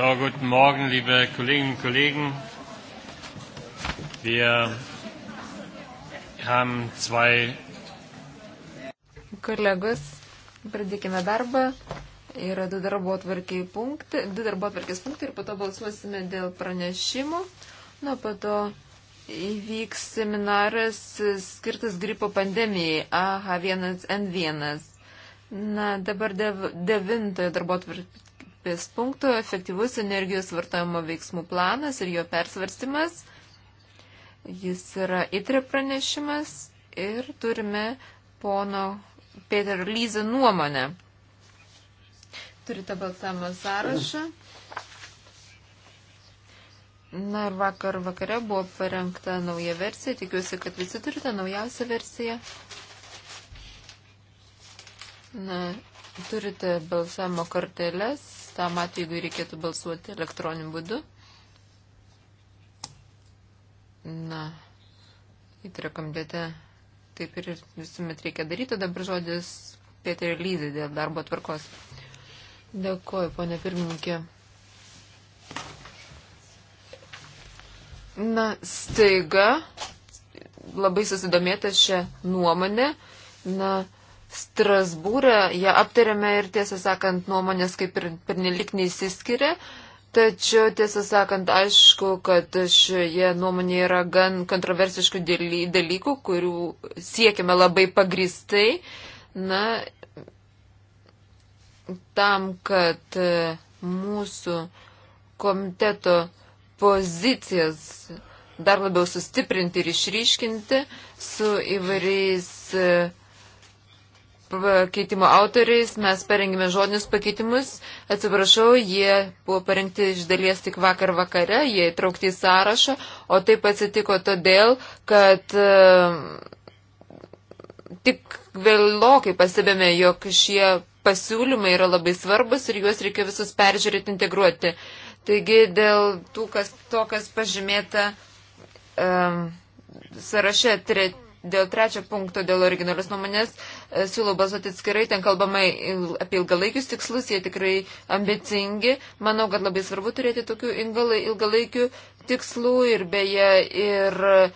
So, guten Morgen, liebe Kolleginnen und Kollegen. Wir haben zwei. Kolegos, pradėkime darbą. Yra du darbo atvarkiai punktai, du darbo atvarkės punktai ir po to balsuosime dėl pranešimų. Na, po to įvyks seminaras skirtas gripo pandemijai AH1N1. Na, dabar dev, devintojo darbo atvarkės punktų efektyvus energijos vartojimo veiksmų planas ir jo persvarstymas. Jis yra įtri pranešimas ir turime pono Peter Lyze nuomonę. Turite balsavimo sąrašą. Na ir vakar vakare buvo parengta nauja versija. Tikiuosi, kad visi turite naujausią versiją. Na, turite balsavimo korteles tam atveju reikėtų balsuoti elektroniniu būdu. Na, įtrekomitete taip ir visuomet reikia daryti. Dabar žodis Pietrė Lyzė dėl darbo tvarkos. Dėkuoju, ponė pirmininkė. Na, staiga labai susidomėta šią nuomonę. Na, Strasbūrę ją aptarėme ir tiesą sakant, nuomonės kaip ir pernelik neįsiskiria. Tačiau, tiesą sakant, aišku, kad šioje nuomonėje yra gan kontroversiškų dalykų, kurių siekime labai pagristai. Na, tam, kad e, mūsų komiteto pozicijas dar labiau sustiprinti ir išryškinti su įvairiais e, pakeitimo autoriais, mes parengėme žodinius pakeitimus. Atsiprašau, jie buvo parengti iš dalies tik vakar vakare, jie įtraukti į sąrašą, o taip atsitiko todėl, kad e, tik vėlokai pasibėme, jog šie pasiūlymai yra labai svarbus ir juos reikia visus peržiūrėti, integruoti. Taigi dėl tų, kas, to, kas pažymėta um, sąraše tre, dėl trečio punkto, dėl originalios nuomonės, uh, E, siūlau balsuoti atskirai, ten kalbama apie ilgalaikius tikslus, jie tikrai ambicingi. Manau, kad labai svarbu turėti tokių ilgalaikių tikslų ir beje ir e,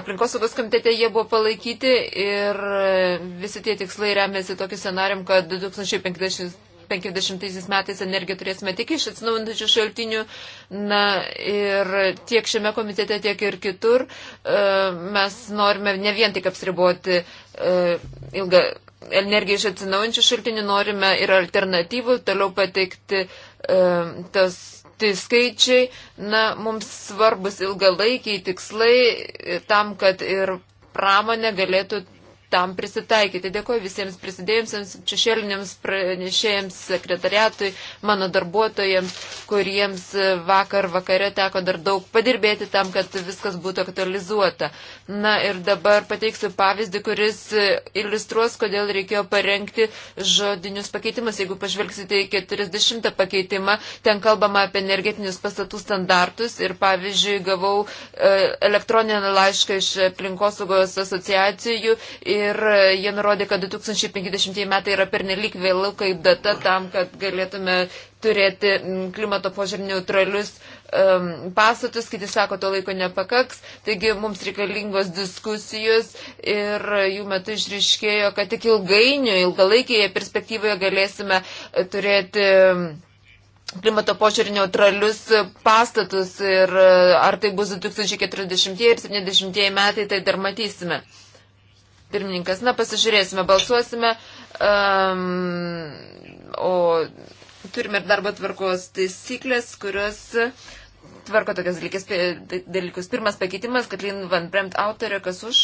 aplinkosaugos komitete jie buvo palaikyti ir e, visi tie tikslai remiasi tokiu scenarium, kad 2050 50 metais energiją turėsime tik iš atsinaujančių šaltinių. Na ir tiek šiame komitete, tiek ir kitur e, mes norime ne vien tik apsiriboti e, ilgą energiją iš atsinaujančių šaltinių, norime ir alternatyvų toliau pateikti e, tas tai skaičiai, na, mums svarbus ilgalaikiai tikslai tam, kad ir pramonė galėtų tam prisitaikyti. Dėkuoju visiems prisidėjusiems, šešėliniams pranešėjams, sekretariatui, mano darbuotojams, kuriems vakar vakare teko dar daug padirbėti tam, kad viskas būtų aktualizuota. Na ir dabar pateiksiu pavyzdį, kuris iliustruos, kodėl reikėjo parengti žodinius pakeitimus. Jeigu pažvelgsite į 40 pakeitimą, ten kalbama apie energetinius pastatų standartus ir pavyzdžiui gavau e, elektroninį laišką iš aplinkosaugos asociacijų ir jie nurodė, kad 2050 metai yra pernelyg vėliau kaip data tam, kad galėtume turėti klimato požiūrį neutralius uh, um, pastatus, kiti sako, to laiko nepakaks, taigi mums reikalingos diskusijos ir jų metu išriškėjo, kad tik ilgainiui, ilgalaikėje perspektyvoje galėsime uh, turėti um, klimato požiūrį neutralius uh, pastatus ir uh, ar tai bus 2040 ir 70 metai, tai dar matysime. Pirmininkas, na pasižiūrėsime, balsuosime. Um, o turime ir darbo tvarkos taisyklės, kurios tvarko tokias dalykės, dalykus. Pirmas pakeitimas, kad Lin Van Bremt autorė, kas už,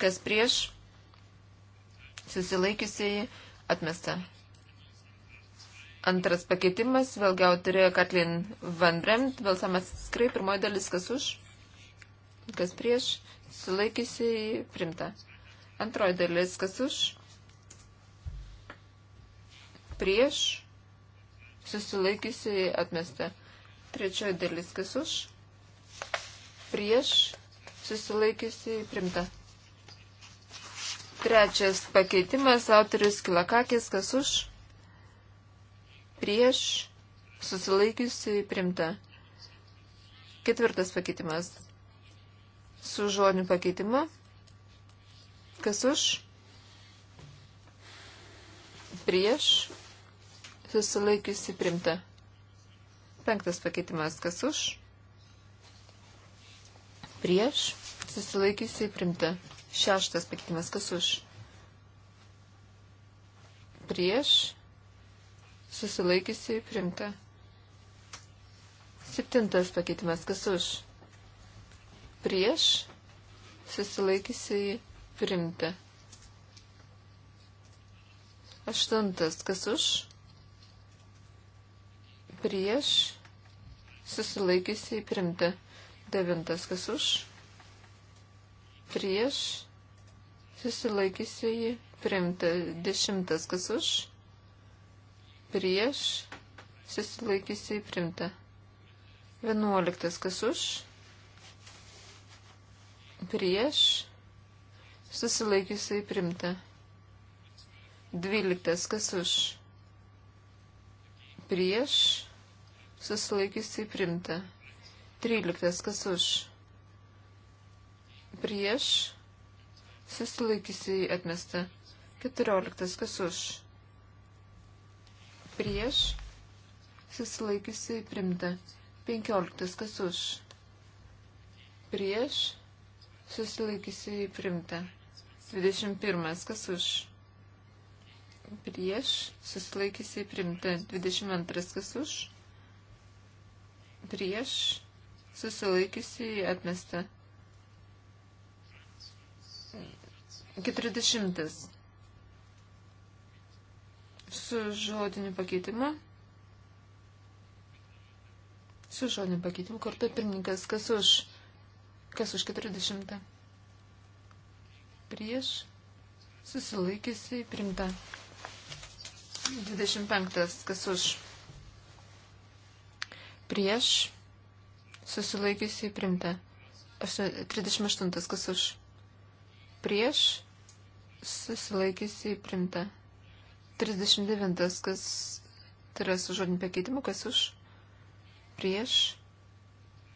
kas prieš, susilaikiusiai atmesta. Antras pakeitimas, vėlgi autorė Katlin Van Bremt, balsamas skrai, pirmoji dalis, kas už, kas prieš, sulaikysi primta. Antroji dalis, kas už, prieš, susilaikiusiai atmesta. Trečioji dalis, kas už, prieš, susilaikiusiai primta. Trečias pakeitimas, autorius Kilakakis, kas už, prieš, susilaikiusiai primta. Ketvirtas pakeitimas, su žodiniu pakeitimu, kas už, prieš, susilaikiusi primta. Penktas pakeitimas, kas už, prieš, susilaikiusi primta. Šeštas pakeitimas, kas už, prieš, susilaikiusi primta. Septintas pakeitimas, kas už, prieš, susilaikiusi primta. Aštuntas, kas už, prieš, susilaikysiai primti. Devintas, kas už, prieš, susilaikysiai primti. Dešimtas, kas už, prieš, susilaikysiai primti. Vienuoliktas, kas už, prieš, susilaikysiai primti. Dvyliktas, kas už, prieš, susilaikiusiai primta. 13. Kas už? Prieš susilaikiusiai atmesta. 14. Kas už? Prieš susilaikiusiai primta. 15. Kas už? Prieš susilaikiusiai primta. 21. Kas už? Prieš susilaikiusiai primta. 22. Kas už? prieš susilaikiusi atmesta. 40. Su žodiniu pakeitimu. Su žodiniu pakeitimu kartu pirmininkas, kas už, kas už 40. Prieš susilaikiusi primta. 25. Kas už prieš, susilaikiusi primta. 38. Kas už? Prieš, susilaikiusi primta. 39. Kas tai yra su žodiniu pakeitimu, kas už? Prieš,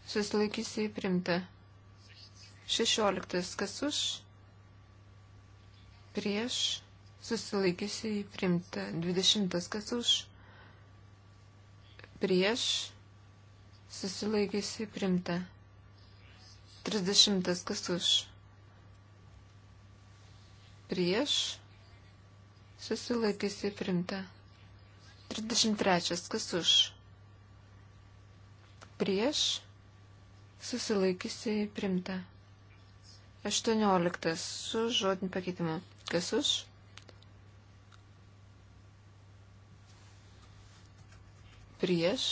susilaikiusi primta. 16. Kas už? Prieš, susilaikiusi primta. 20. Kas už? Prieš, susilaikiusi primta. 30. Kas už? Prieš susilaikiusi primta. 33. Kas už? Prieš susilaikiusi primta. 18. Su žodiniu pakeitimu. Kas už? Prieš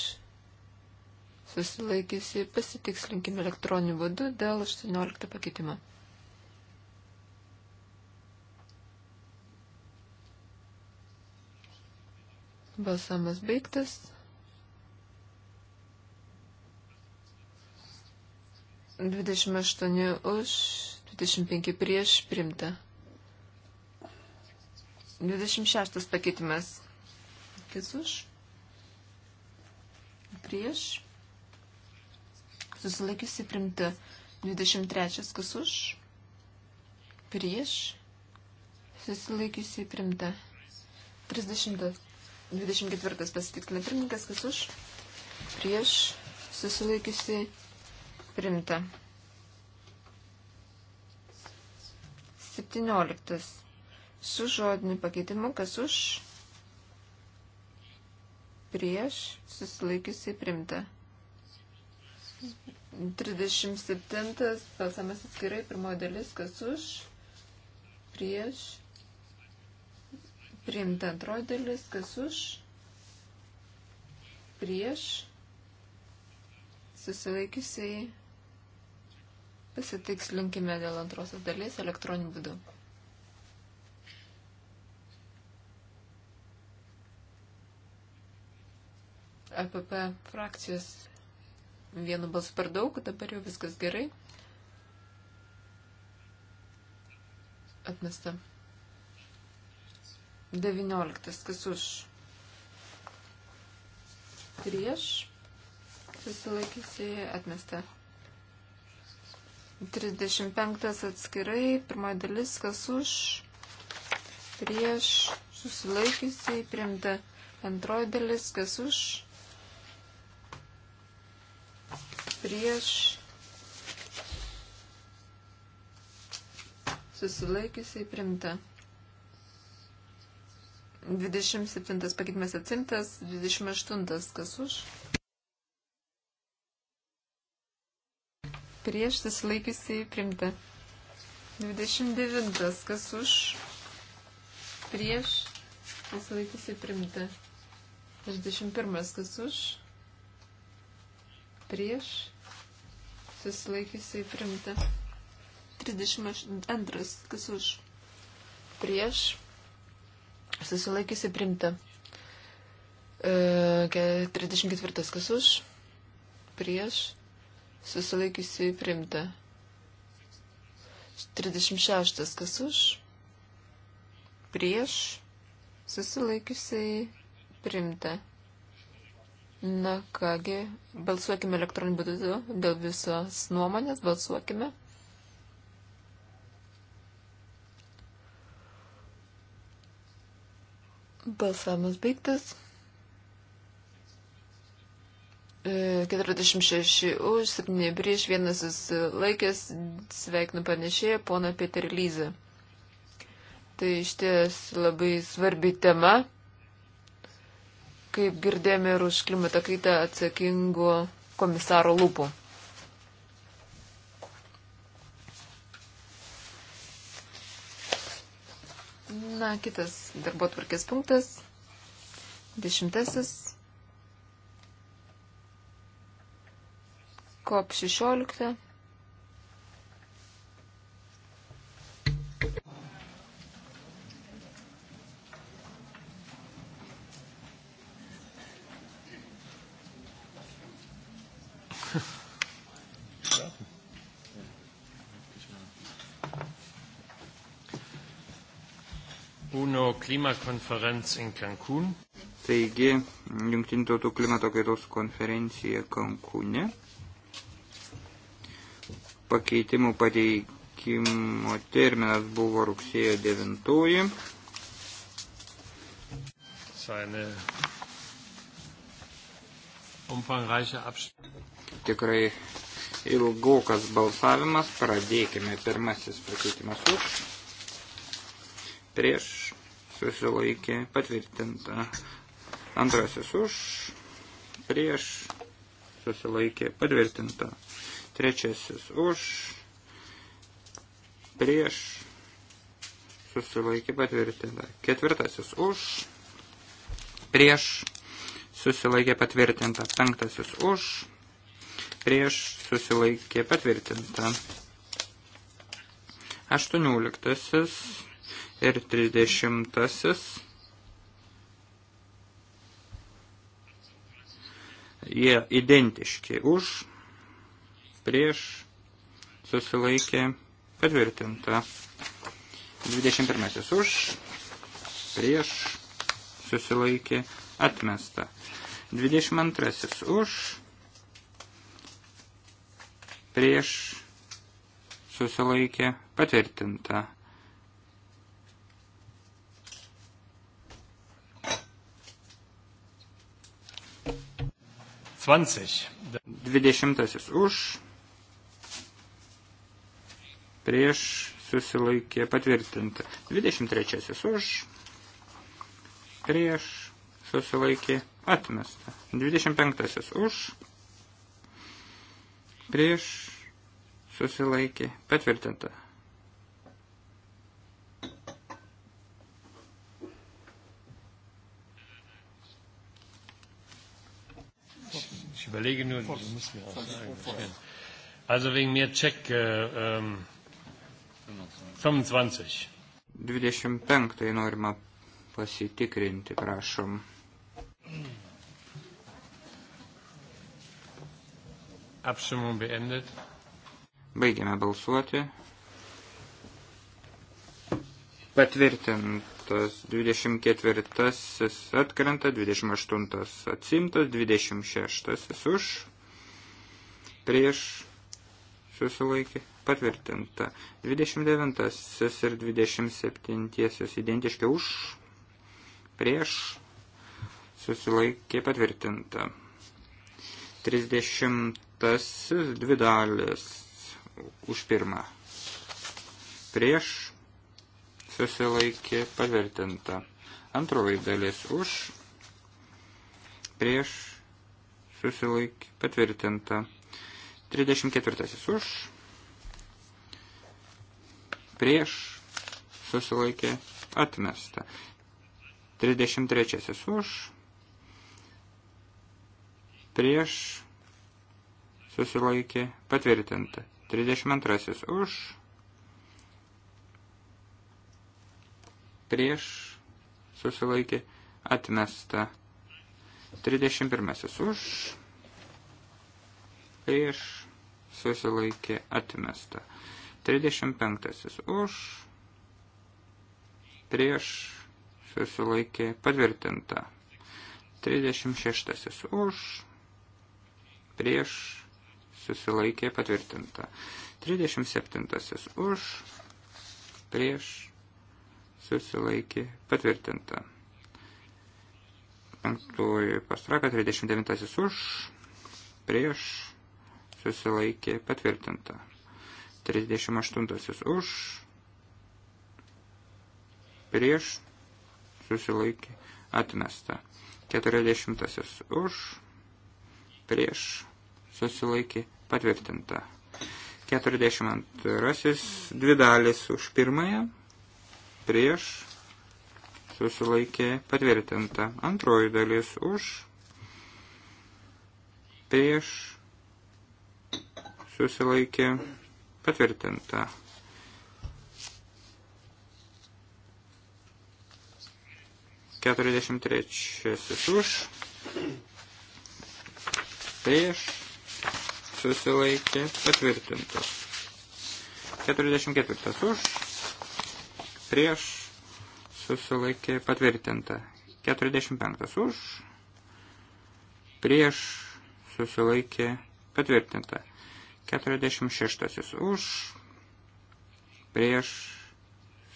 susilaikysi, pasitikslinkim elektroniniu būdu dėl 18 pakeitimo. Balsamas baigtas. Dvidešimt aštuoni už, dvidešimt penki prieš, primta. Dvidešimt šeštas pakeitimas. Kis už? Prieš? susilaikiusi primti 23 kas už, prieš, susilaikiusi primti 30, 24 pasitikrinė pirmininkas kas už, prieš, susilaikiusi primti 17 su žodiniu pakeitimu kas už, prieš, susilaikiusi primti 17 37 balsamas atskirai, pirmoji dalis, kas už, prieš, priimta antroji dalis, kas už, prieš, susilaikiusiai, pasitikslinkime dėl antrosios dalies elektroniniu būdu. EPP frakcijos vienu balsu per daug, dabar jau viskas gerai. Atmesta. 19. Kas už? Prieš. Susilaikysi atmesta. 35 atskirai, pirmoji dalis, kas už, prieš, susilaikysiai, primta antroji dalis, kas už, prieš susilaikiusiai primta. 27 pakeitimas atsimtas, 28 kas už. Prieš susilaikiusiai primta. 29 kas už. Prieš susilaikiusiai primta. 61 kas už prieš susilaikysiai primta. 32. Kas už? Prieš. Susilaikysiai primta. E, 34. Kas už? Prieš. Susilaikysiai primta. 36. Kas už? Prieš. Susilaikysiai primta. Na kągi, balsuokime elektroniniu būdu dėl visos nuomonės, balsuokime. Balsavimas baigtas. 46 e, už, 7 prieš, vienas susilaikęs, sveikinu panešėją, pona Peter Lyzą. Tai iš ties labai svarbi tema kaip girdėjome ir už klimato kaitą atsakingų komisaro lūpų. Na, kitas darbo tvarkės punktas. Dešimtasis. COP 16. Klimakonferenz in Cancun. Taigi, Junktinių tautų klimato kaitos konferencija Cancūne. Pakeitimų pateikimo terminas buvo rugsėjo 9. Seine umfangreiche Abstimmung. Tikrai ilgokas balsavimas. Pradėkime pirmasis pakeitimas už. Prieš susilaikė patvirtinta. Antrasis už, prieš susilaikė patvirtinta. Trečiasis už, prieš susilaikė patvirtinta. Ketvirtasis už, prieš susilaikė patvirtinta. Penktasis už, prieš susilaikė patvirtinta. Aštuonioliktasis ir 30. Jie identiški už, prieš, susilaikė, patvirtinta. 21. už, prieš, susilaikė, atmesta. 22. už, prieš, susilaikė, patvirtinta. Dvidešimtasis už, prieš susilaikė patvirtinta. Dvidešimt trečiasis už, prieš susilaikė atmesta. Dvidešimt penktasis už, prieš susilaikė patvirtinta. überlege nur, Voll. du musst mir auch sagen. Also wegen mir Check äh, ähm, 25. 25 norima pasitikrinti, prašom. Abstimmung beendet. Baigiame balsuoti. Patvirtinta atmestas, 24 atkrenta, 28 atsimtas, 26 už, prieš susilaikė, patvirtinta, 29 ir 27 identiški už, prieš susilaikė, patvirtinta, 30 dvi dalis už pirmą, prieš susilaikė patvirtinta. Antroji dalis už, prieš, susilaikė patvirtinta. 34 už, prieš, susilaikė atmesta. 33 už, prieš, susilaikė patvirtinta. 32 už, prieš susilaikė atmesta. 31 už prieš susilaikė atmesta. 35 už prieš susilaikė patvirtinta. 36 už prieš susilaikė patvirtinta. 37 už prieš susilaikė patvirtinta. Penktoji pastraka 39 už, prieš susilaikė patvirtinta. 38 už, prieš susilaikė atmesta. 40 už, prieš susilaikė patvirtinta. 42 dvi dalis už pirmąją prieš, susilaikė patvirtinta. Antroji dalis už, prieš, susilaikė patvirtinta. Keturiasdešimt trečiasis už, prieš, susilaikė patvirtintas. 44 už, prieš, susilaikė patvirtinta. 45 už, prieš, susilaikė patvirtinta. 46 už, prieš,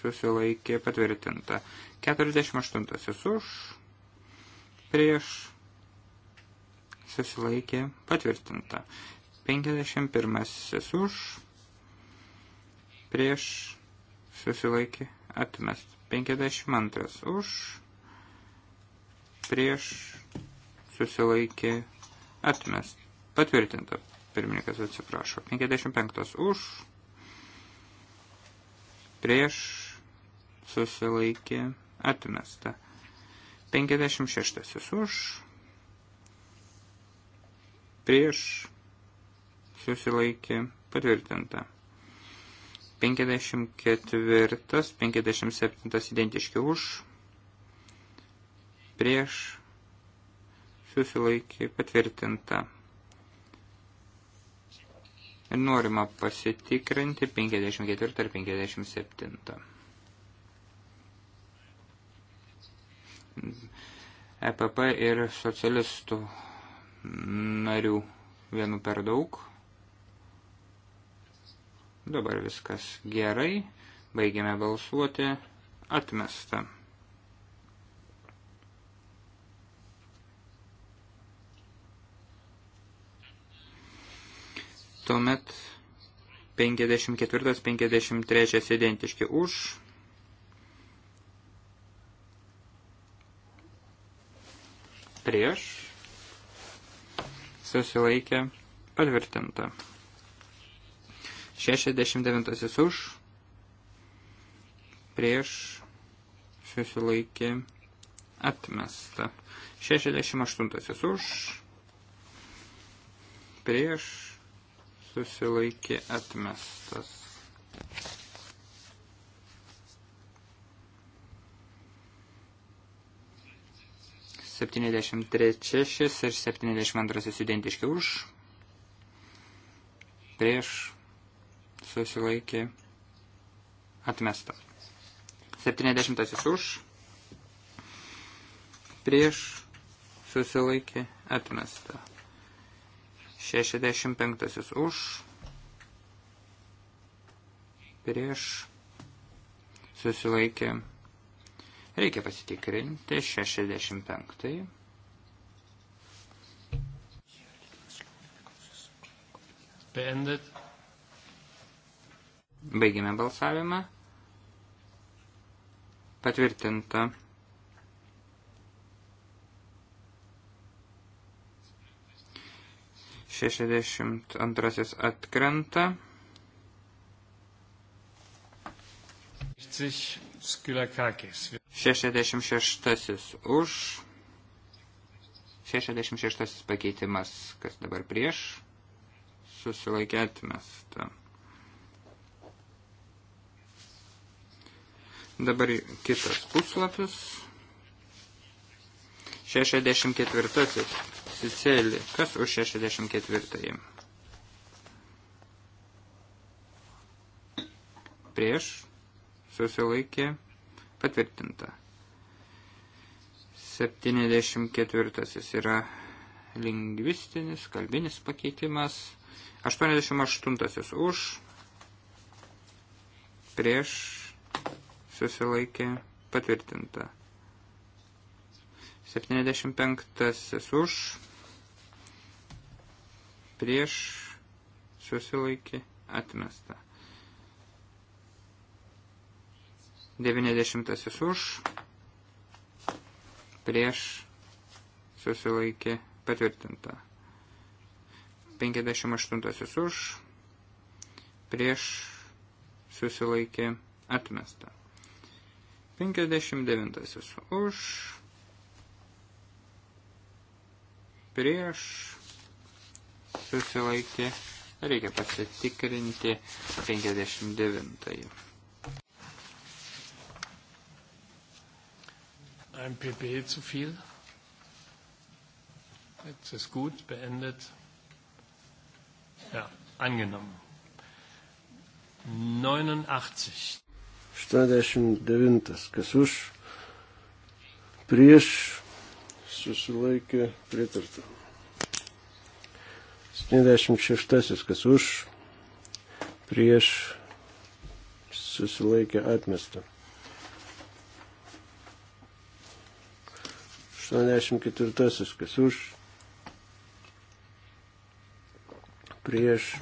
susilaikė patvirtinta. 48 už, prieš, susilaikė patvirtinta. 51 už, prieš, susilaikė atmest. 52 už, prieš, susilaikė, atmest. Patvirtinta. Pirmininkas atsiprašo. 55 už, prieš, susilaikė, atmesta. 56 už, prieš, susilaikė, patvirtinta. 54, 57 identiški už, prieš, susilaikė patvirtinta. Ir norima pasitikrinti 54 ar 57. EPP ir socialistų narių vienu per daug. Dabar viskas gerai. Baigiame balsuoti. Atmesta. Tuomet 54-53 identiški už. Prieš. Susilaikė. Patvirtinta. 69 už, prieš susilaikė atmesta. 68 už, prieš susilaikė atmestas. Septyniasdešimt trečiasis ir septyniasdešimt antrasis identiški už, prieš susilaikė atmesta. 70 už, prieš susilaikė atmesta. 65 už, prieš susilaikė. Reikia pasitikrinti 65. Beendet. Baigime balsavimą. Patvirtinta. Šešiasdešimt antrasis atkrenta. Šešiasdešimt šeštasis už. Šešiasdešimt šeštasis pakeitimas, kas dabar prieš. Susilaikėtumės. Tam. Dabar kitas puslapis. 64. Sicilija. Kas už 64? Prieš susilaikė patvirtinta. 74 yra lingvistinis, kalbinis pakeitimas. 88 už prieš susilaikė patvirtinta. 75 už, prieš susilaikė atmesta. 90 už, prieš susilaikė patvirtinta. 58 už, prieš susilaikė atmesta. 59 už, prieš, susilaikė, reikia pasitikrinti 59. Ein PP zu viel. Jetzt ist gut, beendet. Ja, angenommen. 89. 89. Kas už? Prieš susilaikė pritarta. 76. Kas už? Prieš susilaikė atmesta. 84. Kas už? Prieš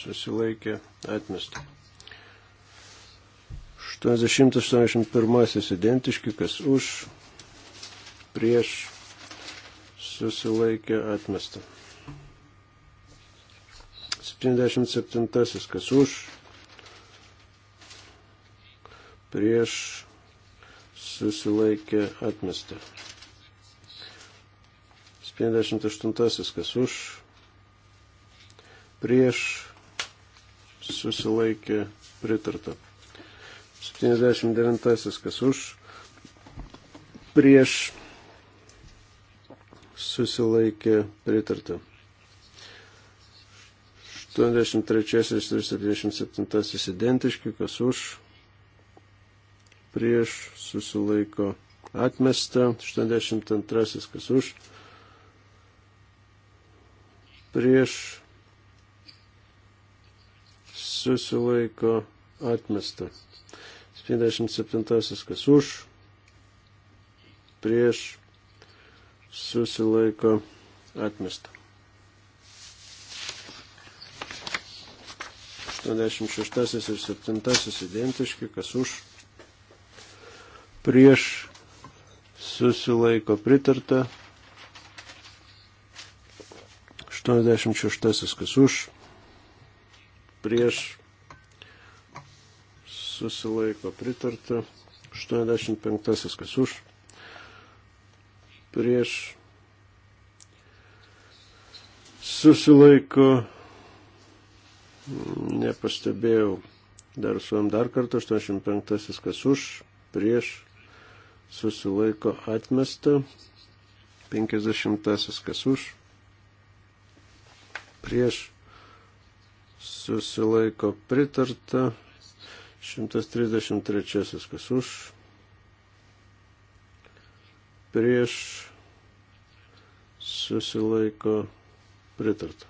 susilaikė atmesta. 80-81 identiški, kas už, prieš, susilaikė atmestą. 77 kas už, prieš, susilaikė atmestą. 78 kas už, prieš, susilaikė pritartą. 79 kas už, prieš susilaikė pritarta. 83 ir 77 identiški, kas už, prieš susilaiko atmesta, 82 kas už, prieš susilaiko atmesta. 77 kas už, prieš, susilaiko atmesta. 86 ir 7 identiški, kas už, prieš, susilaiko pritarta. 86 kas už, prieš, susilaiko pritarta. 85 kas už, prieš susilaiko, nepastebėjau. Dar suom dar kartą, 85 kas už, prieš susilaiko atmesta, 50 kas už, prieš susilaiko pritarta, 133 kas už, prieš susilaiko pritarta.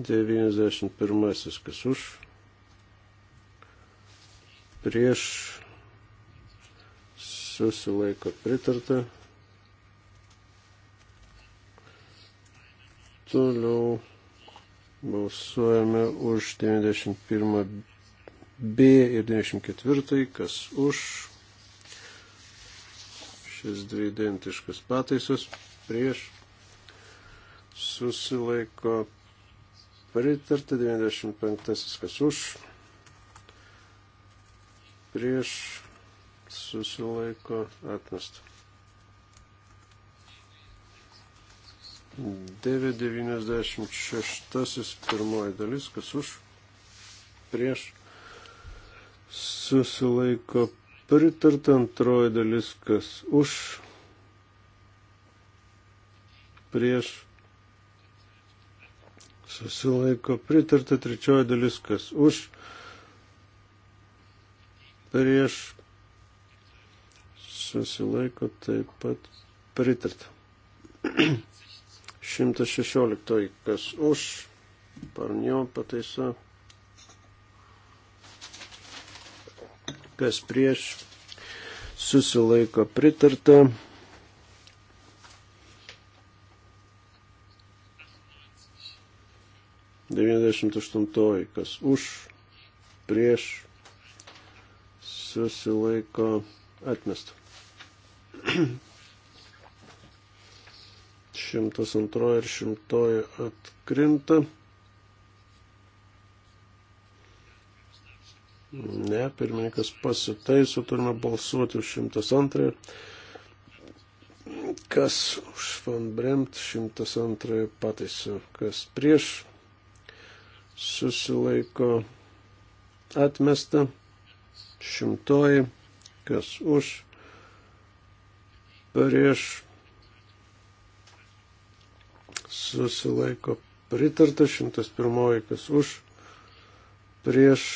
91 kas už, prieš susilaiko pritarta. Toliau balsuojame už 91 B ir 94, kas už. Šis dvi identiškas pataisos prieš susilaiko pritarta 95, kas už. Prieš susilaiko atmestą. 996 pirmoji dalis, kas už prieš susilaiko pritarta antroji dalis, kas už, prieš, susilaiko pritarta trečioji dalis, kas už, prieš, susilaiko taip pat pritarta. 116, kas už, parnio pataisa kas prieš, susilaiko pritarta. Devyniasdešimt aštuntoji, kas už, prieš, susilaiko atmestą. 102 ir 100 atkrinta. Ne, pirmininkas pasitaiso, turime balsuoti už 102. Kas už Van Bremt 102 pataisą, kas prieš susilaiko atmesta, šimtoji, kas už, prieš susilaiko pritarta, šimtas pirmoji, kas už, prieš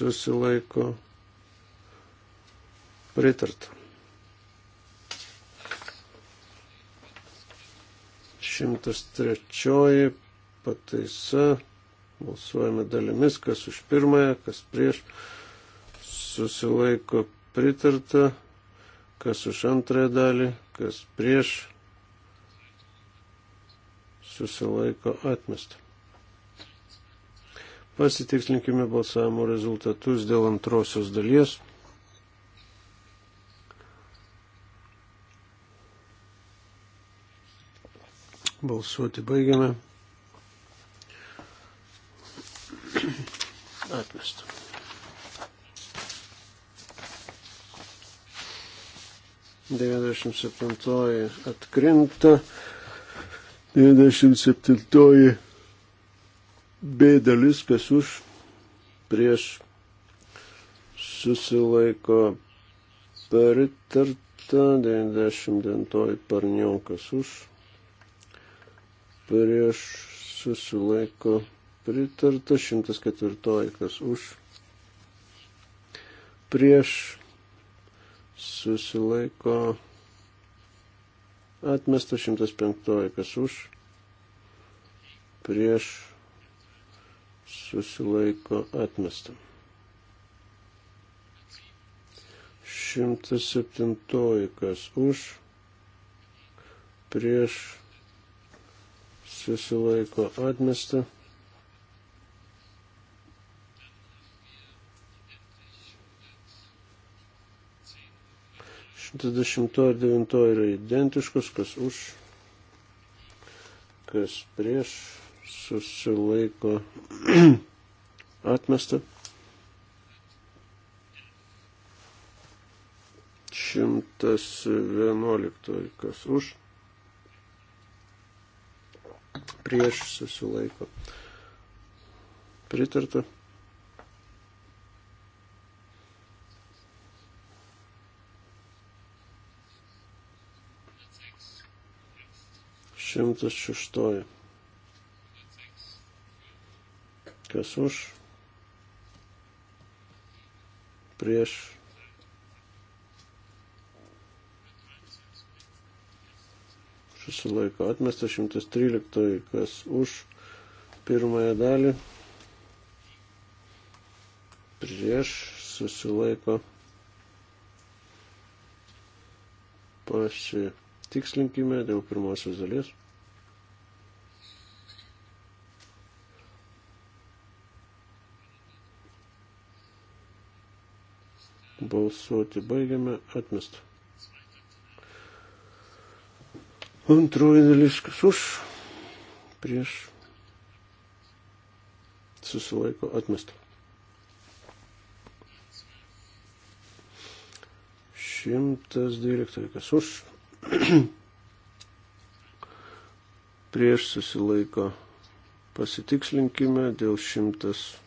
susilaiko pritarta. 103 pataisa. Balsuojame dalimis, kas už pirmąją, kas prieš. Susilaiko pritarta, kas už antrąją dalį, kas prieš. Susilaiko atmestą. Pasitikslinkime balsavimo rezultatus dėl antrosios dalies. Balsuoti baigiame. Atmesta. Devyniasdešimt septintoji atkrinta. Devyniasdešimt septintoji B dalis, kas už, prieš susilaiko peritarta, 99 parniokas už, prieš susilaiko pritarta, 104 kas už, prieš susilaiko atmesta, 105 kas už, prieš susilaiko atmesta. 107 kas už, prieš susilaiko atmesta. Šimtas dešimtoji ir devintoji yra identiškos, kas už, kas prieš susilaiko atmesta. 111 kas už prieš susilaiko pritarta. Šimtas šeštoji. Kas už? Prieš. Susilaiko atmestas 113. Kas už? Pirmąją dalį. Prieš. Susilaiko. Pasitikslinkime dėl pirmosios dalies. Balsuoti baigiame atmestą. Antroji dalis, kas už, prieš, susilaiko atmestą. Šimtas direktorikas už, prieš susilaiko pasitikslinkime dėl šimtas direktorikas.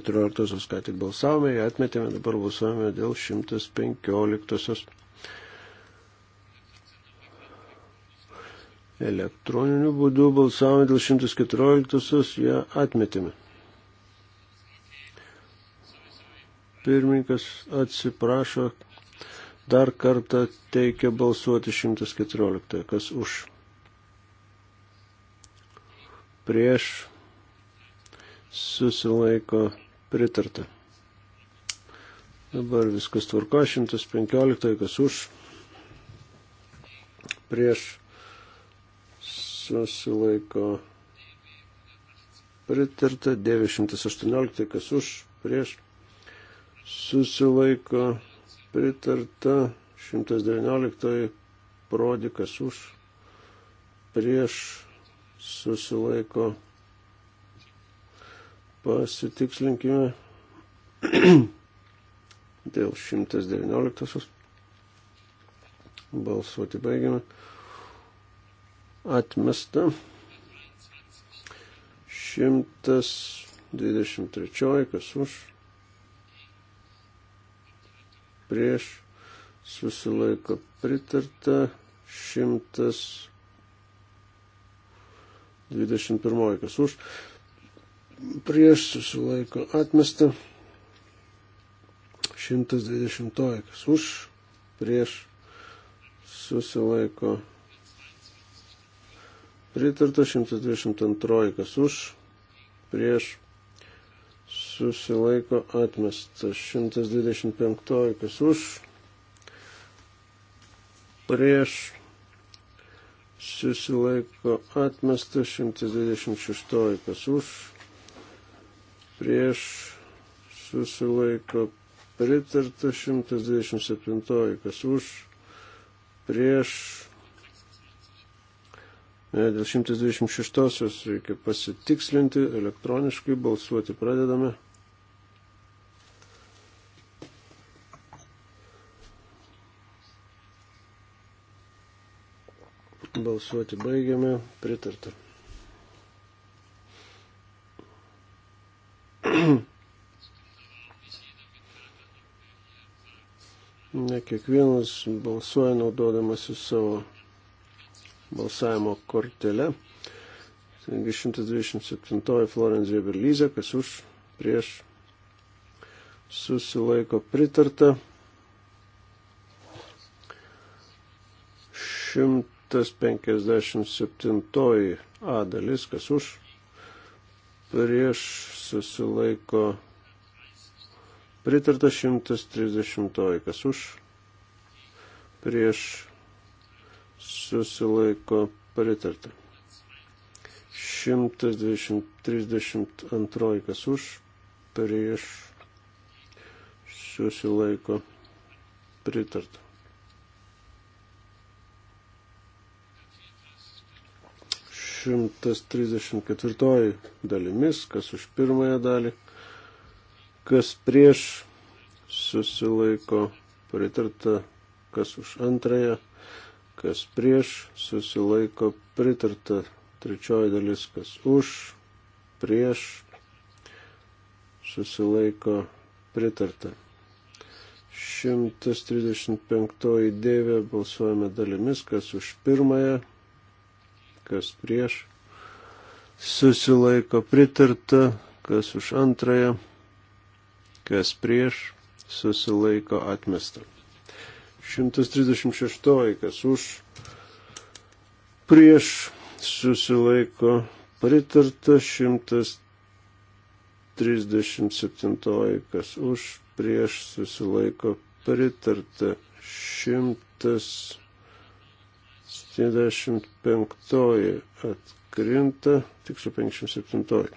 14 ką tik balsavome, ją atmetėme, dabar balsavome dėl 115 elektroniniu būdu balsavome dėl 114, ją atmetėme. Pirmininkas atsiprašo, dar kartą teikia balsuoti 114, kas už. Prieš susilaiko pritarta. Dabar viskas tvarko, 115, kas už, prieš susilaiko pritarta, 918, kas už, prieš susilaiko pritarta, 119, prodikas už, prieš susilaiko pritarta Pasitikslinkime dėl 119. Balsuoti baigiame. Atmesta. 123. Kas už? Prieš. Susilaiko pritarta. 121. Kas už? prieš susilaiko atmesta. 120 kas už, prieš susilaiko pritarta. 122 kas už, prieš susilaiko atmesta. 125 kas už, prieš susilaiko atmesta. 126 kas už prieš susilaiko pritarta 127, kas už, prieš, ne, dėl 126 reikia pasitikslinti elektroniškai, balsuoti pradedame. Balsuoti baigiame, pritarta. Ne kiekvienas balsuoja naudodamasi savo balsavimo kortelę. 127 Florencija Berlyzė, kas už, prieš, susilaiko pritarta. 157 A dalis, kas už, prieš susilaiko pritarta 130, kas už, prieš susilaiko pritarta. 132, kas už, prieš susilaiko pritarta. 134 dalimis, kas už pirmąją dalį, kas prieš susilaiko pritarta, kas už antrąją, kas prieš susilaiko pritarta, trečioji dalis, kas už, prieš susilaiko pritarta. 135 dėvė balsuojame dalimis, kas už pirmąją, kas prieš, susilaiko pritarta, kas už antrąją, kas prieš, susilaiko atmesta. 136, kas už, prieš, susilaiko pritarta, 137, kas už, prieš, susilaiko pritarta, 100. 75 atkrinta, tiksliau 57.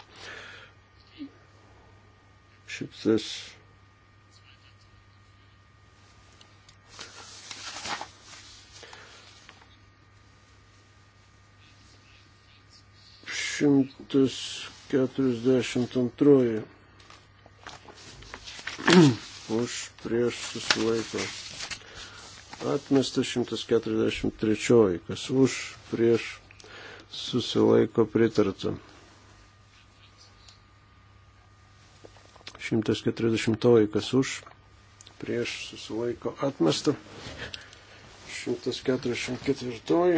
Šitas šimtas keturiasdešimt antroji už prieš susilaiko atmestas 143, kas už, prieš, susilaiko pritarta. 140, kas už, prieš, susilaiko atmesta. 144,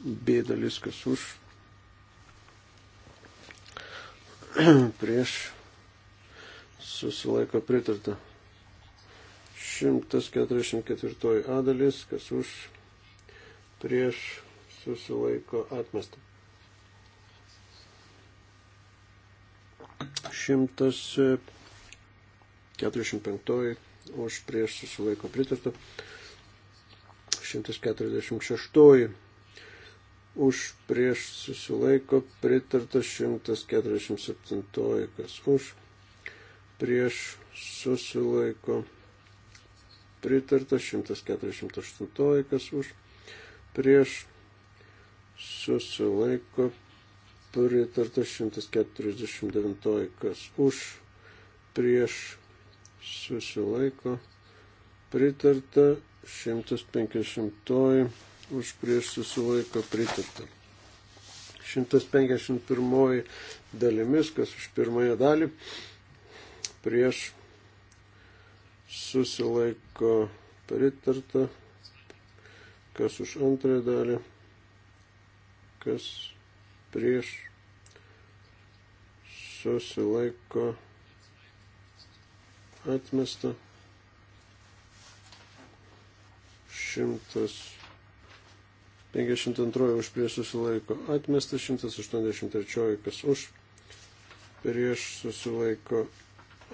bėdalis, kas už, prieš, susilaiko pritarta. 144 A dalis, kas už prieš susilaiko atmestą. 145 už prieš susilaiko pritarta. 146 už prieš susilaiko pritarta. 147 kas už prieš susilaiko pritarta pritarta, 148 kas už, prieš susilaiko pritarta, 149 kas už, prieš susilaiko pritarta, 150 už prieš susilaiko pritarta. 151 dalimis, kas už pirmąją dalį, prieš susilaiko pritarta, kas už antrąją dalį, kas prieš susilaiko atmesta. 152 už prieš susilaiko atmesta, 183 kas už prieš susilaiko atmesta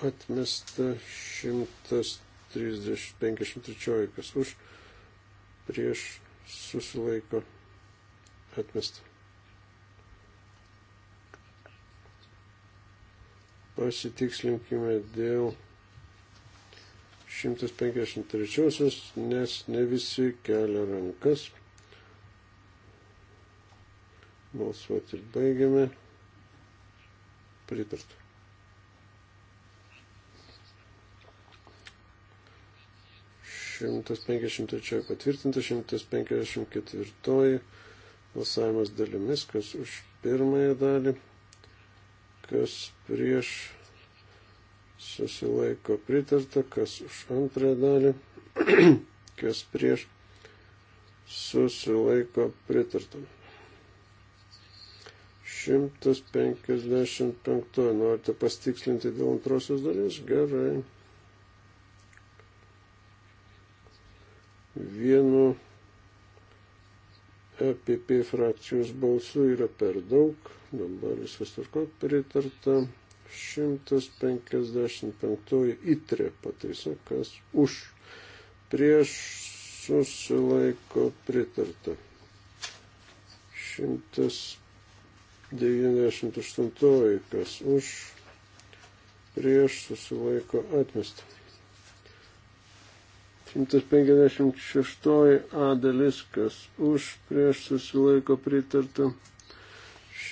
atmesta 153, kas už, prieš susilaiko atmesta. Pasitikslinkime dėl 153, nes ne visi kelia rankas. Balsuoti ir baigiame. Pritartų. 153 patvirtinta, 154 balsavimas dalimis, kas už pirmąją dalį, kas prieš susilaiko pritarta, kas už antrąją dalį, kas prieš susilaiko pritarta. 155. Norite pastikslinti dėl antrosios dalies? Gerai. vienu EPP frakcijos balsu yra per daug, dabar viskas tvarko pritarta. 155 įtrė pataisa, kas už prieš susilaiko pritarta. 198, kas už prieš susilaiko atmestą. 156 A dalis, kas už, prieš susilaiko pritarta.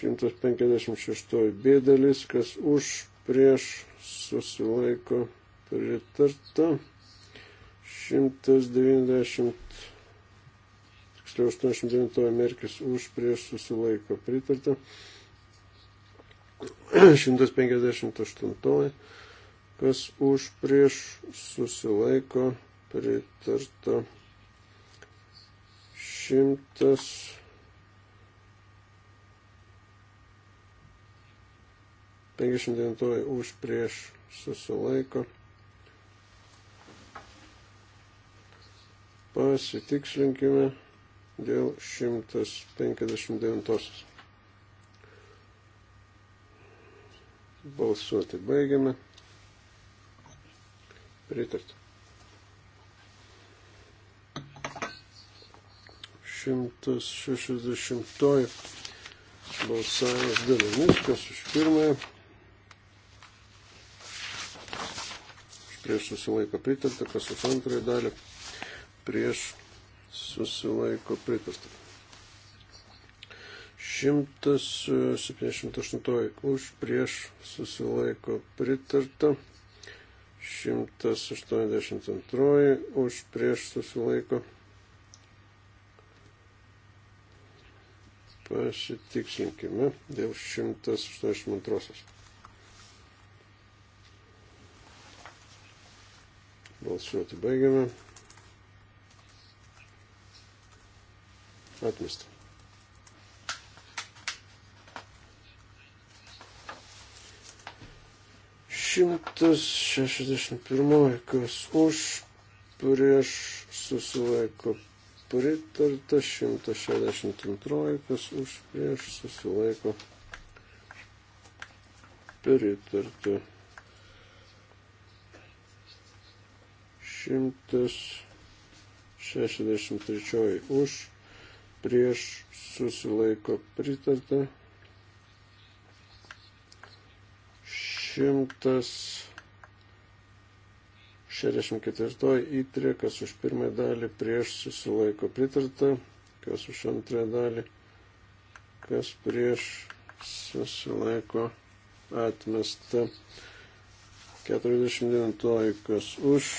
156 B dalis, kas už, prieš susilaiko pritarta. 190, tiksliau 89 merkis už, prieš susilaiko pritarta. 158, kas už, prieš susilaiko pritarta pritarta. 159 už prieš susilaiko. Pasitikslinkime dėl 159. Balsuoti baigiame. Pritarta. 160 balsavimas dalimis, kas už pirmąją. Prieš susilaiko pritarta, kas už antrąją dalį. Prieš susilaiko pritarta. 178 už, prieš susilaiko pritarta. 182 už, prieš susilaiko pritarta. pasitikslinkime dėl 182. Balsuoti baigiame. Atmesta. Šimtas šešiasdešimt pirmoji, kas už prieš susilaiko pritarta 162, kas už prieš susilaiko pritarta 163 už prieš susilaiko pritarta 100 64 įtrė, kas už pirmąją dalį prieš susilaiko pritarta, kas už antrąją dalį, kas prieš susilaiko atmesta. 49 kas už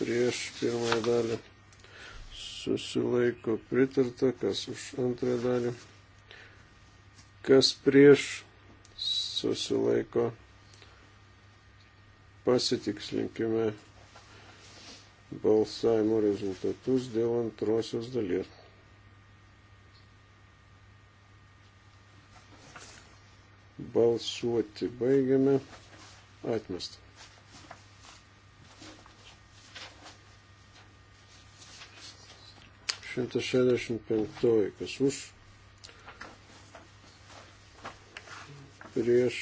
prieš pirmąją dalį susilaiko pritarta, kas už antrąją dalį, kas prieš susilaiko pasitikslinkime balsavimo rezultatus dėl antrosios dalies. Balsuoti baigiame. Atmestą. Šimtas šešiasdešimt penktoji, kas už, prieš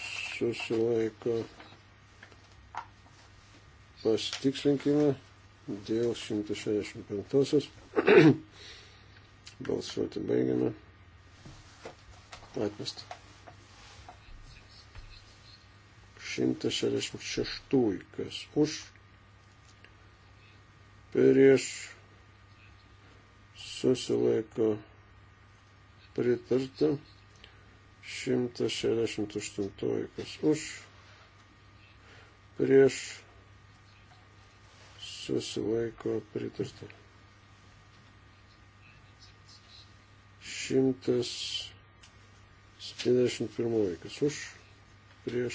susilaiko Pastikslinkime dėl 165. Balsuoti baigiame. Atmesta. 166. Kas už? Prieš susilaiko pritarta. 168. Kas už? Prieš susilaiko pritarta. 171 kas už, prieš,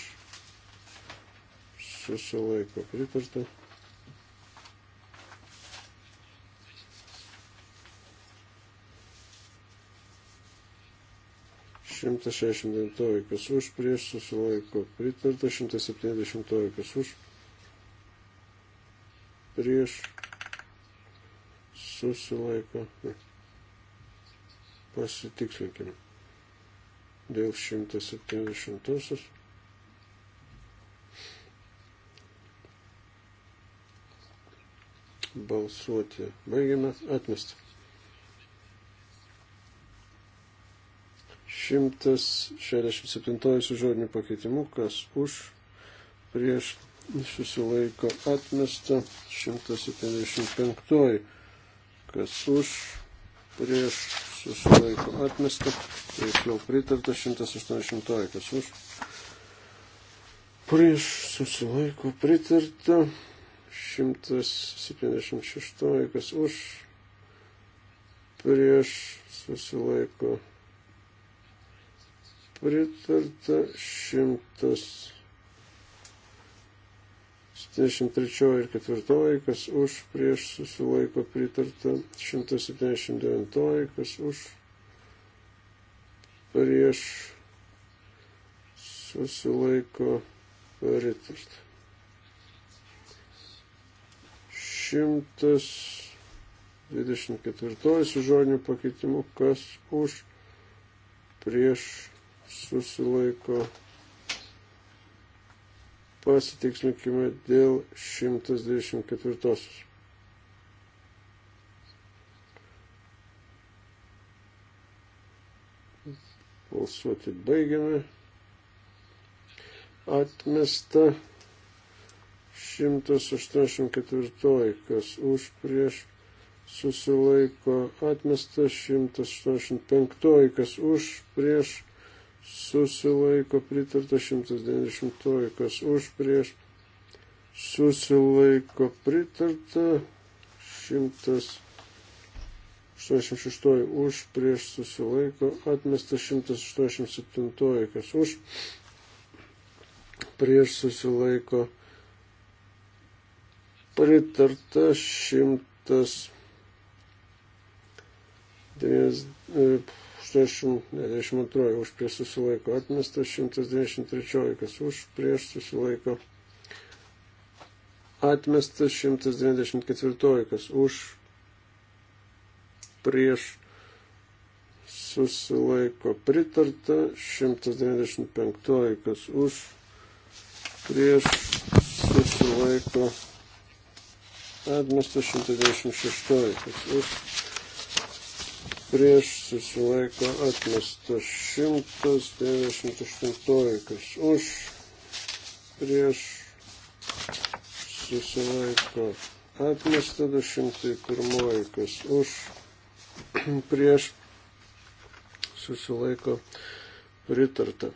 susilaiko pritarta. Šimtas šešdešimt kas už, prieš susilaiko pritarta, šimtas septyniasdešimt kas už, prieš susilaiko. Pasitikslinkime. Dėl 170. Balsuoti. Baigiame. Atmesti. 167 su žodiniu pakeitimu, kas už, prieš susilaiko atmesta 175, kas už, prieš susilaiko atmesta, tiksliau pritarta 180, kas už, prieš susilaiko pritarta 176, kas už, prieš susilaiko pritarta 100. 73 ir 4, kas už, prieš susilaiko pritarta, 179, kas už, prieš susilaiko pritarta. 124 su žodiniu pakeitimu, kas už, prieš susilaiko pritarta pasitikslinkime dėl 124. Balsuoti baigiame. Atmesta 184, kas už prieš susilaiko. Atmesta 185, kas už prieš susilaiko pritarta 190, kas už prieš susilaiko pritarta 186 už prieš susilaiko atmesta 187, kas už prieš susilaiko pritarta 100. 90, 192 už prieš susilaiko atmestas, 193 kas už prieš susilaiko atmestas, 194 kas už prieš susilaiko pritarta, 195 kas už prieš susilaiko atmestas, 196 kas už prieš susilaiko atmesta 198, kas už prieš susilaiko atmesta 201, kas už prieš susilaiko pritarta.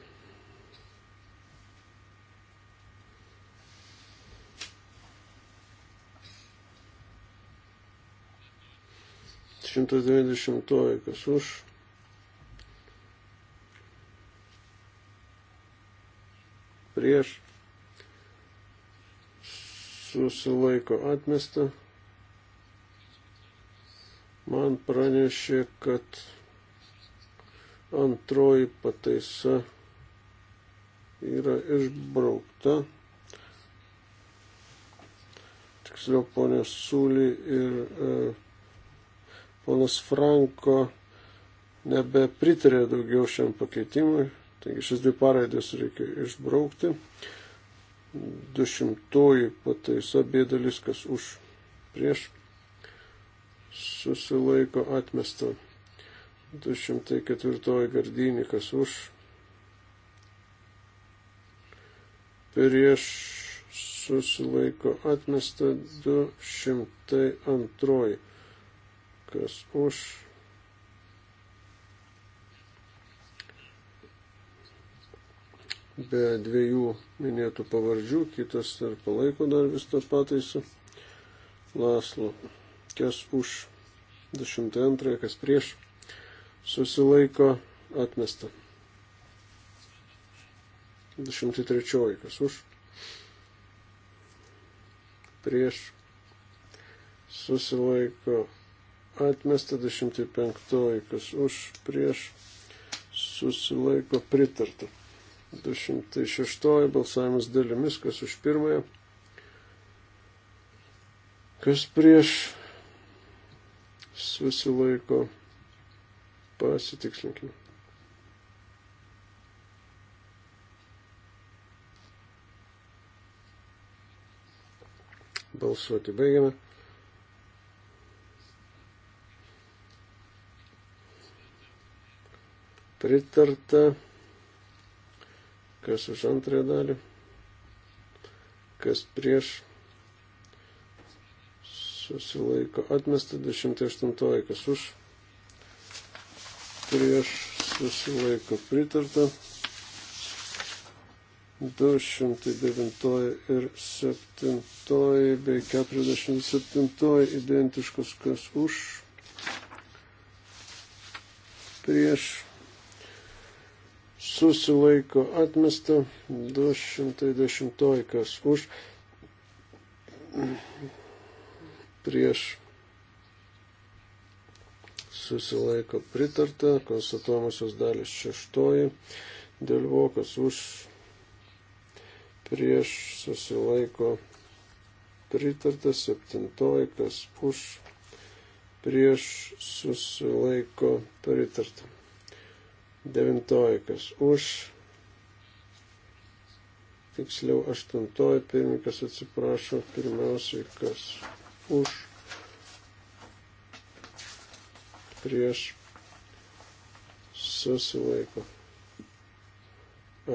190 kas už. Prieš susilaiko atmesta. Man pranešė, kad antroji pataisa yra išbraukta. Tiksliau, ponė Sūly ir e, Ponas Franko nebepritarė daugiau šiam pakeitimui, taigi šis dvi paraidės reikia išbraukti. 200 pataisa bėdalis, kas už prieš susilaiko atmesta. 204 gardinį, kas už prieš susilaiko atmesta 202 kas už. Be dviejų minėtų pavardžių, kitas ir palaiko dar vis tą pataisą. Laslo, kas už 22, kas prieš, susilaiko atmesta. 203, kas už, prieš, susilaiko atmesta atmesta 205, kas už prieš susilaiko pritarta. 206 balsavimas dalimis, kas už pirmąją, kas prieš susilaiko pasitikslinkime. Balsuoti baigiame. pritarta, kas už antrąją dalį, kas prieš susilaiko atmesta 208, kas už prieš susilaiko pritarta. 209 ir 7 bei 47 identiškus, kas už prieš susilaiko atmesta 210, kas už prieš susilaiko pritarta, konstatuomosios dalis šeštoji, dėl vokas už prieš susilaiko pritarta, septintoji, kas už prieš susilaiko pritarta. Devintoji, kas už, tiksliau aštuntoji, pirmininkas atsiprašo, pirmiausiai, kas už, prieš, susilaiko,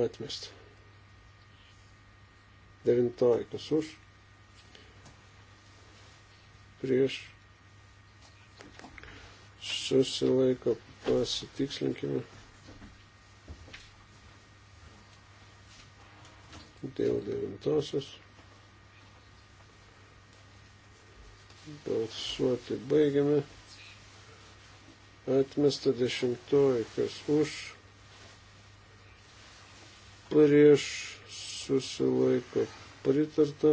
atmesti. Devintoji, kas už, prieš, susilaiko, pasitikslinkime. dėl devintosios. Balsuoti baigiame. Atmesta dešimtoji, kas už, prieš susilaiko pritarta.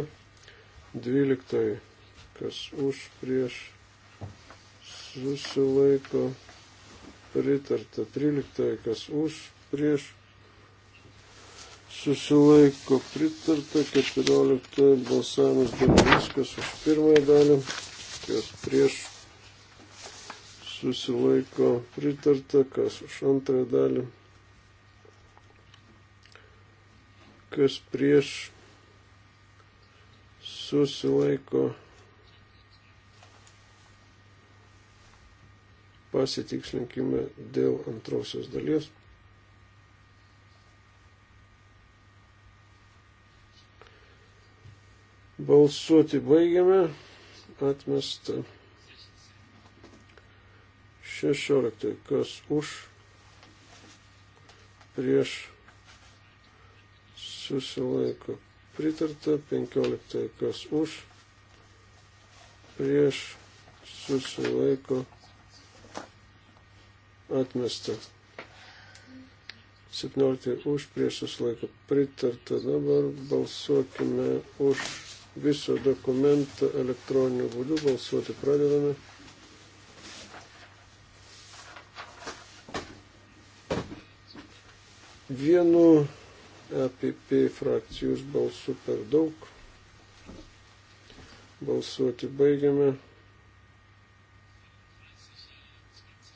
Dvyliktoji, kas už, prieš susilaiko pritarta. Tryliktoji, kas už, prieš susilaiko pritarta, 14 balsavimas dalimis, kas už pirmąją dalį, kas prieš susilaiko pritarta, kas už antrąją dalį, kas prieš susilaiko pasitikslinkime dėl antrosios dalies. Balsuoti baigiame. Atmesta. 16. Kas už? Prieš susilaiko. Pritarta. 15. Kas už? Prieš susilaiko. Atmesta. 17 už priešus laiką pritarta. Dabar balsuokime už viso dokumento elektroniniu būdu balsuoti pradedame. Vienu APP e frakcijos balsu per daug. Balsuoti baigiame.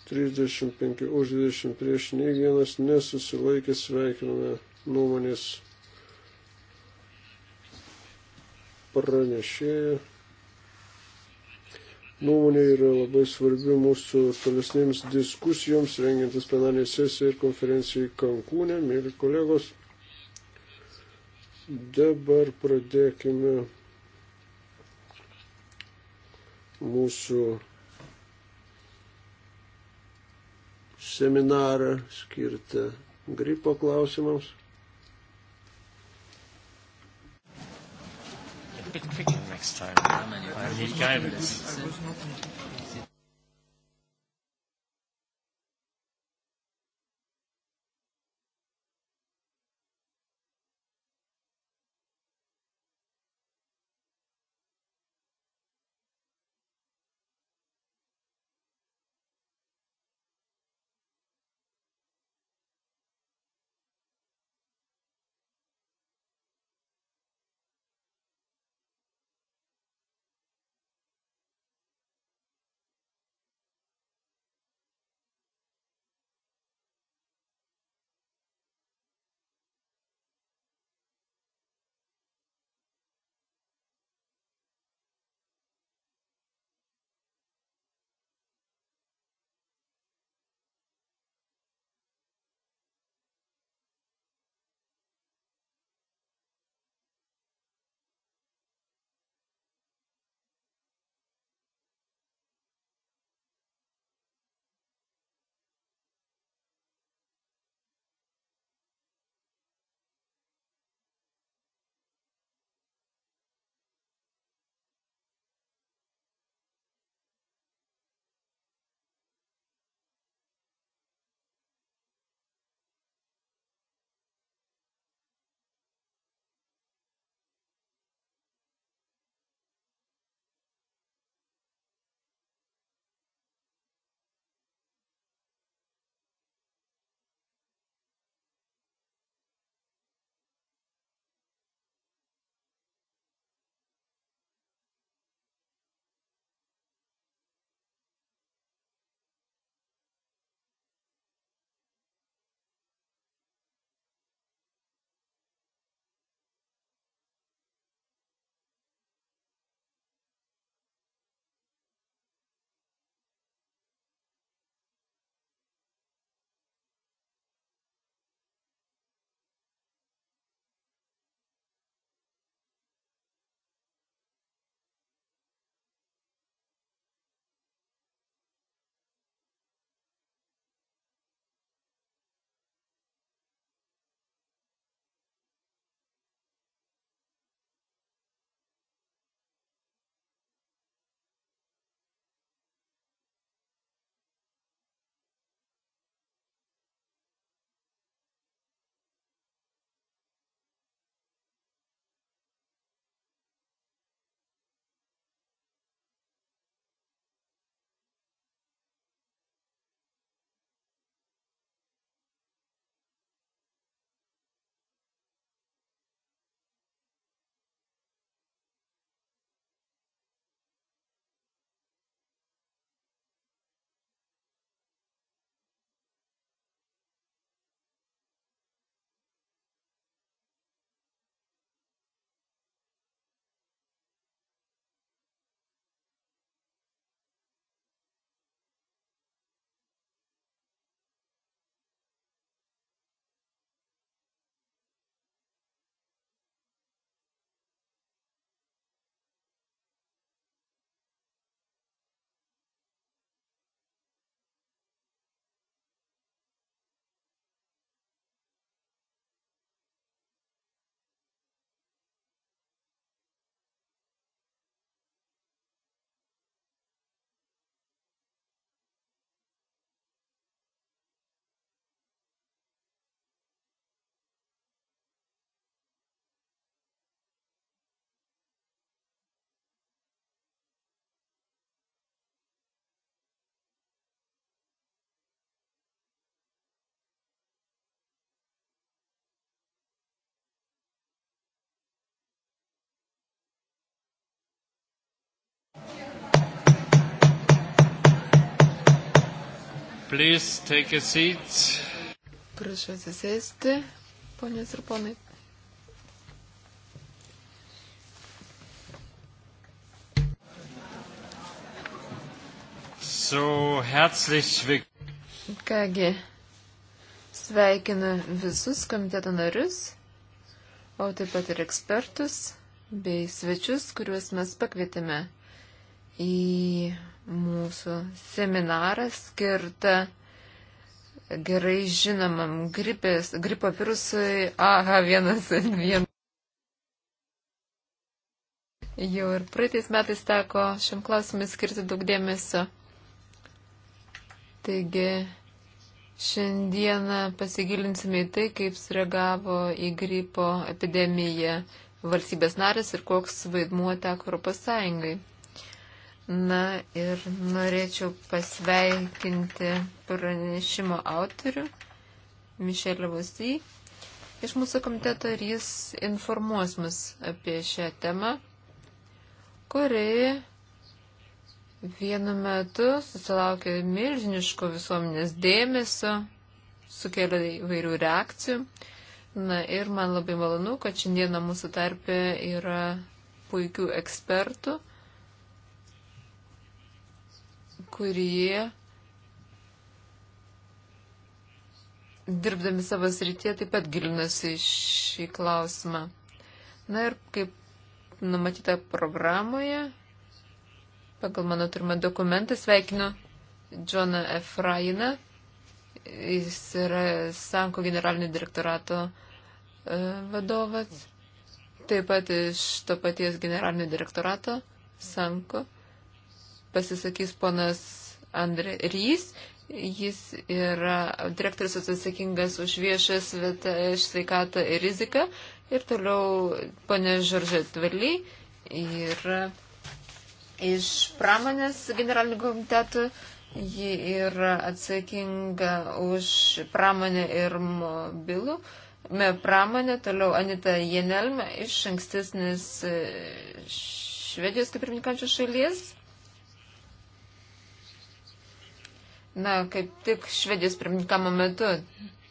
35 už 20 prieš nei vienas nesusilaikė sveikiname nuomonės pranešėjo nuomonė yra labai svarbi mūsų tolesnėms diskusijoms, rengiantis plenarinė sesija ir konferencijai Kankūne, mėly kolegos. Dabar pradėkime mūsų seminarą skirtą gripo klausimams. bit quicker next time. I need guidance. I was not Please take a seat. Prašau atsisėsti, ponės ir ponai. So, herzlich willkommen. Kągi, sveikinu visus komiteto narius, o taip pat ir ekspertus bei svečius, kuriuos mes pakvietėme į mūsų seminaras skirta gerai žinomam gripės, gripo virusui AH1N1. Jau ir praeitais metais teko šiam klausimui skirti daug dėmesio. Taigi šiandieną pasigilinsime į tai, kaip sureagavo į gripo epidemiją valstybės narės ir koks vaidmuo teko Europos Sąjungai. Na ir norėčiau pasveikinti pranešimo autorių Mišelį Vosy iš mūsų komiteto ir jis informuos mus apie šią temą, kuri vienu metu susilaukė milžiniško visuomenės dėmesio, sukėlė įvairių reakcijų. Na ir man labai malonu, kad šiandieną mūsų tarpe yra puikių ekspertų kurie dirbdami savo srityje taip pat gilinasi šį klausimą. Na ir kaip numatyta programoje, pagal mano turimą dokumentą, sveikinu Džoną Efrainą. Jis yra Sanko generalinio direktorato e, vadovas, taip pat iš to paties generalinio direktorato Sanko pasisakys ponas Andrė Rys. Jis yra direktorius atsakingas už viešą sveikatą ir riziką. Ir toliau ponė Žoržė Tvarly yra iš pramonės generalinių komitetų. Ji yra atsakinga už pramonę ir mobilų. Me pramonė, toliau Anita Jenelme iš ankstesnės e, Švedijos kaip pirmininkančios šalies. Na, kaip tik Švedijos pirmininkamo metu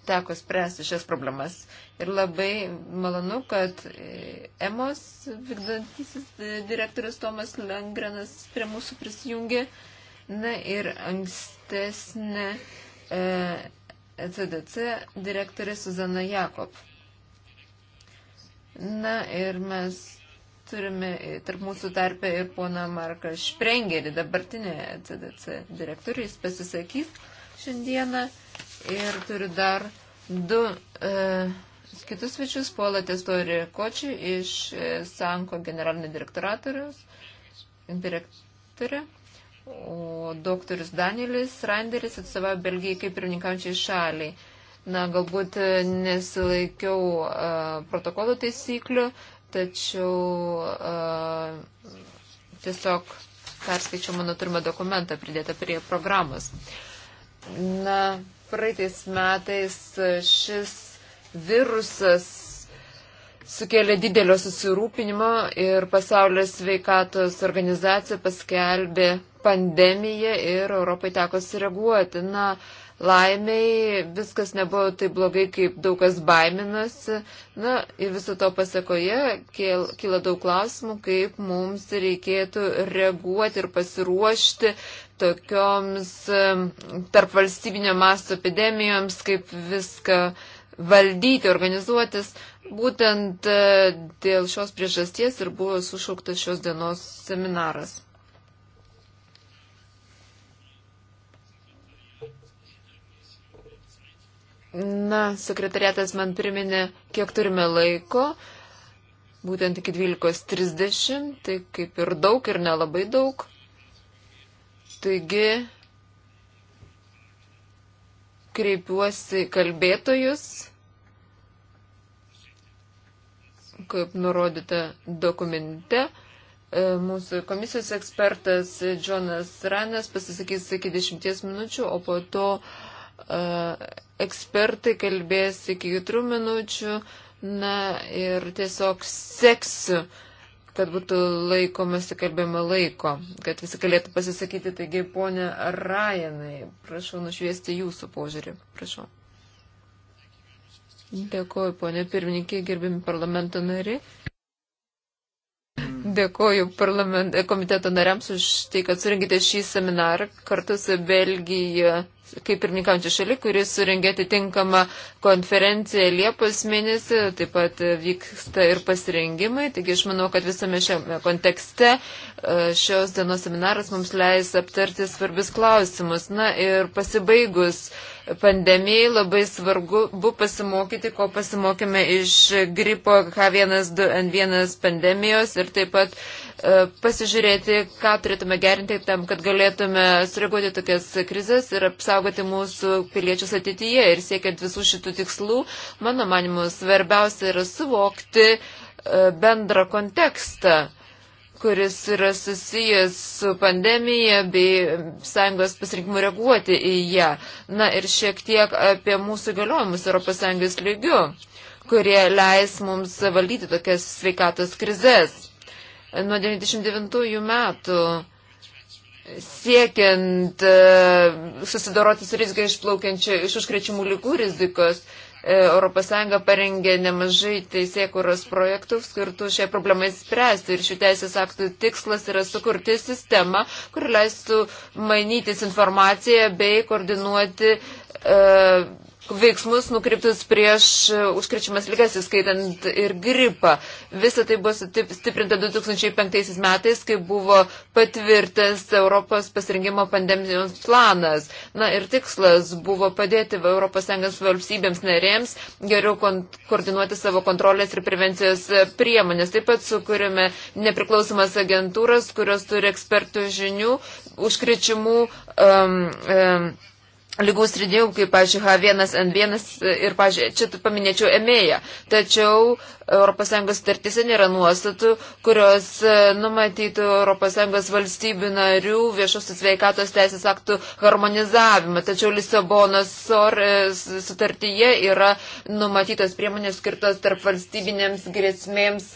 teko spręsti šias problemas. Ir labai malonu, kad e, EMOS vykdantisis e, direktorius Tomas Lengrenas prie mūsų prisijungė. Na ir ankstesnė e, CDC e direktorė Suzana Jakob. Na ir mes Turime tarp mūsų tarpę ir poną Marką Šprengerį, dabartinį CDC direktorių, jis pasisakys šiandieną ir turiu dar du e, kitus svečius, Pola Testori Kočių iš e, Sanko generalinio direktoratorius, direktorė, o doktorius Danielis Randeris atstovauja Belgijai kaip pirmininkaujančiai šaliai. Na, galbūt e, nesilaikiau uh, e, protokolų taisyklių, tačiau uh, tiesiog perskaičiau mano turimą dokumentą pridėtą prie programos. Na, praeitais metais šis virusas sukėlė didelio susirūpinimo ir pasaulio sveikatos organizacija paskelbė pandemiją ir Europai teko sureaguoti. Na, uh, Laimiai viskas nebuvo taip blogai, kaip daug kas baiminasi. Na ir viso to pasakoje kyla daug klausimų, kaip mums reikėtų reaguoti ir pasiruošti tokioms tarp valstybinio masto epidemijoms, kaip viską valdyti, organizuotis. Būtent e, dėl šios priežasties ir buvo sušauktas šios dienos seminaras. Na, sekretariatas man priminė, kiek turime laiko. Būtent iki 12.30, tai kaip ir daug ir nelabai daug. Taigi, kreipiuosi kalbėtojus, kaip nurodyta dokumente. E, mūsų komisijos ekspertas Džonas Ranas pasisakys iki 10 minučių, o po to uh, ekspertai kalbės iki keturių minučių, na ir tiesiog seksiu, kad būtų laikomasi kalbėjimo laiko, kad visi galėtų pasisakyti. Taigi, ponė Rajanai, prašau nušviesti jūsų požiūrį. Prašau. Dėkuoju, ponė pirmininkė, gerbimi parlamento nari. Dėkoju komiteto nariams už tai, kad surinkite šį seminarą kartu su Belgija kaip pirmininkaujančia šali, kuris surengė atitinkamą konferenciją Liepos mėnesį, taip pat vyksta ir pasirengimai. Taigi aš manau, kad visame šiame kontekste e, šios dienos seminaras mums leis aptarti svarbis klausimus. Na ir pasibaigus uh, pandemijai labai svarbu buvo pasimokyti, ko pasimokėme iš gripo H1N1 pandemijos ir taip pat e, pasižiūrėti, ką turėtume gerinti tam, kad galėtume sureaguoti tokias krizės ir apsaugoti mūsų piliečius ateityje. Ir siekiant visų šitų tikslų, mano manimu, svarbiausia yra suvokti e, bendrą kontekstą kuris yra susijęs su pandemija bei sąjungos pasirinkimu reaguoti į ją. Na ir šiek tiek apie mūsų galiojimus ES lygių, kurie leis mums valdyti tokias sveikatos krizės. Nuo 99 metų siekiant e, susidoroti su rizika išplaukiančia iš užkrečiamų lygų rizikos, uh, ES parengė nemažai teisėkuros projektų skirtų šiai problemai spręsti. Ir šių teisės aktų tikslas yra sukurti sistemą, kur leistų mainytis informaciją bei koordinuoti e, veiksmus nukreiptus prieš užkrečiamas lygas, įskaitant ir gripą. Visą tai buvo stiprinta 2005 metais, kai buvo patvirtas Europos pasirinkimo pandemijos planas. Na ir tikslas buvo padėti ES valstybėms narėms geriau koordinuoti savo kontrolės ir prevencijos priemonės. Taip pat sukūrėme nepriklausomas agentūras, kurios turi ekspertų žinių užkrečiamų. Um, um, lygų sridinių, kaip, pažiūrėjau, H1N1 ir, pažiūrėjau, čia paminėčiau EMEją. Tačiau ES e sutartise nėra nuostatų, kurios e, numatytų ES e valstybių narių viešosios sveikatos teisės aktų harmonizavimą. Tačiau Lisabonos sutartyje yra numatytos priemonės skirtos tarp valstybinėms grėsmėms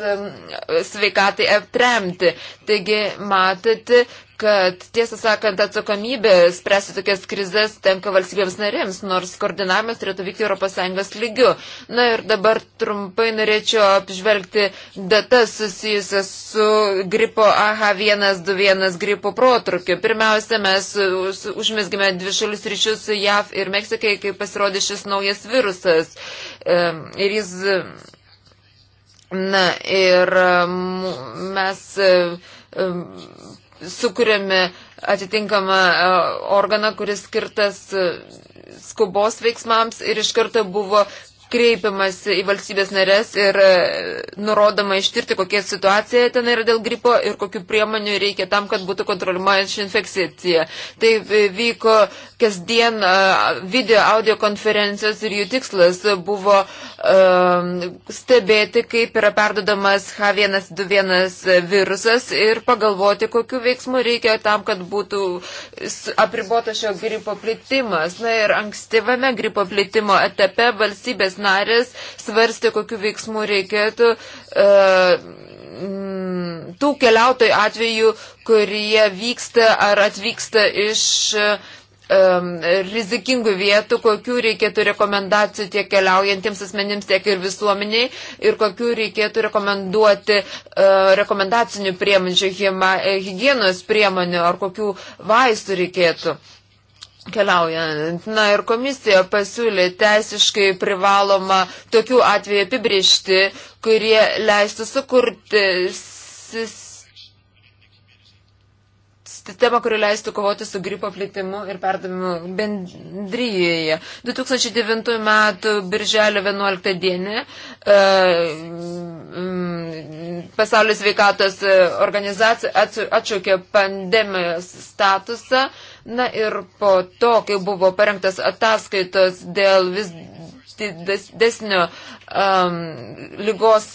sveikatai aptremti. Taigi, matote, kad, tiesą sakant, atsakomybė spręsti tokias krizės tenka valstybėms narėms, nors koordinavimas turėtų vykti ES lygiu. Na ir dabar trumpai norėčiau apžvelgti datas susijusias su gripo AH121 gripo protrukiu. Pirmiausia, mes užmėsgime dvi šalius ryšius su JAV ir Meksikai, kai pasirodė šis naujas virusas. Ir jis. Na ir mes sukūrėme atitinkamą e, organą, kuris skirtas e, skubos veiksmams ir iš karto buvo kreipiamas į valstybės narės ir e, nurodoma ištirti, kokia situacija ten yra dėl gripo ir kokiu priemonių reikia tam, kad būtų kontroliuojama ši infekcija. Tai vyko kasdien e, video audio konferencijos ir jų tikslas buvo um, stebėti, kaip yra perdodamas H121 virusas ir pagalvoti, kokiu veiksmu reikia tam, kad būtų apribota šio gripo plitimas. Na ir ankstyvame gripo plitimo etape valstybės narės svarstė, kokiu veiksmu reikėtų. E, mm, tų keliautojų atveju, kurie vyksta ar atvyksta iš um, rizikingų vietų, kokių reikėtų rekomendacijų tiek keliaujantiems asmenims, tiek ir visuomeniai ir kokių reikėtų rekomenduoti uh, rekomendacinių priemonių, hygienos priemonių ar kokių vaistų reikėtų. Uh, keliaujant. Na ir komisija pasiūlė teisiškai privaloma tokių atvejų apibriežti, kurie leistų sukurti sistemą, kuri leistų kovoti su gripo plitimu ir perdavimu bendryje. 2009 m. birželio 11 d. E, mm, Pasaulio sveikatos organizacija atšaukė pandemijos statusą Na ir po to, kai buvo parengtas ataskaitos dėl vis didesnio um, lygos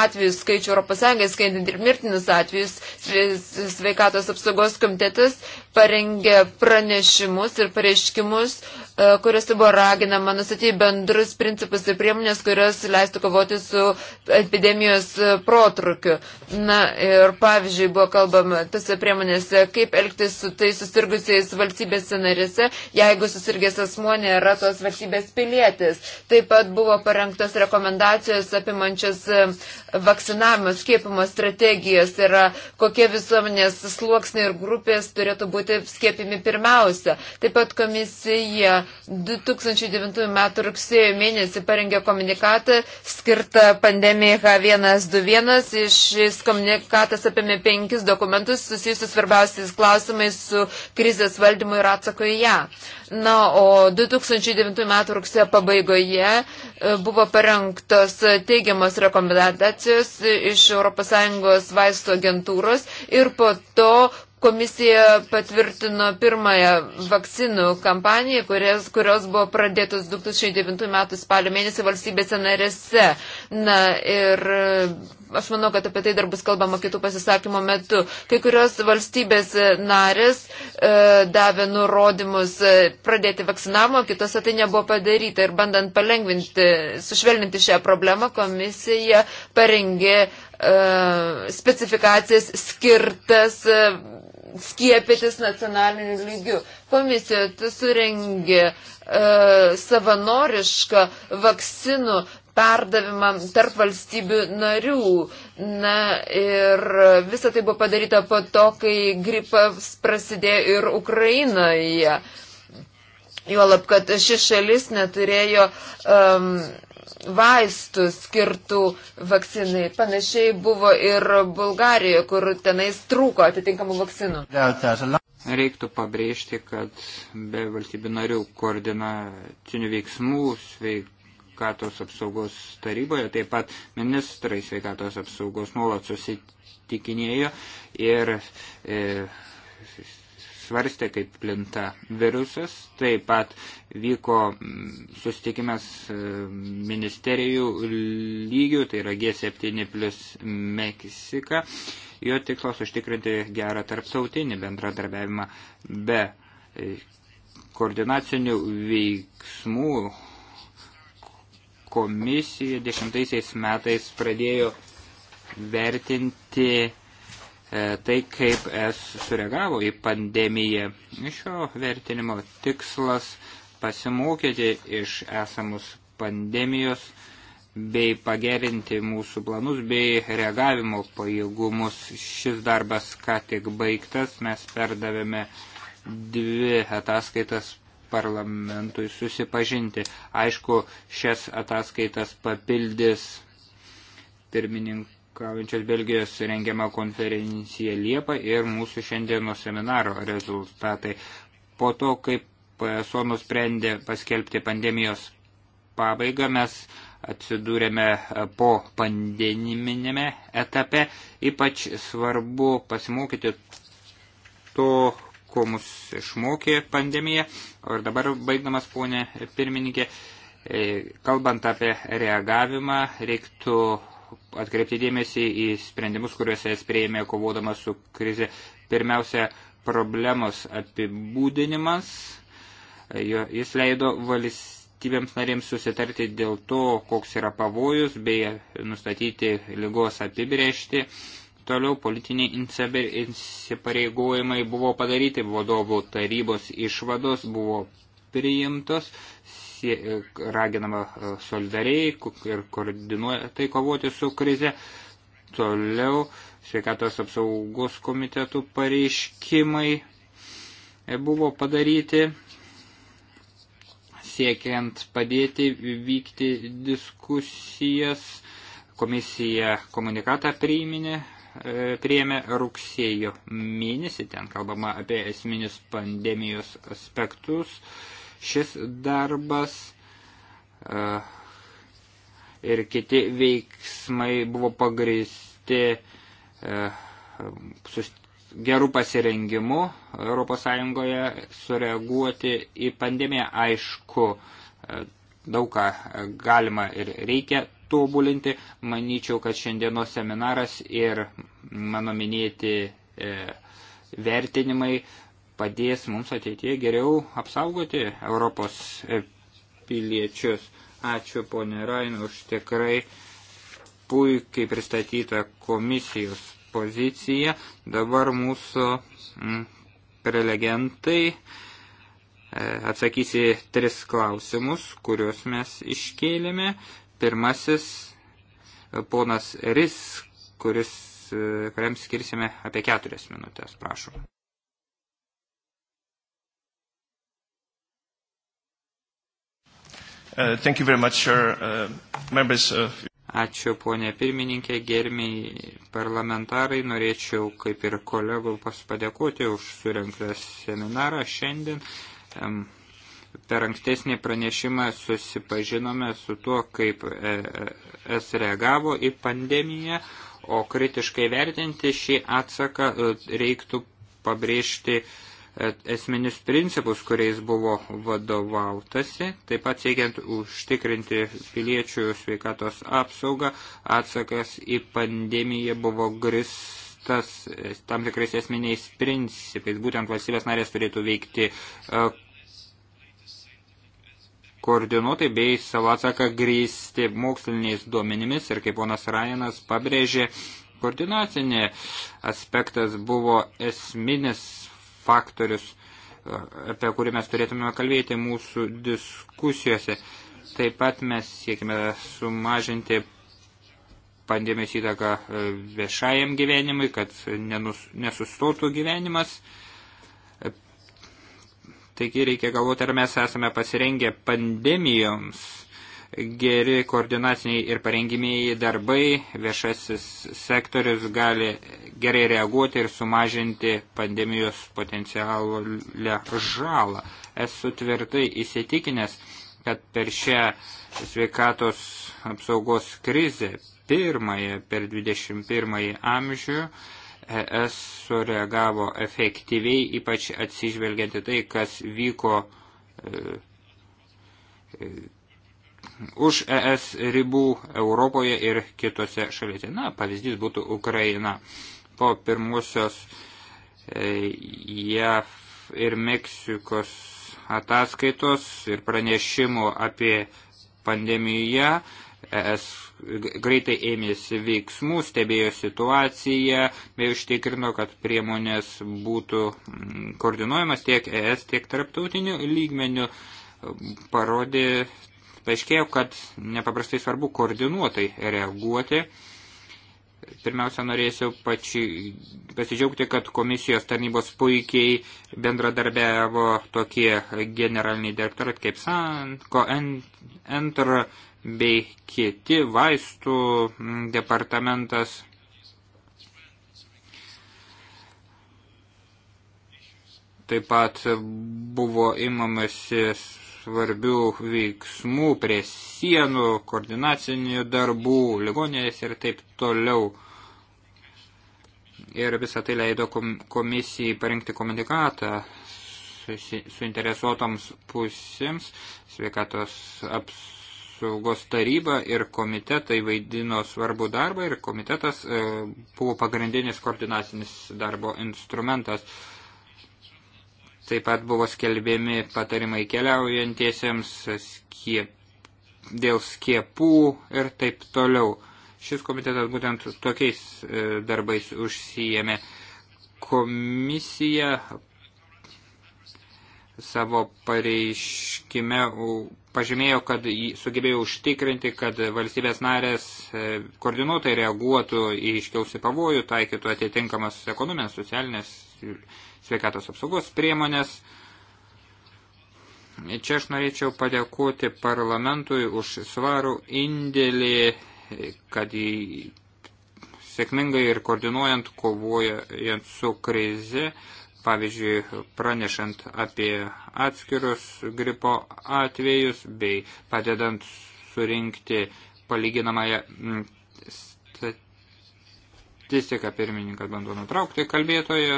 atvejų skaičių Europos Sąjungai, skaitant ir mirtinus atvejus, sveikatos apsaugos komitetas parengė pranešimus ir pareiškimus uh, E, kuriuose buvo raginama nustatyti bendrus principus ir priemonės, kurios leistų kovoti su epidemijos e, protrukiu. Na ir pavyzdžiui buvo kalbama tose priemonėse, kaip elgtis su tai susirgusiais valstybės scenarise, jeigu susirgęs asmuo nėra tos valstybės pilietis. Taip pat buvo parengtos rekomendacijos apimančios e, vakcinavimo skiepimo strategijas ir tai kokie visuomenės sluoksniai ir grupės turėtų būti skiepimi pirmiausia. Taip pat komisija 2009 m. rugsėjo mėnesį parengė komunikatą skirtą pandemijai H121. Šis komunikatas apėmė penkis dokumentus susijusius svarbiausiais klausimais su krizės valdymu ir atsaku į ją. Na, o 2009 m. rugsėjo pabaigoje e, buvo parengtos teigiamos rekomendacijos iš ES vaistų agentūros ir po to Komisija patvirtino pirmąją vakcinų kampaniją, kurios, kurios buvo pradėtos 2009 m. spalio mėnesį valstybėse narėse. Na ir e, aš manau, kad apie tai dar bus kalbama kitų pasisakymo metu. Kai kurios valstybės narės e, davė nurodymus e, pradėti vakcinavimo, kitose tai nebuvo padaryta. Ir bandant palengvinti, sušvelninti šią problemą, komisija parengė e, specifikacijas skirtas. E, skiepytis nacionaliniu lygiu. Komisija surengė e, savanorišką vakcinų perdavimą tarp valstybių narių. Na ir visa tai buvo padaryta po to, kai gripas prasidėjo ir Ukrainoje. Juolab, kad ši šalis neturėjo um, vaistų skirtų vakcinai. Panašiai buvo ir Bulgarijoje, kur tenais trūko atitinkamų vakcinų. Reiktų pabrėžti, kad be valstybių narių koordinacinių veiksmų sveikatos apsaugos taryboje taip pat ministrai sveikatos apsaugos nuolat susitikinėjo ir e, svarstė, kaip plinta virusas. Taip pat vyko mm, susitikimas e, ministerijų lygių, tai yra G7 plus Meksika. Jo tikslas užtikrinti gerą tarptautinį bendradarbiavimą be e, koordinacinių veiksmų. Komisija dešimtaisiais metais pradėjo vertinti E, tai, kaip es sureagavo į pandemiją. Šio vertinimo tikslas pasimokyti iš esamus pandemijos bei pagerinti mūsų planus bei reagavimo pajėgumus. Šis darbas ką tik baigtas, mes perdavėme dvi ataskaitas parlamentui susipažinti. Aišku, šias ataskaitas papildys pirmininkas pirmininkaujančios Belgijos rengiama konferencija Liepa ir mūsų šiandieno seminaro rezultatai. Po to, kaip PSO nusprendė paskelbti pandemijos pabaigą, mes atsidūrėme po pandemiminėme etape. Ypač svarbu pasimokyti to, ko mus išmokė pandemija. Ir dabar baigdamas, ponė pirmininkė, e, kalbant apie reagavimą, reiktų atkreipti dėmesį į sprendimus, kuriuose jis prieėmė kovodama su krize. Pirmiausia, problemos apibūdinimas. Jis leido valstybėms narėms susitarti dėl to, koks yra pavojus, bei nustatyti lygos apibrėžti. Toliau politiniai įsipareigojimai buvo padaryti, vadovų tarybos išvados buvo priimtos, E, raginama e, solidariai ir koordinuotai kovoti su krize. Toliau sveikatos apsaugos komitetų pareiškimai e, buvo padaryti siekiant padėti vykti diskusijas. Komisija komunikatą priiminė priėmė rugsėjo mėnesį, ten kalbama apie esminius pandemijos aspektus, šis darbas e, ir kiti veiksmai buvo pagristi e, gerų pasirengimų ES sureaguoti į pandemiją. Aišku, e, daug ką galima ir reikia tobulinti. Manyčiau, kad šiandienos seminaras ir mano minėti vertinimai padės mums ateitie geriau apsaugoti Europos piliečius. Ačiū ponė Rain už tikrai puikiai pristatytą komisijos poziciją. Dabar mūsų mm, prelegentai e, atsakysi tris klausimus, kuriuos mes iškėlėme. Pirmasis e, ponas Ris, kuris, e, kuriam skirsime apie keturias minutės, prašom. Uh, thank you very much, sir, uh, members. Uh... Ačiū, ponė pirmininkė, germiai parlamentarai. Norėčiau, kaip ir kolegų, paspadėkoti už surinktą seminarą šiandien. Um, per ankstesnį pranešimą susipažinome su tuo, kaip e, e, es reagavo į pandemiją, o kritiškai vertinti šį atsaką e, reiktų pabrėžti uh, E, esminius principus, kuriais buvo vadovautasi, taip pat siekiant užtikrinti piliečių sveikatos apsaugą, atsakas į pandemiją buvo gristas e, tam tikrais esminiais principais. Būtent valstybės narės turėtų veikti e, koordinuotai bei savo atsaką grįsti moksliniais duomenimis ir kaip ponas Rajanas pabrėžė, koordinacinė aspektas buvo esminis faktorius, e, apie kurį mes turėtume kalbėti mūsų diskusijose. Taip pat mes siekime sumažinti pandemijos įtaką e, viešajam gyvenimui, kad nenus, nesustotų gyvenimas. E, taigi reikia galvoti, ar mes esame pasirengę pandemijoms geri koordinaciniai ir parengimieji darbai, viešasis sektorius gali gerai reaguoti ir sumažinti pandemijos potencialę žalą. Esu tvirtai įsitikinęs, kad per šią sveikatos apsaugos krizę pirmąją per 21 amžių ES sureagavo efektyviai, ypač atsižvelgiant į tai, kas vyko e, e, už ES ribų Europoje ir kitose šalyse. Na, pavyzdys būtų Ukraina. Po pirmusios e, JAV ir Meksikos ataskaitos ir pranešimų apie pandemiją ES greitai ėmėsi veiksmų, stebėjo situaciją bei užtikrino, kad priemonės būtų mm, koordinuojamas tiek ES, tiek tarptautiniu lygmeniu parodė paaiškėjo, kad nepaprastai svarbu koordinuotai reaguoti. Pirmiausia, norėsiu pači, pasidžiaugti, kad komisijos tarnybos puikiai bendradarbiavo tokie generaliniai direktorat kaip Sanko, Enter bei kiti vaistų mm, departamentas. Taip pat buvo imamasi svarbių veiksmų prie sienų, koordinacinių darbų, ligoninės ir taip toliau. Ir visą tai leido komisijai parengti komunikatą suinteresuotoms pusėms. Sveikatos apsaugos taryba ir komitetai vaidino svarbų darbą ir komitetas e, buvo pagrindinis koordinacinis darbo instrumentas. E, Taip pat buvo skelbiami patarimai keliaujantiesiems skiep, dėl skiepų ir taip toliau. Šis komitetas būtent tokiais e, darbais užsijėmė. Komisija savo pareiškime pažymėjo, kad sugebėjo užtikrinti, kad valstybės narės e, koordinuotai reaguotų į iškiausi pavojų, taikytų atitinkamas ekonominės, socialinės sveikatos apsaugos priemonės. Čia aš norėčiau padėkoti parlamentui už svarų indėlį, kad jį sėkmingai ir koordinuojant kovojant su krize, pavyzdžiui, pranešant apie atskirus gripo atvejus bei padedant surinkti palyginamąją statistiką pirmininkas bandau nutraukti kalbėtojo.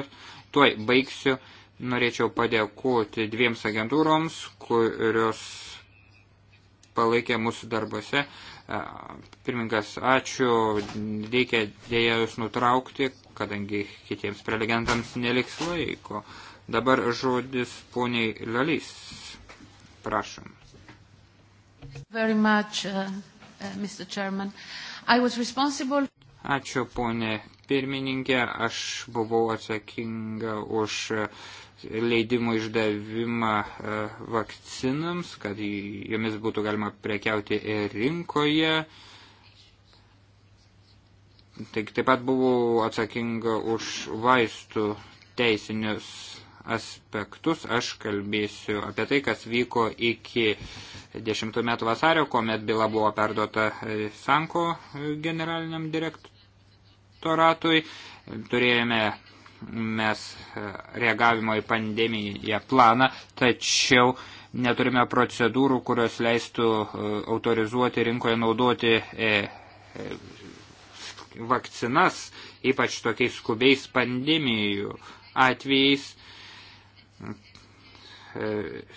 Tuoj baigsiu. Norėčiau padėkoti dviems agentūroms, kurios palaikė mūsų darbose. Pirmingas, ačiū. Reikia dėja jūs nutraukti, kadangi kitiems prelegentams neliks laiko. Dabar žodis poniai Lalys. Prašom. Very much, uh, uh, Mr. Chairman. I was responsible Ačiū, ponė pirmininkė. Aš buvau atsakinga už leidimų išdavimą e, vakcinams, kad jomis būtų galima prekiauti rinkoje. Taip, taip pat buvau atsakinga už vaistų teisinius aspektus. Aš kalbėsiu apie tai, kas vyko iki 10 metų vasario, kuomet byla buvo perduota e, Sanko generaliniam direktoriui direktoratui. Turėjome mes e, reagavimo į pandemiją planą, tačiau neturime procedūrų, kurios leistų e, autorizuoti rinkoje naudoti e, vakcinas, ypač tokiais skubiais pandemijų atvejais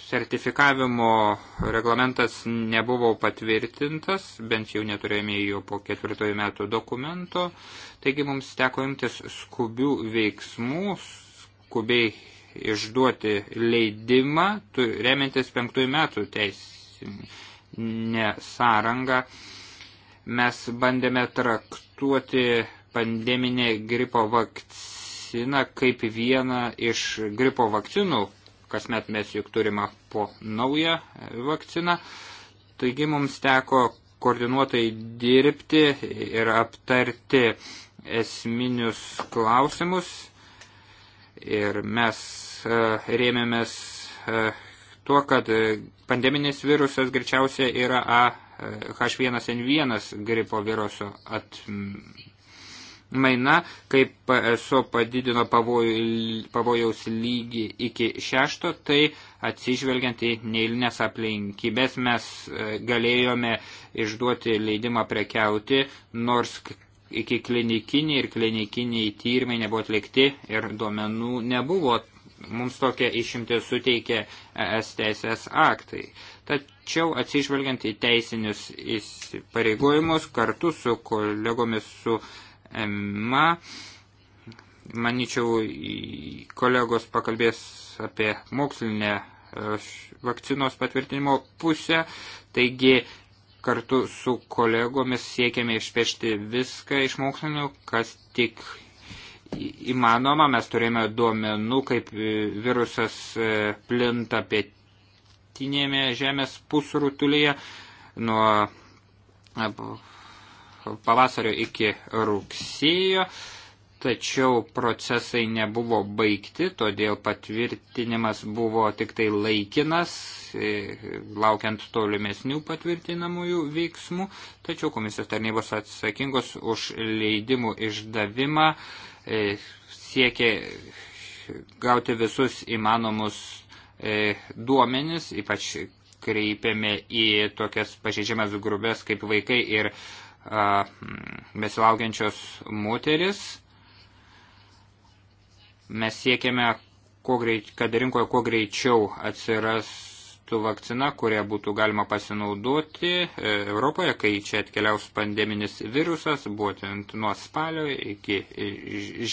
sertifikavimo reglamentas nebuvo patvirtintas, bent jau neturėjome jo po ketvirtojų metų dokumento, taigi mums teko imtis skubių veiksmų, skubiai išduoti leidimą, remiantis penktųjų metų teisinę sąrangą. Mes bandėme traktuoti pandeminę gripo vakciną vakciną kaip vieną iš gripo vakcinų, kasmet mes juk turime po naują vakciną. Taigi mums teko koordinuotai dirbti ir aptarti esminius klausimus. Ir mes e, rėmėmės e, tuo, kad pandeminis virusas greičiausiai yra H1N1 gripo viruso atmetimas maina, kaip PSO padidino pavojaus lygį iki šešto, tai atsižvelgiant į neilinės aplinkybės mes e, galėjome išduoti leidimą prekiauti, nors iki klinikiniai ir klinikiniai tyrimai nebuvo atlikti ir duomenų nebuvo. Mums tokia išimtė suteikė ES teisės aktai. Tačiau atsižvelgiant į teisinius įsipareigojimus kartu su kolegomis su uh, EMA. Manyčiau, kolegos pakalbės apie mokslinę e, vakcinos patvirtinimo pusę, taigi kartu su kolegomis siekiame išpešti viską iš mokslinių, kas tik įmanoma. Mes turėjome duomenų, kaip e, virusas e, plinta pietinėme žemės pusrutulyje nuo pavasario iki rugsėjo, tačiau procesai nebuvo baigti, todėl patvirtinimas buvo tik tai laikinas, e, laukiant tolimesnių patvirtinamųjų veiksmų, tačiau komisijos tarnybos atsakingos už leidimų išdavimą e, siekia gauti visus įmanomus e, duomenis, ypač kreipiame į tokias pažeidžiamas grubės kaip vaikai ir Mm, besilaukiančios moteris. Mes siekiame, greit, kad rinkoje kuo greičiau atsirastų vakcina, kurią būtų galima pasinaudoti e, Europoje, kai čia atkeliaus pandeminis virusas, būtent nuo spalio iki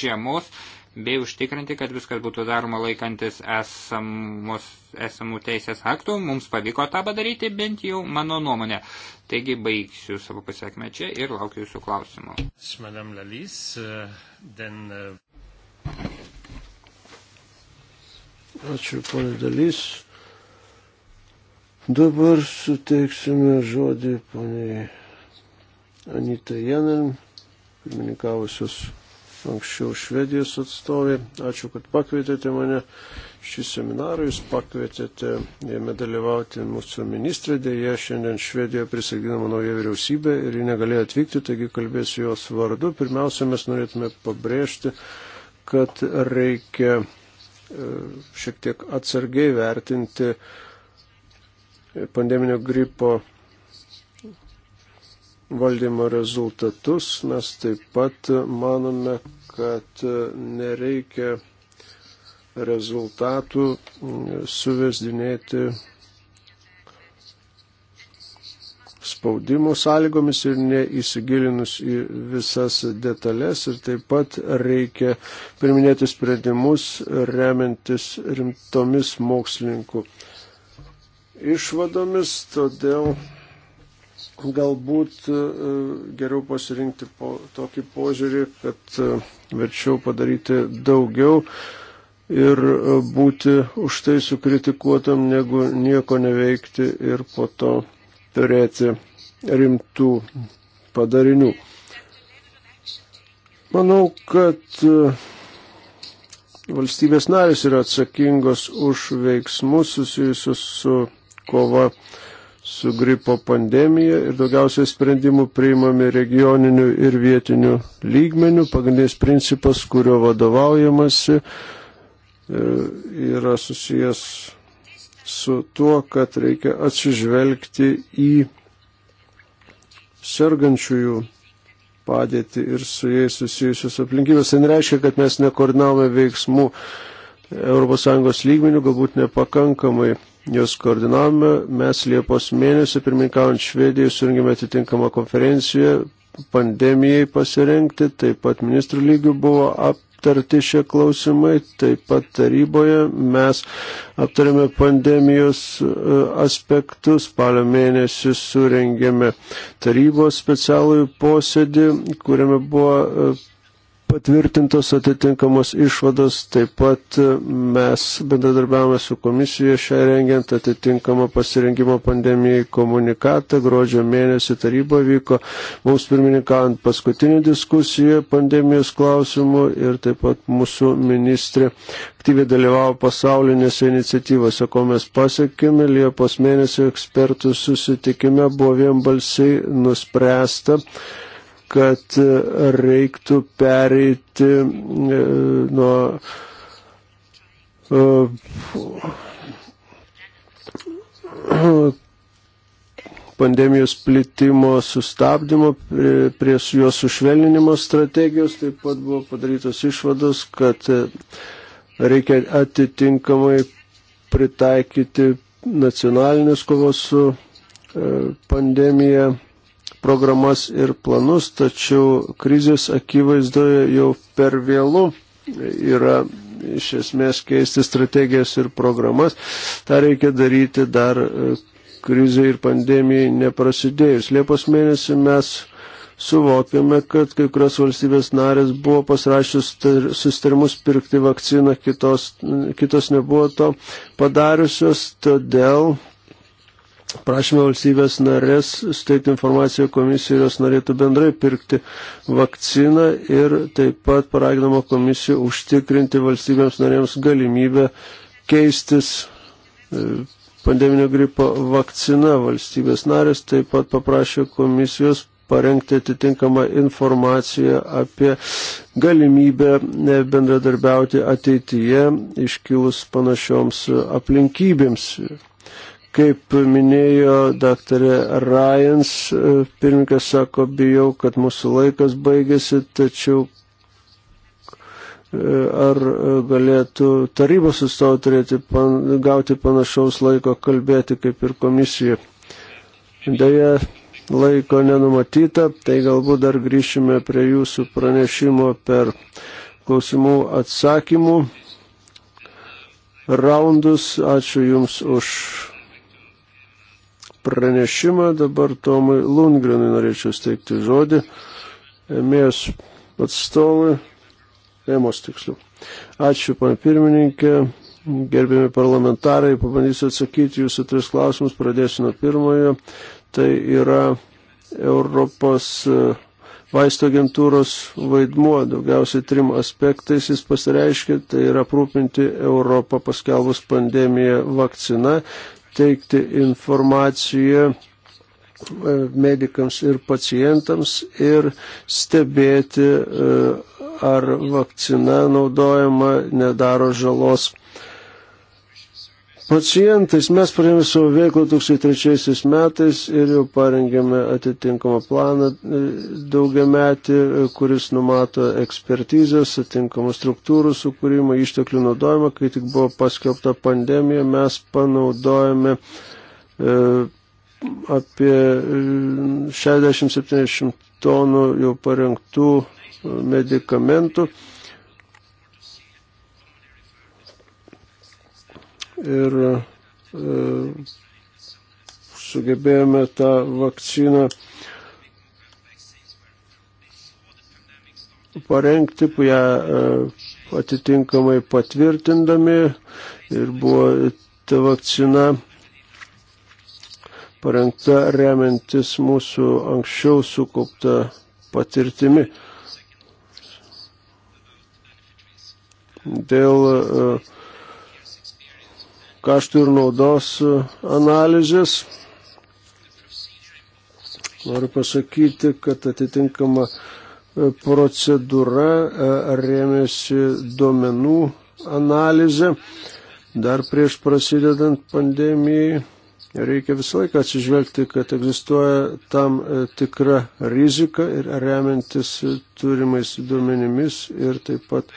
žiemos bei užtikrinti, kad viskas būtų daroma laikantis esamos, esamų teisės aktų. Mums pavyko tą padaryti, bent jau mano nuomonė. Taigi baigsiu savo pasiekmę čia ir laukiu jūsų klausimų. Uh, uh, Ačiū, ponė Dalys. Dabar suteiksime žodį poniai Anita Jenan, pirmininkavusios anksčiau Švedijos atstovai. Ačiū, kad pakvietėte mane šį seminarą, jūs pakvietėte jame dalyvauti mūsų ministrė, dėje šiandien Švedijoje prisaginama nauja vyriausybė ir ji negalėjo atvykti, taigi kalbėsiu jos vardu. Pirmiausia, mes norėtume pabrėžti, kad reikia e, šiek tiek atsargiai vertinti pandeminio gripo valdymo rezultatus. Mes taip pat manome, kad nereikia rezultatų suvesdinėti spaudimų sąlygomis ir neįsigilinus į visas detalės ir taip pat reikia priminėti sprendimus remiantis rimtomis mokslininkų išvadomis, todėl galbūt e, geriau pasirinkti po, tokį požiūrį, kad e, verčiau padaryti daugiau ir e, būti už tai sukritikuotam, negu nieko neveikti ir po to turėti rimtų padarinių. Manau, kad valstybės narės yra atsakingos už veiksmus susijusius su kova su gripo pandemija ir daugiausiai sprendimų priimami regioniniu ir vietiniu lygmeniu. Pagrindinis principas, kurio vadovaujamasi, e, yra susijęs su tuo, kad reikia atsižvelgti į sergančiųjų padėtį ir su jais susijusius aplinkybės. Tai nereiškia, kad mes nekoordinavome veiksmų ES lygmenių, galbūt nepakankamai jos koordinavome. Mes Liepos mėnesį, pirmininkaujant Švedijai, surinkime atitinkamą konferenciją pandemijai pasirengti, taip pat ministrų lygių buvo aptarti šie klausimai, taip pat taryboje mes aptarėme pandemijos e, aspektus, spalio mėnesį surengėme tarybos specialųjį posėdį, kuriame buvo e, patvirtintos atitinkamos išvados, taip pat e, mes bendradarbiavome su komisija šią rengiant atitinkamą pasirengimo pandemijai komunikatą. Gruodžio mėnesį taryba vyko mums pirmininkant paskutinį diskusiją pandemijos klausimų ir taip pat mūsų ministrė aktyviai dalyvavo pasaulinėse iniciatyvose, ko mes pasiekime. Liepos mėnesio ekspertų susitikime buvo vienbalsiai nuspręsta kad reiktų pereiti e, nuo e, pandemijos plitimo sustabdymo prie, prie su juos sušvelninimo strategijos. Taip pat buvo padarytos išvados, kad e, reikia atitinkamai pritaikyti nacionalinius kovos su pandemija programas ir planus, tačiau krizės akivaizdoje jau per vėlų yra iš esmės keisti strategijas ir programas. Ta reikia daryti dar e, krizai ir pandemijai neprasidėjus. Liepos mėnesį mes suvokiame, kad kai kurios valstybės narės buvo pasirašius sustarimus pirkti vakciną, kitos, kitos nebuvo to padariusios, todėl prašymą valstybės narės steigti informaciją komisijai, jos norėtų bendrai pirkti vakciną ir taip pat paraginama komisija užtikrinti valstybėms narėms galimybę keistis e, pandeminio gripo vakcina. Valstybės narės taip pat paprašė komisijos parengti atitinkamą informaciją apie galimybę e, bendradarbiauti ateityje iškilus panašioms aplinkybėms. Kaip minėjo daktarė Ryans, e, pirmininkas sako, bijau, kad mūsų laikas baigėsi, tačiau e, ar e, galėtų tarybos atstovai turėti pan, gauti panašaus laiko kalbėti kaip ir komisija. Deja, laiko nenumatyta, tai galbūt dar grįšime prie jūsų pranešimo per klausimų atsakymų raundus. Ačiū Jums už pranešimą. Dabar Tomui Lundgrenui norėčiau steigti žodį. Emės atstovui. Emos tiksliau. Ačiū, pan pirmininkė. Gerbėmi parlamentarai, pabandysiu atsakyti jūsų tris klausimus. Pradėsiu nuo pirmojo. Tai yra Europos e, vaisto agentūros vaidmuo daugiausiai trim aspektais jis pasireiškia, tai yra aprūpinti Europą paskelbus pandemiją vakcina, teikti informaciją e, medikams ir pacientams ir stebėti, e, ar vakcina naudojama nedaro žalos pacientais. Mes pradėjome savo veiklą 2003 metais ir jau parengėme atitinkamą planą e, daugiametį, e, kuris numato ekspertizės, atitinkamų struktūrų sukūrimą, išteklių naudojimą. Kai tik buvo paskelbta pandemija, mes panaudojame e, apie 60-70 e, tonų jau parengtų medikamentų. E, ir e, sugebėjome tą vakciną parengti, ją e, atitinkamai patvirtindami ir buvo ta vakcina parengta remiantis mūsų anksčiau sukaupta patirtimi. Dėl uh, kaštų ir naudos e, analizės. Noriu pasakyti, kad atitinkama e, procedūra e, rėmėsi duomenų analizė. Dar prieš prasidedant pandemijai reikia visą laiką atsižvelgti, kad egzistuoja tam tikra rizika ir remiantis turimais duomenimis ir taip pat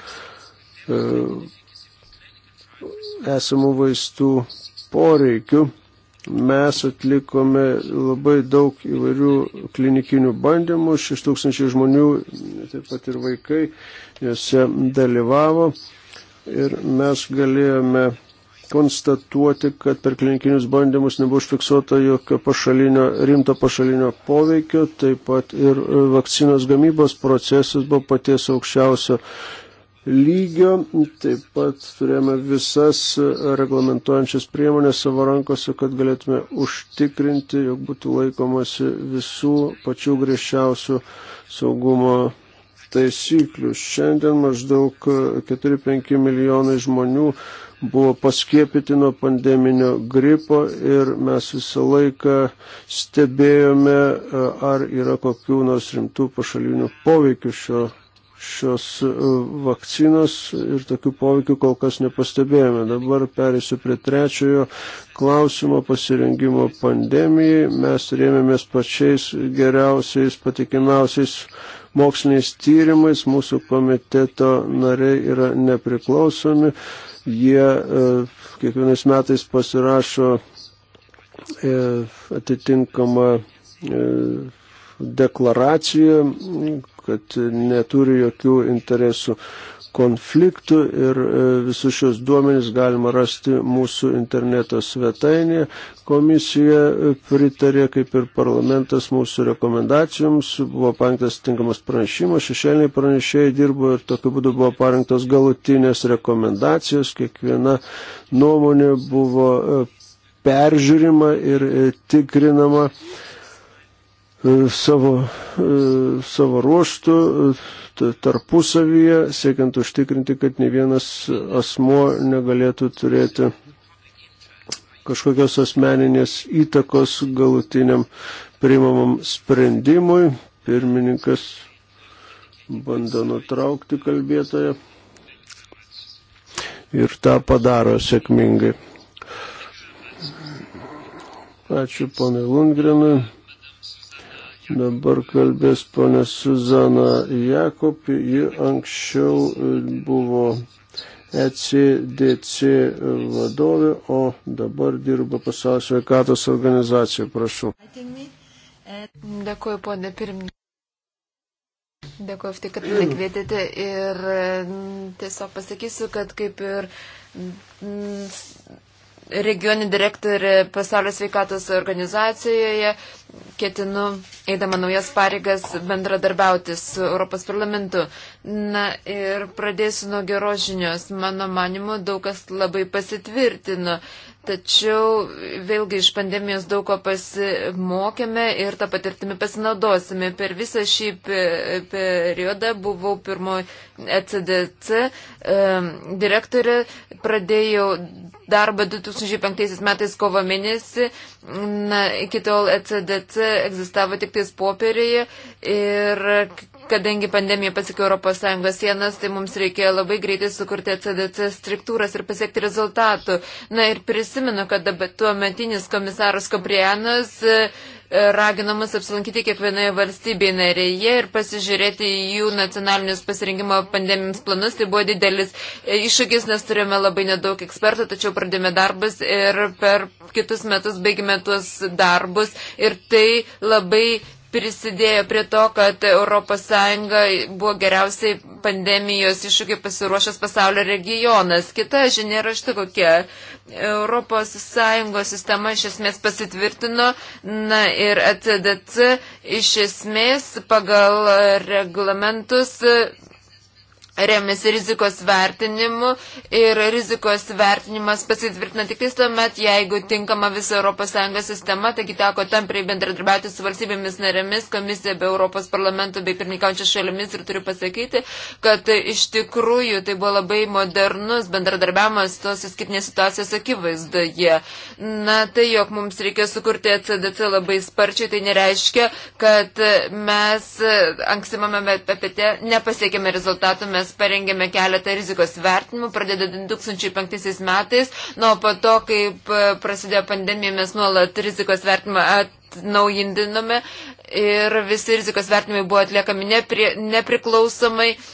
esamų vaistų poreikių. Mes atlikome labai daug įvairių klinikinių bandymų, 6000 žmonių, taip pat ir vaikai, juose dalyvavo ir mes galėjome konstatuoti, kad per klinikinius bandymus nebuvo užfiksuota jokio pašalinio, rimto pašalinio poveikio, taip pat ir vakcinos gamybos procesas buvo paties aukščiausio lygio. Taip pat turėjome visas reglamentuojančias priemonės savo rankose, kad galėtume užtikrinti, jog būtų laikomasi visų pačių griežčiausių saugumo taisyklių. Šiandien maždaug 4-5 milijonai žmonių buvo paskėpyti nuo pandeminio gripo ir mes visą laiką stebėjome, ar yra kokių nors rimtų pašalinių poveikių šio šios e, vakcinos ir tokių poveikių kol kas nepastebėjome. Dabar perėsiu prie trečiojo klausimo pasirengimo pandemijai. Mes rėmėmės pačiais geriausiais, patikimiausiais moksliniais tyrimais. Mūsų komiteto nariai yra nepriklausomi. Jie e, kiekvienais metais pasirašo e, atitinkamą deklaraciją, kad neturi jokių interesų konfliktų ir e, visus šios duomenys galima rasti mūsų interneto svetainėje. Komisija e, pritarė, kaip ir parlamentas, mūsų rekomendacijoms. Buvo parinktas tinkamas pranešimas, šešėliniai pranešėjai dirbo ir tokiu būdu buvo parinktos galutinės rekomendacijos. Kiekviena nuomonė buvo e, peržiūrima ir tikrinama E, savo, e, savo ruoštų e, tarpusavyje, siekiant užtikrinti, kad ne vienas asmo negalėtų turėti kažkokios asmeninės įtakos galutiniam priimamam sprendimui. Pirmininkas bando nutraukti kalbėtoją ir tą padaro sėkmingai. Ačiū ponai Lundgrenui. Dabar kalbės ponė Suzana Jakob, ji anksčiau e, buvo ECDC vadovė, o dabar dirba pasaulio sveikatos organizacijoje. Prašau. Dėkuoju, ponė pirmininkė. Dėkuoju, tai, kad mane kvietėte ir tiesiog pasakysiu, kad kaip ir regioninė direktorė pasaulio sveikatos organizacijoje ketinu, eidama naujas pareigas, bendradarbiauti su Europos parlamentu. Na ir pradėsiu nuo geros žinios. Mano manimu, daug kas labai pasitvirtino. Tačiau vėlgi iš pandemijos daug ko pasimokėme ir tą patirtimį pasinaudosime. Per visą šį periodą buvau pirmoji ECDC direktorė, pradėjau darbą 2005 metais kovo mėnesį. Na, iki tol ECDC kad egzistavo tik tais popierėje ir kadangi pandemija pasikė ES sienas, tai mums reikėjo labai greitai sukurti CDC struktūras ir pasiekti rezultatų. Na ir prisimenu, kad dabar tuo metinis komisaras Koprianas raginamas apsilankyti kiekvienoje valstybėje narėje ir pasižiūrėti jų nacionalinius pasirinkimo pandemijams planus. Tai buvo didelis e, iššūkis, nes turėjome labai nedaug ekspertų, tačiau pradėjome darbus ir per kitus metus baigime tuos darbus. Ir tai labai prisidėjo prie to, kad ES buvo geriausiai pandemijos iššūkiai pasiruošęs pasaulio regionas. Kita žinia yra štai kokia. ES sistema iš esmės pasitvirtino na, ir ECDC iš esmės pagal reglamentus remiasi rizikos vertinimu ir rizikos vertinimas pasitvirtina tik tais tuomet, jeigu tinkama visa ES sistema, taigi teko tamprai bendradarbiauti su valstybėmis narėmis, komisija be Europos parlamento bei pirmininkaujančios šalimis ir turiu pasakyti, kad iš tikrųjų tai buvo labai modernus bendradarbiavimas tos įskirtinės situacijos akivaizdoje. Na tai, jog mums reikia sukurti ECDC labai sparčiai, tai nereiškia, kad mes e, anksimame PPT nepasiekėme rezultatų, mes mes parengėme keletą rizikos vertinimų, pradedant 2005 metais, nuo po to, kaip e, prasidėjo pandemija, mes nuolat rizikos vertinimą atnaujindinome ir visi rizikos vertinimai buvo atliekami nepri, nepriklausomai. Uh,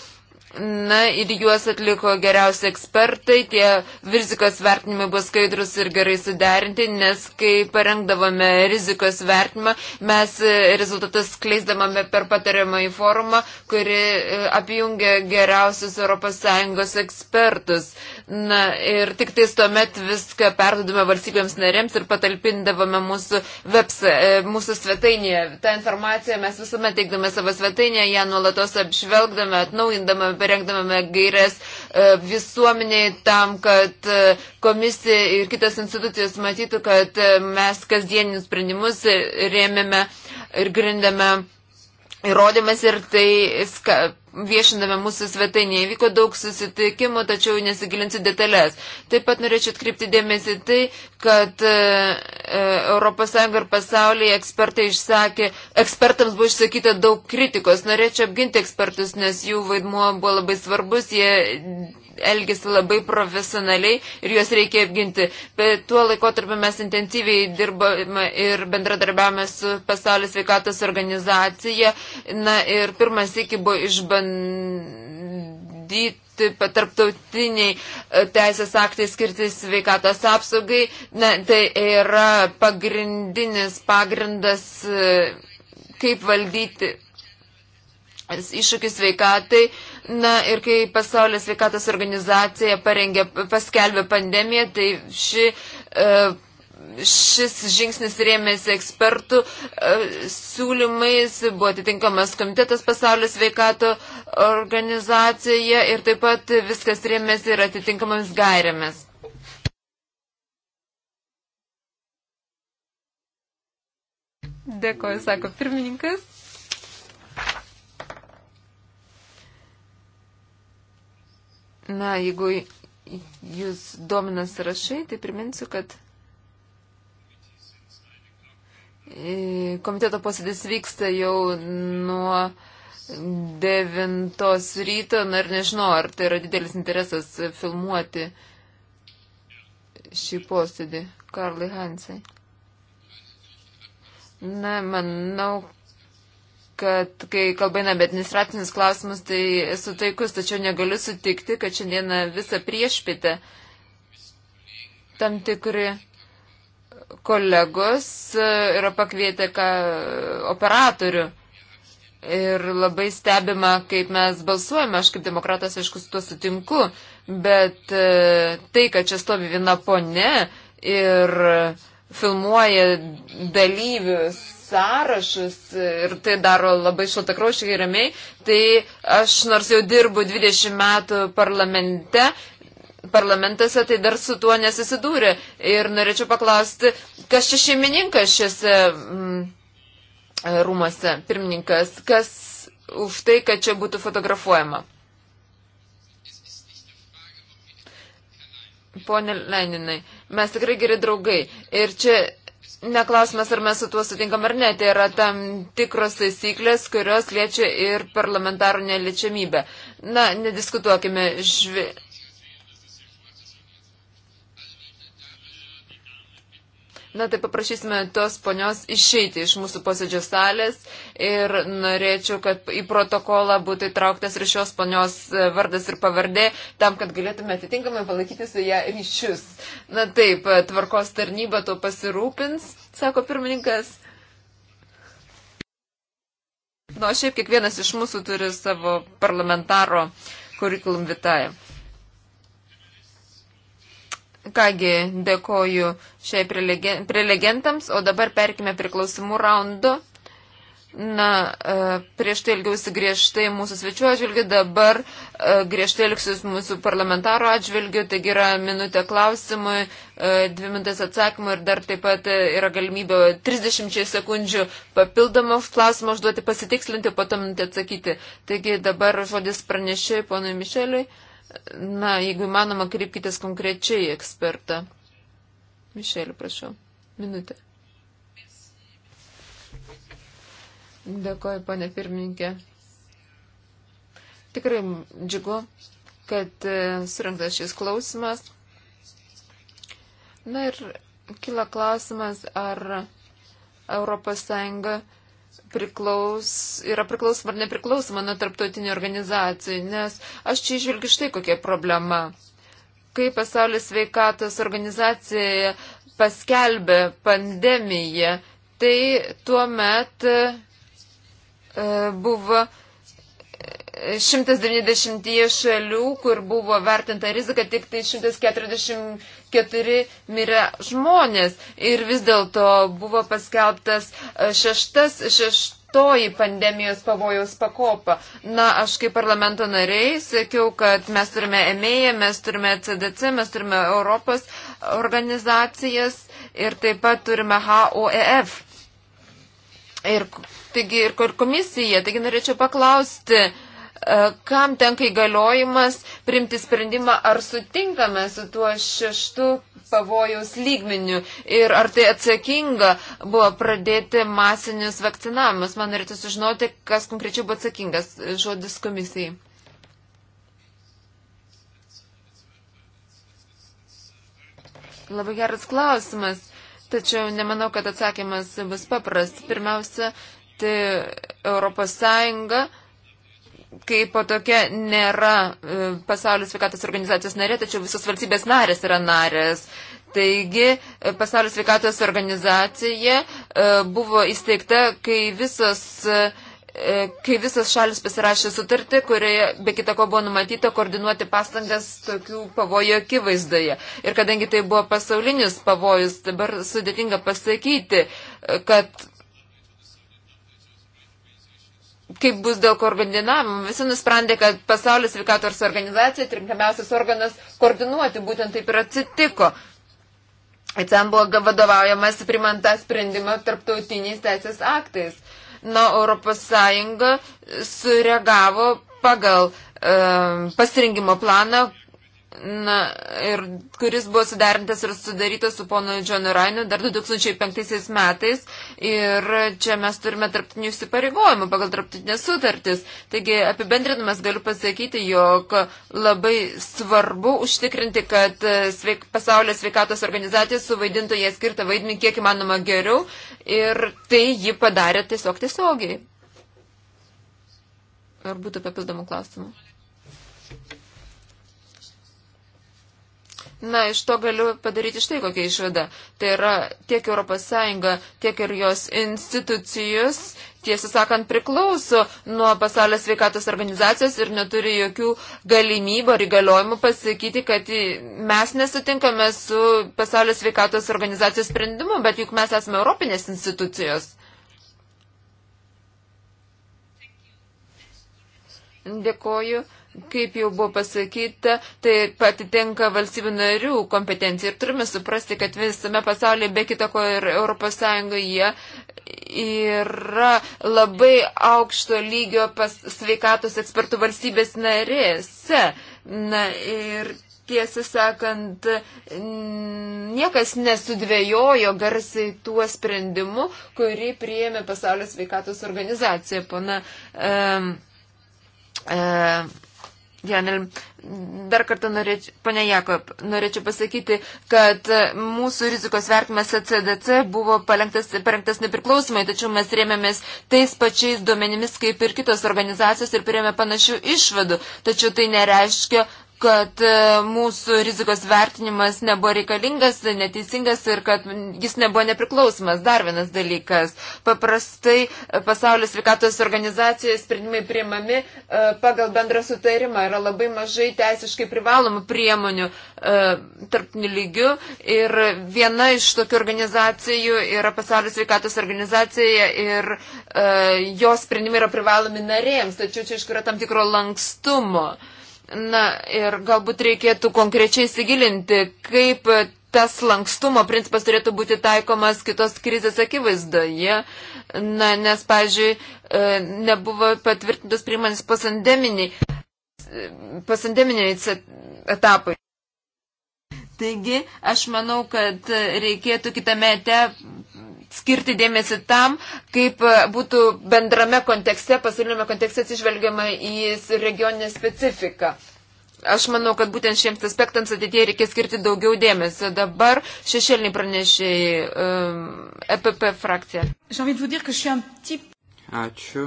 Na ir juos atliko geriausi ekspertai, tie rizikos vertinimai buvo skaidrus ir gerai suderinti, nes kai parengdavome rizikos vertinimą, mes e, rezultatus kleisdavome per patariamą į forumą, kuri e, apjungia geriausius ES ekspertus. Na ir tik tais tuomet viską perdodame valstybėms narėms ir patalpindavome mūsų, webs, e, mūsų svetainėje. Ta informacija mes visuomet teikdame savo svetainėje, ją nuolatos apžvelgdame, atnaujindame berengdamame gairias e, visuomeniai tam, kad e, komisija ir kitos institucijos matytų, kad e, mes kasdieninius sprendimus rėmėme ir grindėme įrodymas ir tai ska, viešindame mūsų svetainėje. Vyko daug susitikimų, tačiau nesigilinsiu detalės. Taip pat norėčiau atkreipti dėmesį tai, kad ES e, ir pasaulyje ekspertai išsakė, ekspertams buvo išsakyta daug kritikos. Norėčiau apginti ekspertus, nes jų vaidmuo buvo labai svarbus, jie elgesi labai profesionaliai ir juos reikia apginti. Bet tuo laikotarpiu mes intensyviai dirbame ir bendradarbiavame su pasaulio sveikatos organizacija. Na ir pirmas iki buvo išbandyti tarptautiniai e, teisės aktai skirti sveikatos apsaugai. Na, tai yra pagrindinis pagrindas, e, kaip valdyti iššūkis sveikatai. Na ir kai pasaulio sveikatos organizacija parengė, paskelbė pandemiją, tai ši, e, šis žingsnis rėmėsi ekspertų e, siūlymais, buvo atitinkamas komitetas pasaulio sveikato organizacija ir taip pat viskas rėmėsi ir atitinkamams gairėmis. Dėkoju, sako pirmininkas. Na, jeigu jūs domina sąrašai, tai priminsiu, kad e, komiteto posėdis vyksta jau nuo 9 ryto, na ir nežinau, ar tai yra didelis interesas filmuoti šį posėdį Karlai Hansai. Na, manau, kad kai kalbame apie administracinius klausimus, tai esu taikus, tačiau negaliu sutikti, kad šiandieną visą priešpitę tam tikri kolegos e, yra pakvietę ką, operatorių. Ir labai stebima, kaip mes balsuojame, aš kaip demokratas, aišku, su tuo sutinku, bet e, tai, kad čia stovi viena ponė ir filmuoja dalyvius sąrašus ir tai daro labai šaltakrošiai ir ramiai, tai aš nors jau dirbu 20 metų parlamente, parlamentuose tai dar su tuo nesusidūrė. Ir norėčiau paklausti, kas čia šeimininkas šiuose mm, rūmose, pirmininkas, kas už tai, kad čia būtų fotografuojama. Pone Leninai, mes tikrai geri draugai. Ir čia Neklausimas, ar mes su tuo sutinkam ar ne, tai yra tam tikros taisyklės, kurios liečia ir parlamentarų neliečiamybę. Na, nediskutuokime, žvi... Na tai paprašysime tos ponios išeiti iš mūsų posėdžio salės ir norėčiau, kad į protokolą būtų įtrauktas ir šios ponios e, vardas ir pavardė, tam, kad galėtume atitinkamai palaikyti su ją ryšius. Na taip, e, tvarkos tarnyba to pasirūpins, sako pirmininkas. Na, nu, šiaip kiekvienas iš mūsų turi savo parlamentaro kurikulum vitae. Kągi, dėkoju šiai prelegentams, o dabar perkime prie klausimų raundo. Na, e, prieš tai elgiausi griežtai mūsų svečių atžvilgių, dabar e, griežtai elgsius mūsų parlamentaro atžvilgių, taigi yra minutė klausimui, e, dvi minutės atsakymui ir dar taip pat yra galimybė 30 sekundžių papildomą klausimą užduoti, pasitikslinti, po to minutę atsakyti. Taigi dabar žodis pranešė ponui Mišeliui. Uh, Na, jeigu įmanoma, kreipkitės konkrečiai ekspertą. Mišelį, prašau. Minutė. Dėkoju, ponė pirmininkė. Tikrai džiugu, kad e, surinktas šis klausimas. Na ir kila klausimas, ar ES priklaus, yra priklausoma ar nepriklausoma nuo tarptautinių organizacijų, nes aš čia išvelgiu štai kokia problema. Kai pasaulio sveikatos organizacija paskelbė pandemiją, tai tuo met e, buvo 190 šalių, kur buvo vertinta rizika, tik tai 144 mirė žmonės. Ir vis dėlto buvo paskelbtas e, šeštas, šeštoji pandemijos pavojaus pakopa. Na, aš kaip parlamento nariai sakiau, kad mes turime EMEją, mes turime CDC, mes turime Europos organizacijas ir taip pat turime HOEF. Ir, taigi, ir komisija, taigi norėčiau paklausti, uh, E, kam tenka įgaliojimas primti sprendimą, ar sutinkame su tuo šeštu pavojaus lygmeniu ir ar tai atsakinga buvo pradėti masinius vakcinavimus. Man norėtų sužinoti, kas konkrečiai buvo atsakingas žodis komisijai. Labai geras klausimas, tačiau nemanau, kad atsakymas bus papras. Pirmiausia, tai Europos Sąjunga kaip po tokia nėra e, pasaulio sveikatos organizacijos narė, tačiau visos valstybės narės yra narės. Taigi, e, pasaulio sveikatos organizacija e, buvo įsteigta, kai visos kai visas šalis pasirašė sutartį, kurioje be kita ko buvo numatyta koordinuoti pastangas tokių pavojų akivaizdoje. Ir kadangi tai buvo pasaulinis pavojus, dabar sudėtinga pasakyti, kad kaip bus dėl koordinavimo. Visi nusprendė, kad pasaulio sveikatos organizacija, trinkamiausias organas koordinuoti, būtent taip ir atsitiko. Ten buvo vadovaujamas primant tą sprendimą tarptautiniais teisės aktais. Na, Europos Sąjunga sureagavo pagal e, pasirinkimo planą, Na, ir kuris buvo sudarintas ir sudarytas su ponu Džonu Rainu dar 2005 metais. Ir čia mes turime tarptautinių įsipareigojimų pagal tarptautinės sutartis. Taigi, apibendrinamas galiu pasakyti, jog labai svarbu užtikrinti, kad sveik, pasaulio sveikatos organizacija suvaidintų jie skirtą vaidmenį kiek įmanoma geriau. Ir tai ji padarė tiesiog tiesiogiai. Ar būtų papildomų klausimų? Na, iš to galiu padaryti štai kokią išvadą. Tai yra tiek ES, tiek ir jos institucijos, tiesą sakant, priklauso nuo pasaulio sveikatos organizacijos ir neturi jokių galimybų ar įgaliojimų pasakyti, kad mes nesutinkame su pasaulio sveikatos organizacijos sprendimu, bet juk mes esame Europinės institucijos. Dėkoju kaip jau buvo pasakyta, tai patitinka valstybių narių kompetencija ir turime suprasti, kad visame pasaulyje, be kitako ir ES, yra labai aukšto lygio pas sveikatos ekspertų valstybės narėse. Na ir tiesą sakant, niekas nesudvėjojo garsiai tuo sprendimu, kurį priėmė pasaulio sveikatos organizacija. Pana, um, um, Janel, dar kartą norėčiau, ponia Jakob, norėčiau pasakyti, kad mūsų rizikos vertimas CDC buvo parengtas, parengtas nepriklausomai, tačiau mes rėmėmės tais pačiais duomenimis kaip ir kitos organizacijos ir priėmė panašių išvadų. Tačiau tai nereiškia, kad e, mūsų rizikos vertinimas nebuvo reikalingas, neteisingas ir kad jis nebuvo nepriklausomas. Dar vienas dalykas. Paprastai e, pasaulio sveikatos organizacijoje sprendimai priimami e, pagal bendrą sutarimą. Yra labai mažai teisiškai privalomų priemonių tarptinių lygių. Ir viena iš tokių organizacijų yra pasaulio sveikatos organizacija ir jos sprendimai yra privalomi narėms. Tačiau čia iš yra tam tikro lankstumo. Na ir galbūt reikėtų konkrečiai įsigilinti, kaip tas lankstumo principas turėtų būti taikomas kitos krizės akivaizdoje. Na, nes, pavyzdžiui, e, nebuvo patvirtintas priimanis pasandeminiai, pasandeminiai etapai. Taigi, aš manau, kad reikėtų kitame etape skirti dėmesį tam, kaip e, būtų bendrame kontekste, pasaulyme kontekste atsižvelgiama į regioninę specifiką. Aš manau, kad būtent šiems aspektams ateitie reikės skirti daugiau dėmesio. Dabar šešėliniai pranešėjai um, EPP frakcija. Ačiū.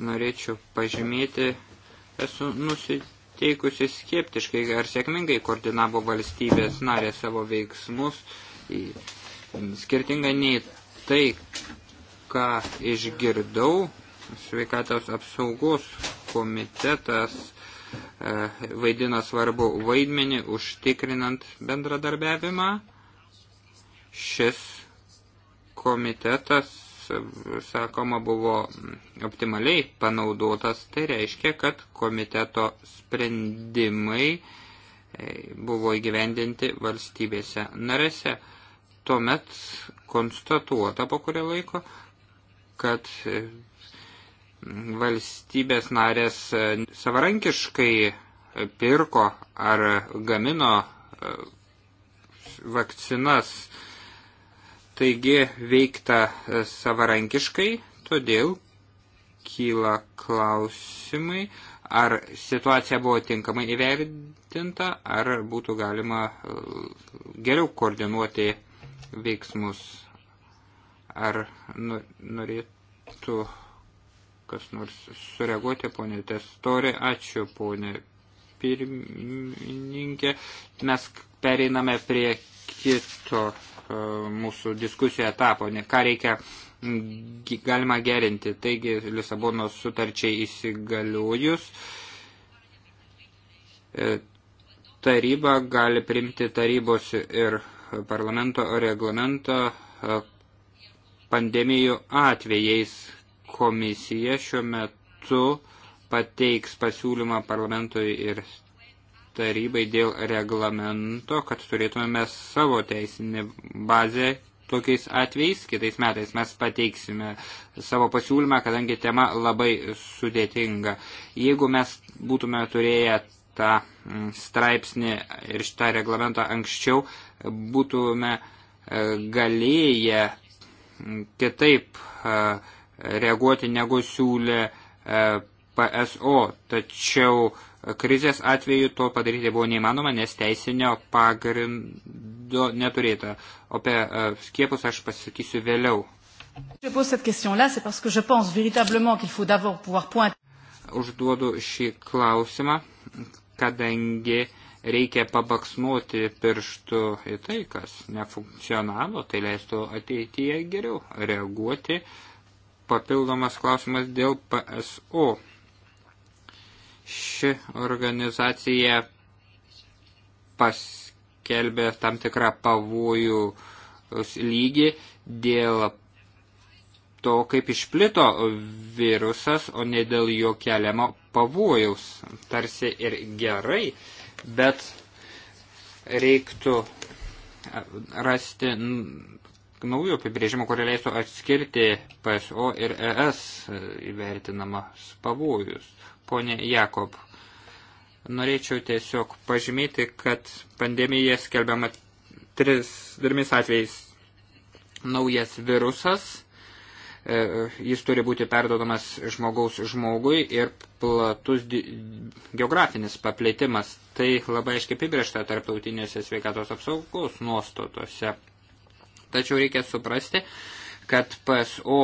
Norėčiau pažymėti, esu nusiteikusi skeptiškai, ar sėkmingai koordinavo valstybės narė savo veiksmus skirtinga nei tai, ką išgirdau, sveikatos apsaugos komitetas e, vaidina svarbu vaidmenį užtikrinant bendradarbiavimą. Šis komitetas, sakoma, buvo optimaliai panaudotas, tai reiškia, kad komiteto sprendimai e, buvo įgyvendinti valstybėse narėse tuomet konstatuota po kurio laiko, kad e, valstybės narės e, savarankiškai e, pirko ar gamino vakcinas, taigi veikta savarankiškai, todėl kyla klausimai, ar situacija buvo tinkamai įvertinta, ar būtų galima geriau koordinuoti veiksmus. Ar nu, norėtų kas nors sureaguoti, ponė Testori? Ačiū, ponė pirmininkė. Mes pereiname prie kito e, mūsų diskusijų etapo, ne ką reikia galima gerinti. Taigi Lisabonos sutarčiai įsigaliojus e, taryba gali primti tarybos ir parlamento reglamento e, pandemijų atvejais komisija šiuo metu pateiks pasiūlymą parlamentui ir tarybai dėl reglamento, kad turėtumėme savo teisinį bazę tokiais atvejais. Kitais metais mes pateiksime savo pasiūlymą, kadangi tema labai sudėtinga. Jeigu mes būtume turėję tą mm, straipsnį ir šitą reglamentą anksčiau, būtume e, galėję mm, kitaip e, reaguoti negu siūlė e, PSO, tačiau krizės atveju to padaryti buvo neįmanoma, nes teisinio pagrindo neturėta. O apie skiepus aš pasakysiu vėliau. Užduodu šį klausimą, kadangi reikia pabaksnuoti pirštų į tai, kas nefunkcionavo, tai leistų ateityje geriau reaguoti. Papildomas klausimas dėl PSO. Ši organizacija paskelbė tam tikrą pavojų lygį dėl to, kaip išplito virusas, o ne dėl jo keliamo pavojaus, tarsi ir gerai, bet reiktų e, rasti naujų apibrėžimų, kurie leistų atskirti PSO ir ES e, įvertinamas pavojus. Pone Jakob, norėčiau tiesiog pažymėti, kad pandemija skelbiama tris, trimis atvejais naujas virusas, E, jis turi būti perdodamas žmogaus žmogui ir platus geografinis paplėtimas. Tai labai aiškiai apibriešta tarptautinėse sveikatos apsaugos nuostatose. Tačiau reikia suprasti, kad PSO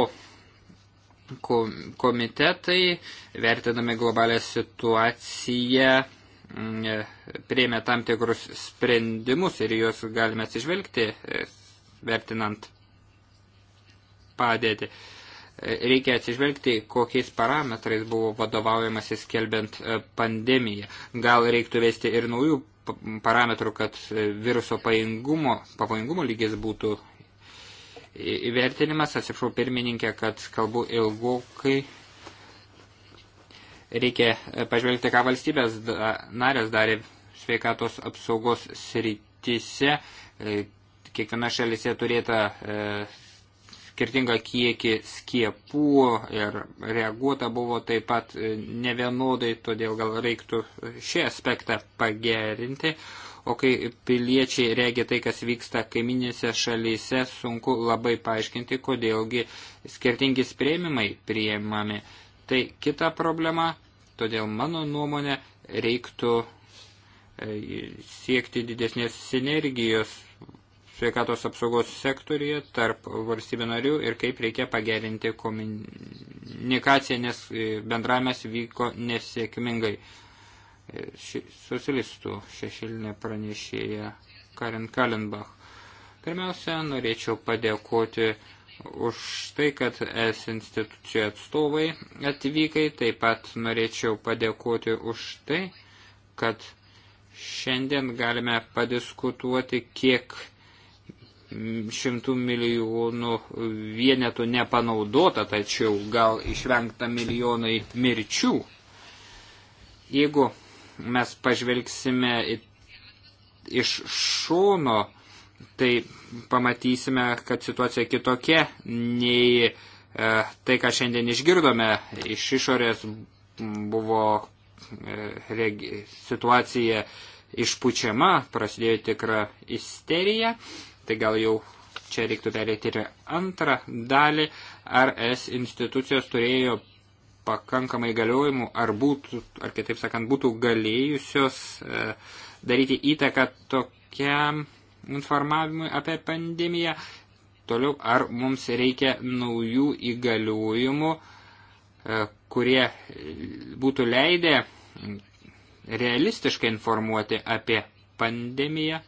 komitetai, vertinami globalią situaciją, prieimė tam tikrus sprendimus ir juos galime atsižvelgti, e, vertinant padėtį reikia atsižvelgti, kokiais parametrais buvo vadovaujamasi skelbiant e, pandemiją. Gal reiktų vesti ir naujų parametrų, kad e, viruso pajingumo, pavojingumo lygis būtų įvertinimas. Atsiprašau pirmininkė, kad kalbu ilgokai. Reikia e, pažvelgti, ką valstybės narės darė sveikatos apsaugos srityse. Kiekviena šalise turėta skirtingą kiekį skiepų ir reaguota buvo taip pat e, nevienodai, todėl gal reiktų šį aspektą pagerinti. O kai piliečiai regia tai, kas vyksta kaiminėse šalyse, sunku labai paaiškinti, kodėlgi skirtingi sprendimai priimami. Tai kita problema, todėl mano nuomonė reiktų e, siekti didesnės sinergijos sveikatos apsaugos sektorija tarp valstybių narių ir kaip reikia pagerinti komunikaciją, nes e, bendravimas vyko nesėkmingai. E, socialistų šešilinė pranešėja Karin Kalenbach. Pirmiausia, norėčiau padėkoti už tai, kad es institucijų atstovai atvykai. Taip pat norėčiau padėkoti už tai, kad šiandien galime padiskutuoti, kiek šimtų milijonų vienetų nepanaudota, tačiau gal išvengta milijonai mirčių. Jeigu mes pažvelgsime iš šono, tai pamatysime, kad situacija kitokia nei e, tai, ką šiandien išgirdome iš išorės buvo e, situacija išpučiama, prasidėjo tikra isterija tai gal jau čia reiktų perėti ir antrą dalį, ar es institucijos turėjo pakankamai galiojimų, ar būtų, ar kitaip sakant, būtų galėjusios e, daryti įtaką tokiam informavimui apie pandemiją. Toliau, ar mums reikia naujų įgaliojimų, e, kurie būtų leidę realistiškai informuoti apie pandemiją,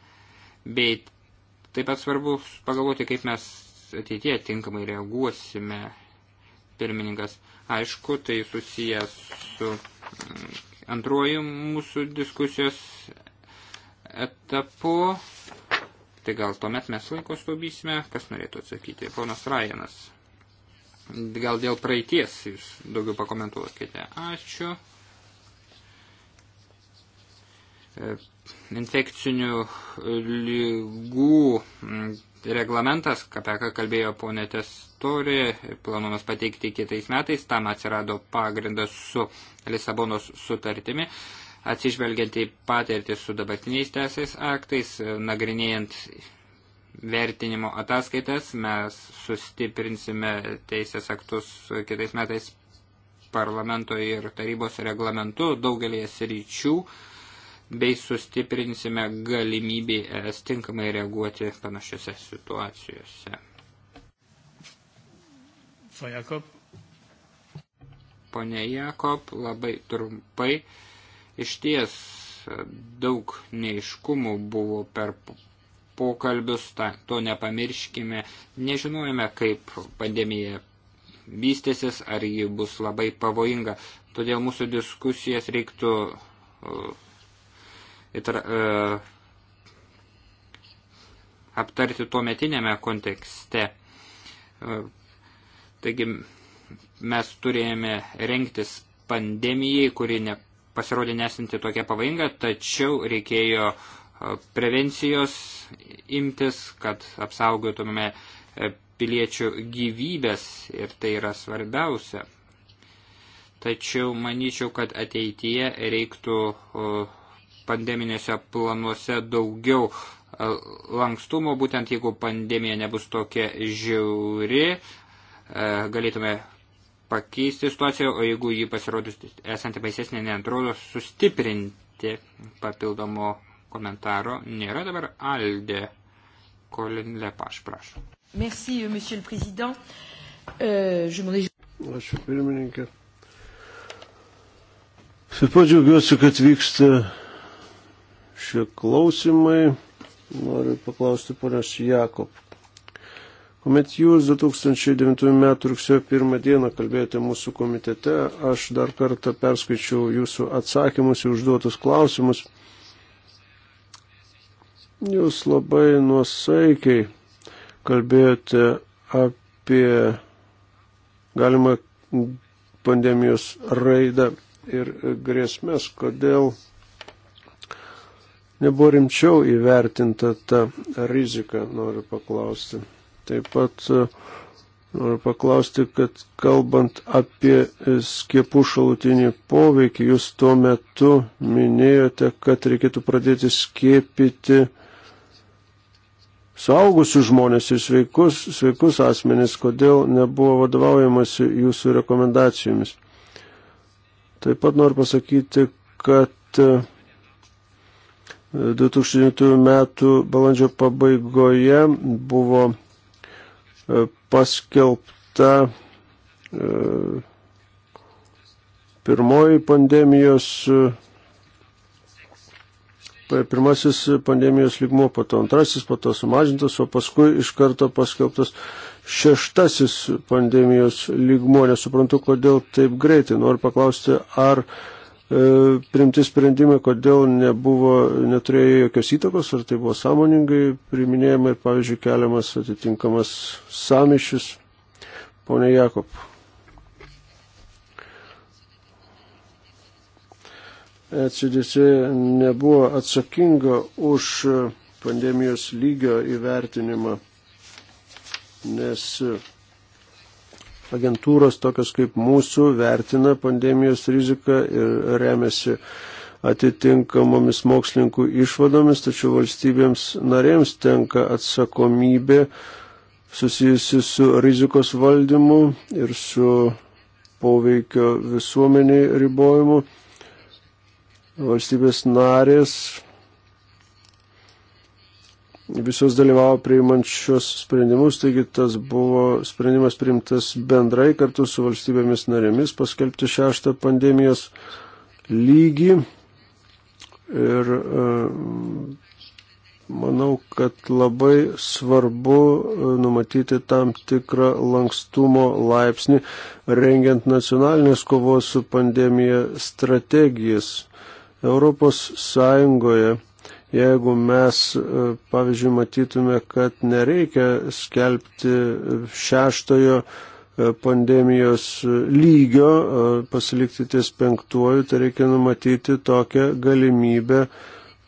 bei Taip pat svarbu pagalvoti, kaip mes ateitie tinkamai reaguosime. Pirmininkas, aišku, tai susijęs su mm, antruoju mūsų diskusijos etapu. Tai gal tuomet mes laiko staubysime, kas norėtų atsakyti. Ponas Rajanas, gal dėl praeities jūs daugiau pakomentuokite. Ačiū. infekcinių lygų mm, reglamentas, apie ką kalbėjo ponė Testori, planuomas pateikti kitais metais, tam atsirado pagrindas su Lisabonos sutartimi, atsižvelgiant į patirtį su dabartiniais teisės aktais, nagrinėjant vertinimo ataskaitas, mes sustiprinsime teisės aktus kitais metais parlamento ir tarybos reglamentu daugelį sričių. ryčių bei sustiprinsime galimybę ES tinkamai reaguoti panašiose situacijose. Jakob. Pone Jakob, labai trumpai, iš ties daug neiškumų buvo per pokalbius, ta, to nepamirškime, nežinojame, kaip pandemija vystysis, ar ji bus labai pavojinga, todėl mūsų diskusijas reiktų uh, įtra, e, aptarti tuo metinėme kontekste. E, taigi mes turėjome renktis pandemijai, kuri ne, pasirodė nesinti tokia pavojinga, tačiau reikėjo e, prevencijos imtis, kad apsaugotumėme e, piliečių gyvybės ir tai yra svarbiausia. Tačiau manyčiau, kad ateityje reiktų uh, pandeminėse planuose daugiau e, lankstumo, būtent jeigu pandemija nebus tokia žiauri, e, galėtume pakeisti situaciją, o jeigu jį pasirodys esanti baisesnė, neantrodo sustiprinti papildomo komentaro. Nėra dabar Aldė. Colin Lepaš, prašau. Merci, euh, monsieur le président. Euh, je m'en ai... Ačiū pirmininkė. Taip pat džiaugiuosi, kad vyksta šie klausimai. Noriu paklausti ponios Jakob. Kuomet jūs 2009 m. rugsėjo 1 dieną kalbėjote mūsų komitete, aš dar kartą perskaičiau jūsų atsakymus į užduotus klausimus. Jūs labai nuosaikiai kalbėjote apie galimą pandemijos raidą ir grėsmės, kodėl nebuvo rimčiau įvertinta ta rizika, noriu paklausti. Taip pat e, noriu paklausti, kad kalbant apie skiepų šalutinį poveikį, jūs tuo metu minėjote, kad reikėtų pradėti skiepyti suaugusius žmonės ir sveikus, sveikus asmenys, kodėl nebuvo vadovaujamasi jūsų rekomendacijomis. Taip pat noriu pasakyti, kad e, 2009 metų balandžio pabaigoje buvo e, paskelbta e, pirmoji pandemijos, e, pirmasis pandemijos lygmo, po to antrasis, po to sumažintas, o paskui iš karto paskelbtas šeštasis pandemijos lygmo. Nesuprantu, kodėl taip greitai. Noriu paklausti, ar uh, E, primti sprendimai, kodėl nebuvo, neturėjo jokios įtakos, ar tai buvo sąmoningai priminėjama ir, pavyzdžiui, keliamas atitinkamas samišis. Pone Jakob. CDC e nebuvo atsakinga už pandemijos lygio įvertinimą, nes agentūros tokios kaip mūsų vertina pandemijos riziką ir remiasi atitinkamomis mokslininkų išvadomis, tačiau valstybėms narėms tenka atsakomybė susijusi su rizikos valdymu ir su poveikio visuomeniai ribojimu. Valstybės narės visos dalyvavo priimant šios sprendimus, taigi tas buvo sprendimas priimtas bendrai kartu su valstybėmis narėmis paskelbti šeštą pandemijos lygį. Ir e, manau, kad labai svarbu e, numatyti tam tikrą lankstumo laipsnį, rengiant nacionalinės kovos su pandemija strategijas. Europos Sąjungoje Jeigu mes, e, pavyzdžiui, matytume, kad nereikia skelbti šeštojo e, pandemijos lygio, e, pasilikti ties penktuoju, tai reikia numatyti tokią galimybę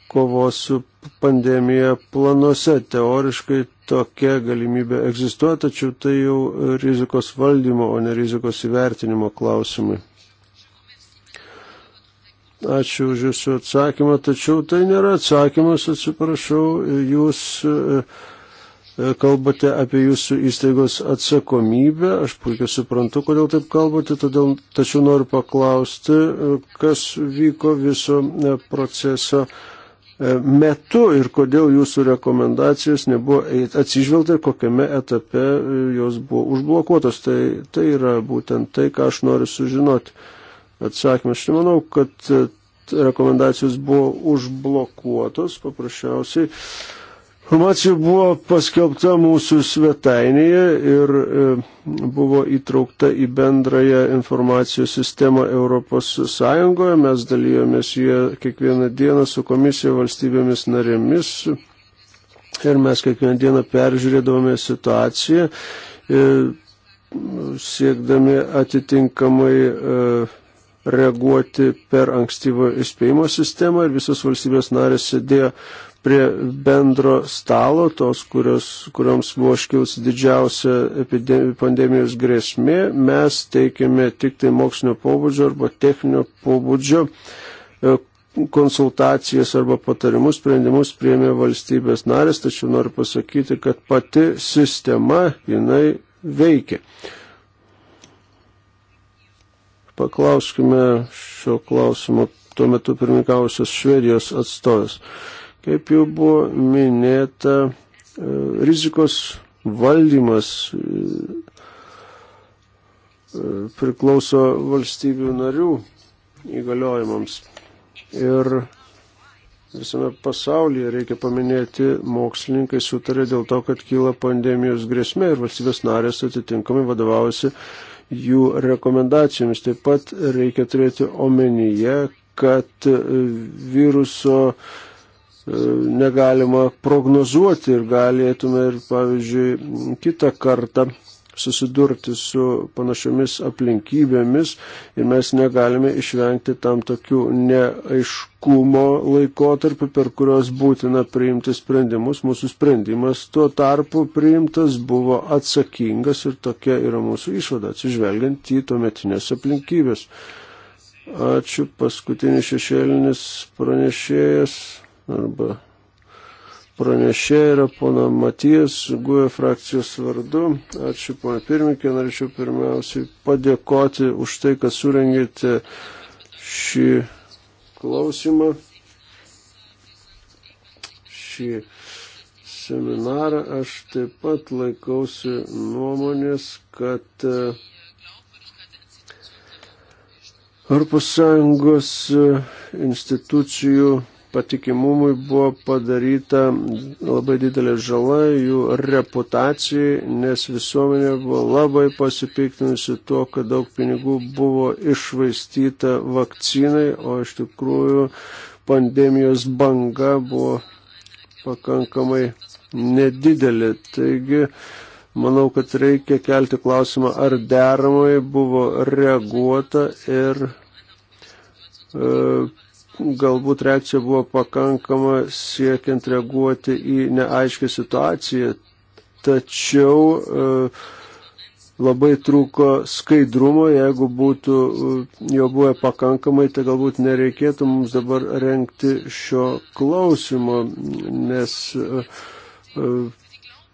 kovos su pandemija planuose. Teoriškai tokia galimybė egzistuoja, tačiau tai jau rizikos valdymo, o ne rizikos įvertinimo klausimai. Ačiū už Jūsų atsakymą, tačiau tai nėra atsakymas, atsiprašau, Jūs e, e, kalbate apie Jūsų įstaigos atsakomybę, aš puikiai suprantu, kodėl taip kalbate, todėl, tačiau noriu paklausti, e, kas vyko viso proceso metu ir kodėl Jūsų rekomendacijos nebuvo atsižvelgta ir kokiame etape jos buvo užblokuotos. Tai, tai yra būtent tai, ką aš noriu sužinoti atsakymą. Aš nemanau, kad e, rekomendacijos buvo užblokuotos, paprasčiausiai. Informacija buvo paskelbta mūsų svetainėje ir e, buvo įtraukta į bendrąją informacijos sistemą Europos Sąjungoje. Mes dalyjomės ją kiekvieną dieną su komisija valstybėmis narėmis ir mes kiekvieną dieną peržiūrėdavome situaciją e, siekdami atitinkamai reaguoti per ankstyvo įspėjimo sistemą ir visos valstybės narės sėdėjo prie bendro stalo, tos, kurios, kurioms buvo iškils didžiausia pandemijos grėsmė, mes teikėme tik tai mokslinio pobūdžio arba techninio pobūdžio e, konsultacijas arba patarimus, sprendimus priemė valstybės narės, tačiau noriu pasakyti, kad pati sistema jinai veikia. Paklauskime šio klausimo tuo metu pirmininkavusios Švedijos atstovės. Kaip jau buvo minėta, e, rizikos valdymas e, e, priklauso valstybių narių įgaliojimams. Ir visame pasaulyje, reikia paminėti, mokslininkai sutarė dėl to, kad kyla pandemijos grėsmė ir valstybės narės atitinkamai vadovaujasi jų rekomendacijomis. Taip pat reikia turėti omenyje, kad viruso e, negalima prognozuoti ir galėtume ir, pavyzdžiui, kitą kartą susidurti su panašiomis aplinkybėmis ir mes negalime išvengti tam tokių neaiškumo laikotarpių, per kurios būtina priimti sprendimus. Mūsų sprendimas tuo tarpu priimtas buvo atsakingas ir tokia yra mūsų išvada, atsižvelgiant į tuometinės aplinkybės. Ačiū, paskutinis šešėlinis pranešėjas arba pranešė yra pono Matijas Guoja frakcijos vardu. Ačiū, pono pirmininkė, norėčiau pirmiausiai padėkoti už tai, kad surengėte šį klausimą, šį seminarą. Aš taip pat laikausi nuomonės, kad e, Europos Sąjungos e, institucijų patikimumui buvo padaryta labai didelė žala jų reputacijai, nes visuomenė buvo labai pasipiktinusi tuo, kad daug pinigų buvo išvaistyta vakcinai, o iš tikrųjų pandemijos banga buvo pakankamai nedidelė. Taigi, manau, kad reikia kelti klausimą, ar deramai buvo reaguota ir e, galbūt reakcija buvo pakankama siekiant reaguoti į neaiškę situaciją, tačiau e, labai trūko skaidrumo, jeigu būtų e, jo buvę pakankamai, tai galbūt nereikėtų mums dabar renkti šio klausimo, nes e,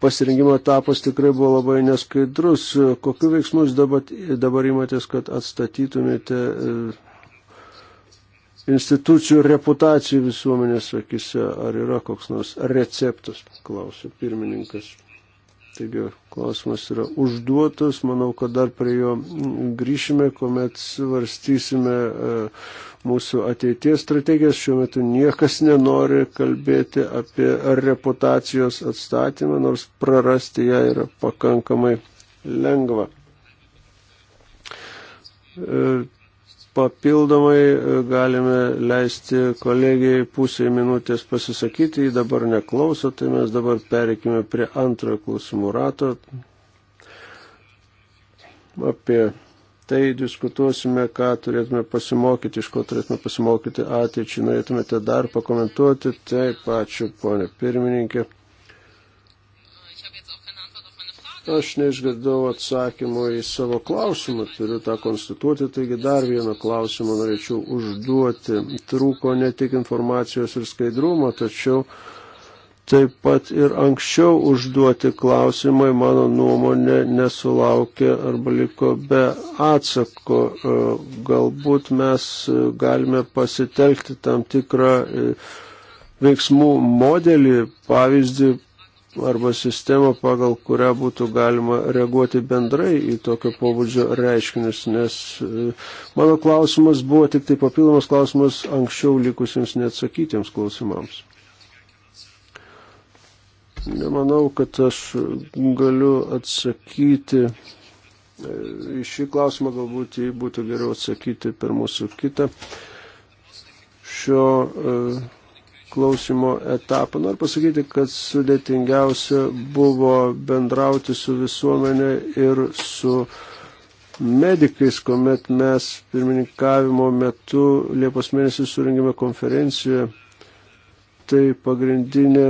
pasirinkimo etapas tikrai buvo labai neskaidrus. Kokiu veiksmus dabar, dabar imatės, kad atstatytumėte institucijų reputacijų visuomenės akise, ar yra koks nors receptas, klausė pirmininkas. Taigi klausimas yra užduotas, manau, kad dar prie jo grįšime, kuomet svarstysime e, mūsų ateities strategijas. Šiuo metu niekas nenori kalbėti apie reputacijos atstatymą, nors prarasti ją yra pakankamai lengva e, Papildomai e, galime leisti kolegijai pusę minutės pasisakyti, jį dabar neklauso, tai mes dabar pereikime prie antrojo klausimų rato. Apie tai diskutuosime, ką turėtume pasimokyti, iš ko turėtume pasimokyti ateičiai. Norėtumėte dar pakomentuoti? Taip, ačiū, ponė pirmininkė. Aš neišgirdau atsakymų į savo klausimą, turiu tą konstituoti, taigi dar vieną klausimą norėčiau užduoti. Trūko ne tik informacijos ir skaidrumo, tačiau taip pat ir anksčiau užduoti klausimai, mano nuomonė, nesulaukė arba liko be atsako. E, galbūt mes galime pasitelkti tam tikrą e, veiksmų modelį, pavyzdį, arba sistemą, pagal kurią būtų galima reaguoti bendrai į tokio pobūdžio reiškinius, nes e, mano klausimas buvo tik tai papildomas klausimas anksčiau likusiems neatsakytiems klausimams. Nemanau, kad aš galiu atsakyti e, į šį klausimą, galbūt jį būtų geriau atsakyti per mūsų kitą šio e, klausimo etapą. Noriu pasakyti, kad sudėtingiausia buvo bendrauti su visuomenė ir su medikais, kuomet mes pirmininkavimo metu Liepos mėnesį suringėme konferenciją. Tai pagrindinė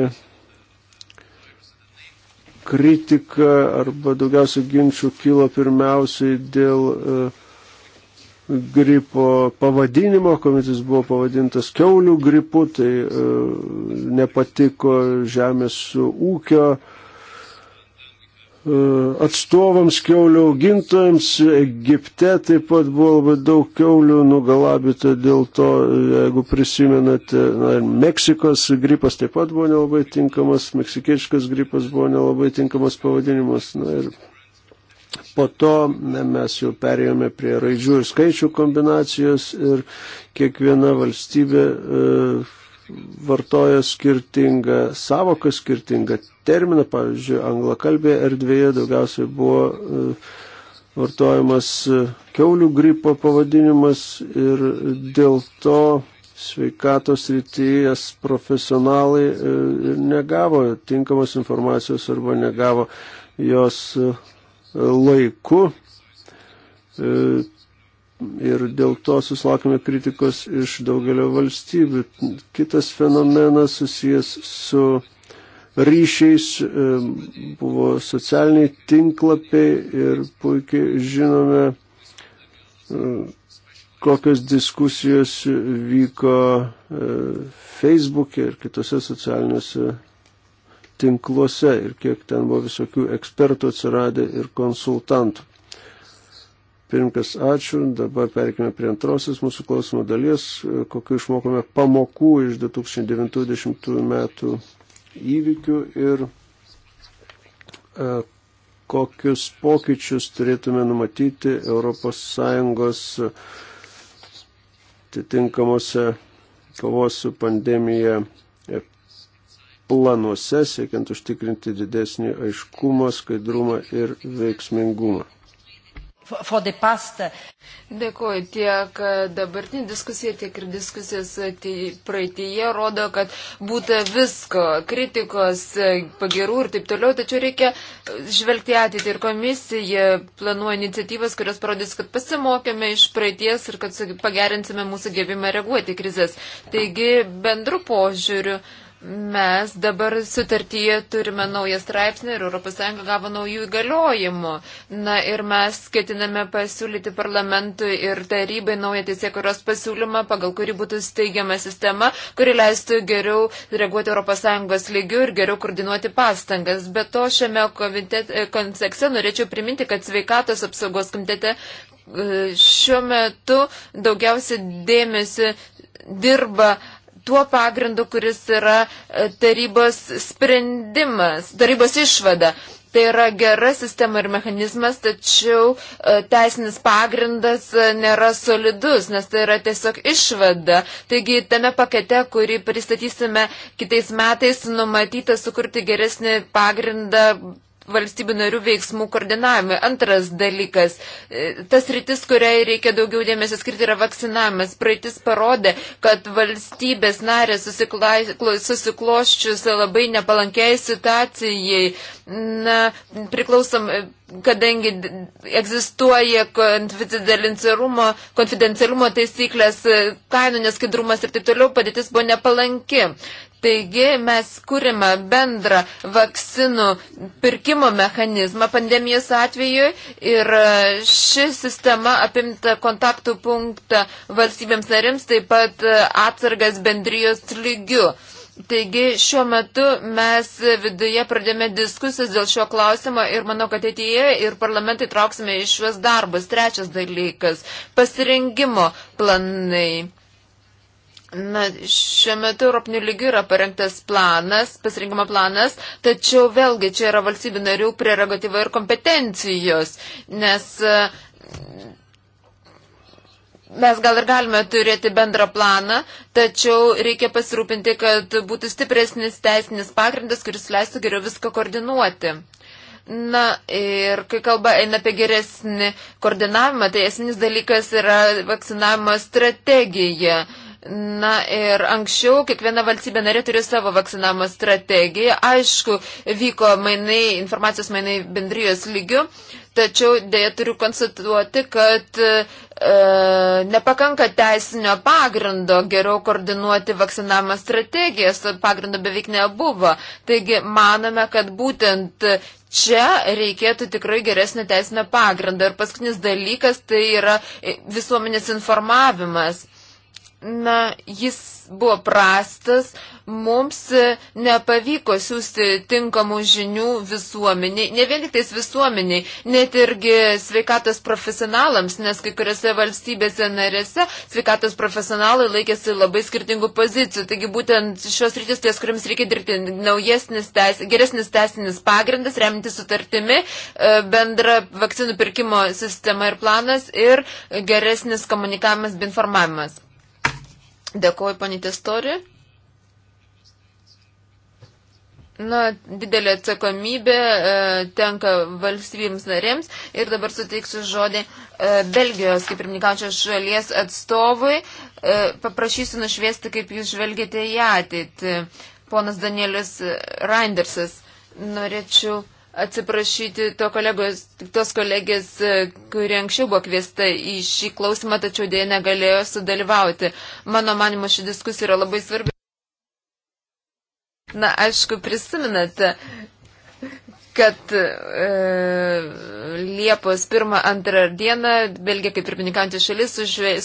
kritika arba daugiausia ginčių kilo pirmiausiai dėl uh, gripo pavadinimo, kuomet jis buvo pavadintas keulių gripu, tai e, nepatiko žemės ūkio e, atstovams keulių augintojams. Egipte taip pat buvo labai daug keulių nugalabyta dėl to, jeigu prisimenate, na, Meksikos gripas taip pat buvo nelabai tinkamas, meksikiečias gripas buvo nelabai tinkamas pavadinimas. Na, ir Po to mes jau perėjome prie raidžių ir skaičių kombinacijos ir kiekviena valstybė e, vartoja skirtingą savoką, skirtingą terminą. Pavyzdžiui, anglakalbėje erdvėje daugiausiai buvo e, vartojamas e, keulių gripo pavadinimas ir dėl to sveikatos rytyjas profesionalai negavo tinkamos informacijos arba negavo jos laiku e, ir dėl to susilaukime kritikos iš daugelio valstybių. Kitas fenomenas susijęs su ryšiais e, buvo socialiniai tinklapiai ir puikiai žinome, e, kokios diskusijos vyko Facebook'e ir kitose socialiniuose tinkluose ir kiek ten buvo visokių ekspertų atsiradę ir konsultantų. Pirmkas, ačiū. Dabar perkime prie antrosios mūsų klausimo dalies, kokiu išmokome pamokų iš 2090 metų įvykių ir e, kokius pokyčius turėtume numatyti ES atitinkamose kovos su pandemija planuose, siekiant užtikrinti didesnį aiškumą, skaidrumą ir veiksmingumą. Dėkuoju tiek dabartinė diskusija, tiek ir diskusijos praeitėje rodo, kad būtų visko, kritikos, pagirų ir taip toliau, tačiau reikia žvelgti ateitį ir komisija planuoja iniciatyvas, kurios parodys, kad pasimokėme iš praeities ir kad pagerinsime mūsų gebimą reaguoti krizės. Taigi bendru požiūriu. Mes dabar sutartyje turime naują straipsnį ir ES gavo naujų įgaliojimų. Na ir mes ketiname pasiūlyti parlamentui ir tarybai naują teisėkuros pasiūlymą, pagal kurį būtų steigiama sistema, kuri leistų geriau reaguoti ES lygių ir geriau koordinuoti pastangas. Be to šiame e, kontekste norėčiau priminti, kad sveikatos apsaugos komitete e, šiuo metu daugiausia dėmesio dirba uh, tuo pagrindu, kuris yra e, tarybos sprendimas, tarybos išvada. Tai yra gera sistema ir mechanizmas, tačiau e, teisinis pagrindas e, nėra solidus, nes tai yra tiesiog išvada. Taigi tame pakete, kurį pristatysime kitais metais, numatyta sukurti geresnį pagrindą valstybių narių veiksmų koordinavimui. Antras dalykas, e, tas rytis, kuriai reikia daugiau dėmesio skirti, yra vakcinavimas. Praeitis parodė, kad valstybės narė susikloščius labai nepalankiai situacijai, na, priklausom, kadangi egzistuoja konfidencialumo, konfidencialumo taisyklės, kainų neskaidrumas ir taip toliau, padėtis buvo nepalanki. Taigi mes kūrime bendrą vakcinų pirkimo mechanizmą pandemijos atveju ir ši sistema apimta kontaktų punktą valstybėms narims, taip pat atsargas bendrijos lygių. Taigi šiuo metu mes viduje pradėjome diskusijas dėl šio klausimo ir manau, kad ateityje ir parlamentai trauksime iš šios darbus. Trečias dalykas - pasirengimo planai. Na, šiuo metu Europinių lygių yra parengtas planas, pasirinkimo planas, tačiau vėlgi čia yra valstybių narių prerogatyva ir kompetencijos, nes e, mes gal ir galime turėti bendrą planą, tačiau reikia pasirūpinti, kad būtų stipresnis teisinis pagrindas, kuris leistų geriau viską koordinuoti. Na ir kai kalba eina apie geresnį koordinavimą, tai esminis dalykas yra vakcinavimo strategija. Uh, Na ir anksčiau kiekviena valstybė narė turi savo vakcinavimo strategiją. Aišku, vyko mainai, informacijos mainai bendrijos lygių, tačiau dėja turiu konstatuoti, kad e, nepakanka teisinio pagrindo geriau koordinuoti vakcinavimo strategijas, pagrindo beveik nebuvo. Taigi manome, kad būtent čia reikėtų tikrai geresnio teisinio pagrindo. Ir paskutinis dalykas tai yra e, visuomenės informavimas na, jis buvo prastas, mums nepavyko siūsti tinkamų žinių visuomeniai, ne vien tik tais visuomeniai, net irgi sveikatos profesionalams, nes kai kuriuose valstybėse narėse sveikatos profesionalai laikėsi labai skirtingų pozicijų. Taigi būtent šios rytis ties, kuriams reikia dirbti, naujesnis teis, geresnis teisinis pagrindas, remintis sutartimi, e, bendra vakcinų pirkimo sistema ir planas ir geresnis komunikavimas bei informavimas. Dėkuoju, panytis Tori. Na, didelė atsakomybė e, tenka valstybėms narėms ir dabar suteiksiu žodį e, Belgijos, kaip ir minkančios šalies atstovui. E, paprašysiu nušviesti, kaip jūs žvelgėte į ateitį. Ponas Danielis Reindersas, norėčiau atsiprašyti to kolegos, tos kolegės, e, kuri anksčiau buvo kviesta į šį klausimą, tačiau dėja negalėjo sudalyvauti. Mano manimo, ši diskusija yra labai svarbi. Na, aišku, prisiminate, kad e, Liepos 1-2 dieną Belgija kaip ir pininkantys šalis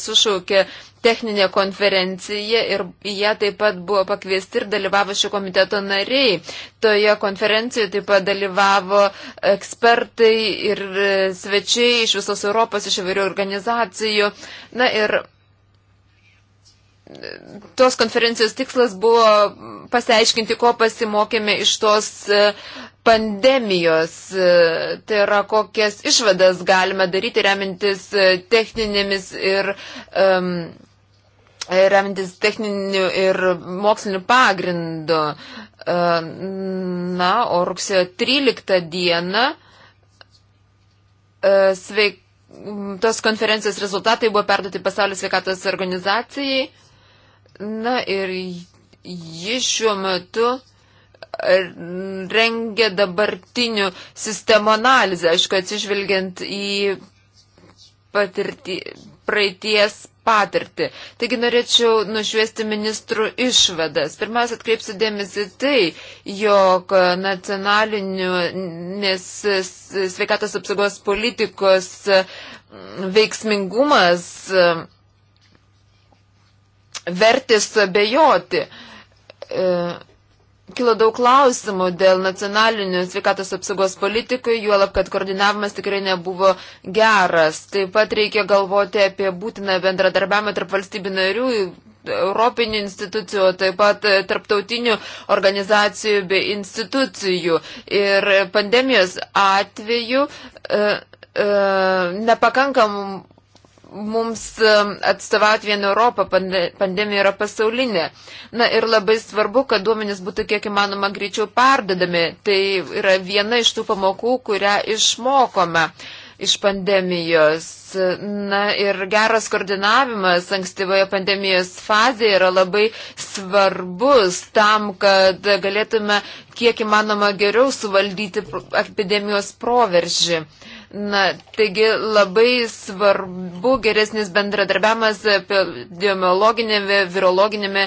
sušaukė techninę konferenciją ir jie taip pat buvo pakviesti ir dalyvavo šio komiteto nariai. Toje konferencijoje taip pat dalyvavo ekspertai ir e, svečiai iš visos Europos, iš įvairių organizacijų. Na ir tos konferencijos tikslas buvo pasiaiškinti, ko pasimokėme iš tos e, pandemijos. E, tai yra, kokias išvadas galime daryti remintis e, techninėmis ir. Um, remintis techniniu ir moksliniu pagrindu. Na, o rugsėjo 13 dieną sveik, tos konferencijos rezultatai buvo perduoti Pasaulio sveikatos organizacijai. Na ir ji šiuo metu rengia dabartinių sistemų analizę, aišku, atsižvelgiant į patirtį, praeities patirtį. Taigi norėčiau nušviesti ministrų išvadas. Pirmiausia, atkreipsiu dėmesį tai, jog nacionalinės sveikatos apsaugos politikos veiksmingumas vertis abejoti. E, kilo daug klausimų dėl nacionalinių sveikatos apsaugos politikų, juolab, kad koordinavimas tikrai nebuvo geras. Taip pat reikia galvoti apie būtiną bendradarbiavimą tarp valstybių narių. Europinių institucijų, taip pat e, tarptautinių organizacijų bei institucijų. Ir pandemijos atveju e, e, nepakankam mums um, atstovauti vieną Europą, pandemija yra pasaulinė. Na ir labai svarbu, kad duomenys būtų kiek įmanoma greičiau perdodami. Tai yra viena iš tų pamokų, kurią išmokome iš pandemijos. Na ir geras koordinavimas ankstyvoje pandemijos fazėje yra labai svarbus tam, kad galėtume kiek įmanoma geriau suvaldyti epidemijos proveržį. Uh, Na, taigi labai svarbu geresnis bendradarbiavimas epidemiologinėme, virologinėme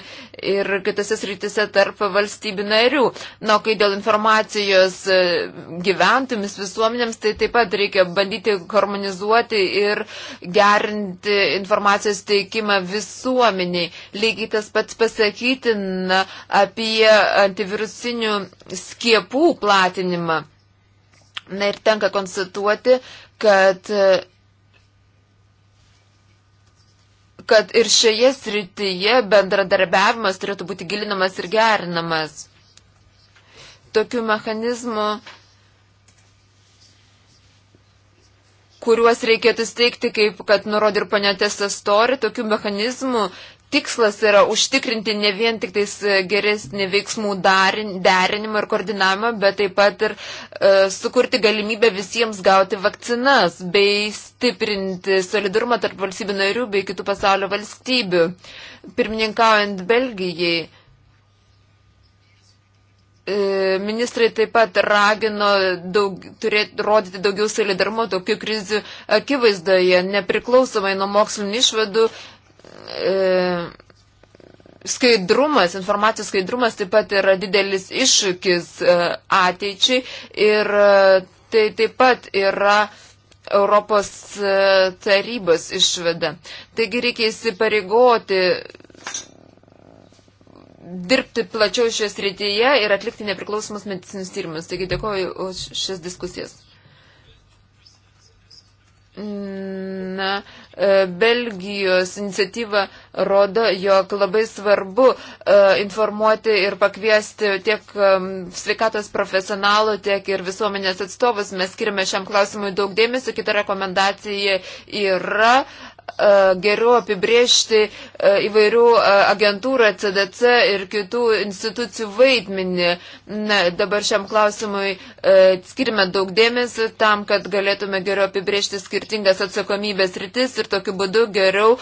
ir kitose srityse tarp valstybių narių. Na, kai dėl informacijos e, gyventojams, visuomenėms, tai taip pat reikia bandyti harmonizuoti ir gerinti informacijos teikimą visuomeniai. Lygiai tas pats pasakytina apie antivirusinių skiepų platinimą. Na ir tenka konstatuoti, kad, kad ir šioje srityje bendradarbiavimas turėtų būti gilinamas ir gerinamas. Tokių mechanizmų, kuriuos reikėtų steigti, kaip kad nurodė ir panėtės astori, tokių mechanizmų tikslas yra užtikrinti ne vien tik tais e, geresnį veiksmų darin, derinimą ir koordinavimą, bet taip pat ir e, sukurti galimybę visiems gauti vakcinas bei stiprinti solidarumą tarp valstybių narių bei kitų pasaulio valstybių. Pirmininkaujant Belgijai, e, ministrai taip pat ragino daug, turėti, rodyti daugiau solidarumo tokių krizių akivaizdoje, nepriklausomai nuo mokslinio išvadų. E, E, skaidrumas, informacijos skaidrumas taip pat yra didelis iššūkis e, ateičiai ir e, tai taip pat yra Europos tarybos išvada. Taigi reikia įsipareigoti dirbti plačiau šioje srityje ir atlikti nepriklausomus medicinius tyrimus. Taigi dėkoju už šias diskusijas. Na, uh, E, Belgijos iniciatyva rodo, jog labai svarbu e, informuoti ir pakviesti tiek e, sveikatos profesionalų, tiek ir visuomenės atstovus. Mes skirime šiam klausimui daug dėmesio. Kita rekomendacija yra E, geriau apibriežti e, įvairių e, agentūrų, CDC ir kitų institucijų vaidmenį. Na, dabar šiam klausimui skirime daug dėmesio tam, kad galėtume geriau apibriežti skirtingas atsakomybės rytis ir tokiu būdu geriau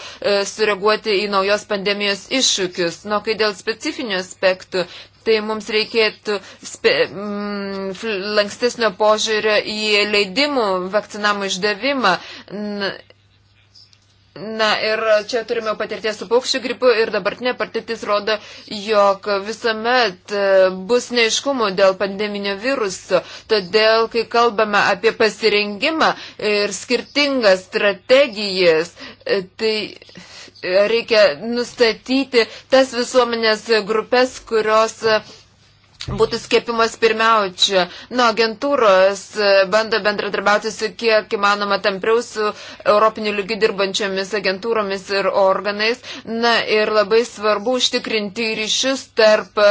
sureaguoti į naujos pandemijos iššūkius. Na, nu, kai dėl specifinių aspektų, tai mums reikėtų spe, m, mm, lankstesnio požiūrio į leidimų vakcinamų išdavimą. N, Na ir čia turime patirties su paukščių gripu ir dabartinė patirtis rodo, jog visuomet e, bus neiškumų dėl pandeminio viruso. Todėl, kai kalbame apie pasirengimą ir skirtingas strategijas, e, tai reikia nustatyti tas visuomenės grupės, kurios būtų skiepimas pirmiausia. Nu, agentūros e, bando bendradarbiauti su kiek įmanoma tampriau su Europiniu lygiu dirbančiomis agentūromis ir organais. Na ir labai svarbu užtikrinti ryšius tarp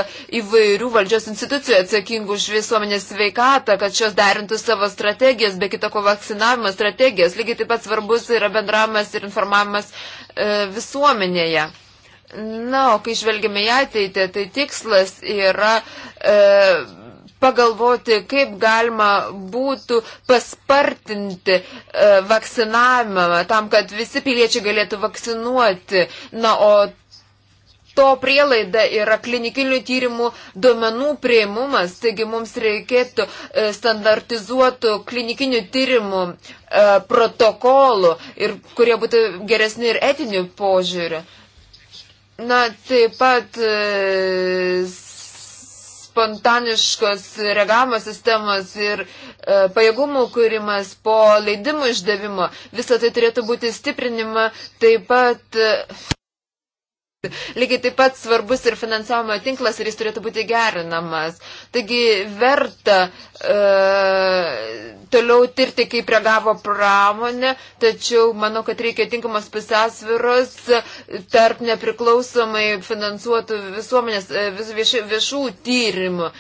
įvairių valdžios institucijų atsakingų už visuomenės sveikatą, kad šios derintų savo strategijas, be kitako vakcinavimo strategijas. Lygiai taip pat svarbus yra bendravimas ir informavimas e, visuomenėje. Na, o kai žvelgime į ateitį, tai tikslas yra e, pagalvoti, kaip galima būtų paspartinti e, vakcinavimą tam, kad visi piliečiai galėtų vakcinuoti. Na, o to prielaida yra klinikinių tyrimų duomenų prieimumas, taigi mums reikėtų e, standartizuotų klinikinių tyrimų e, protokolų, ir, kurie būtų geresni ir etinių požiūrių. E, Na, taip pat e, spontaniškos reagavimo sistemos ir e, pajėgumų kūrimas po leidimų išdavimo. Visą tai turėtų būti stiprinima. Taip pat. E, Lygiai taip pat svarbus ir finansavimo tinklas ir jis turėtų būti gerinamas. Taigi verta e, toliau tirti, kaip reagavo pramonė, tačiau manau, kad reikia tinkamos pusiausviros tarp nepriklausomai finansuotų visuomenės e, vis, vieš, viešų tyrimų.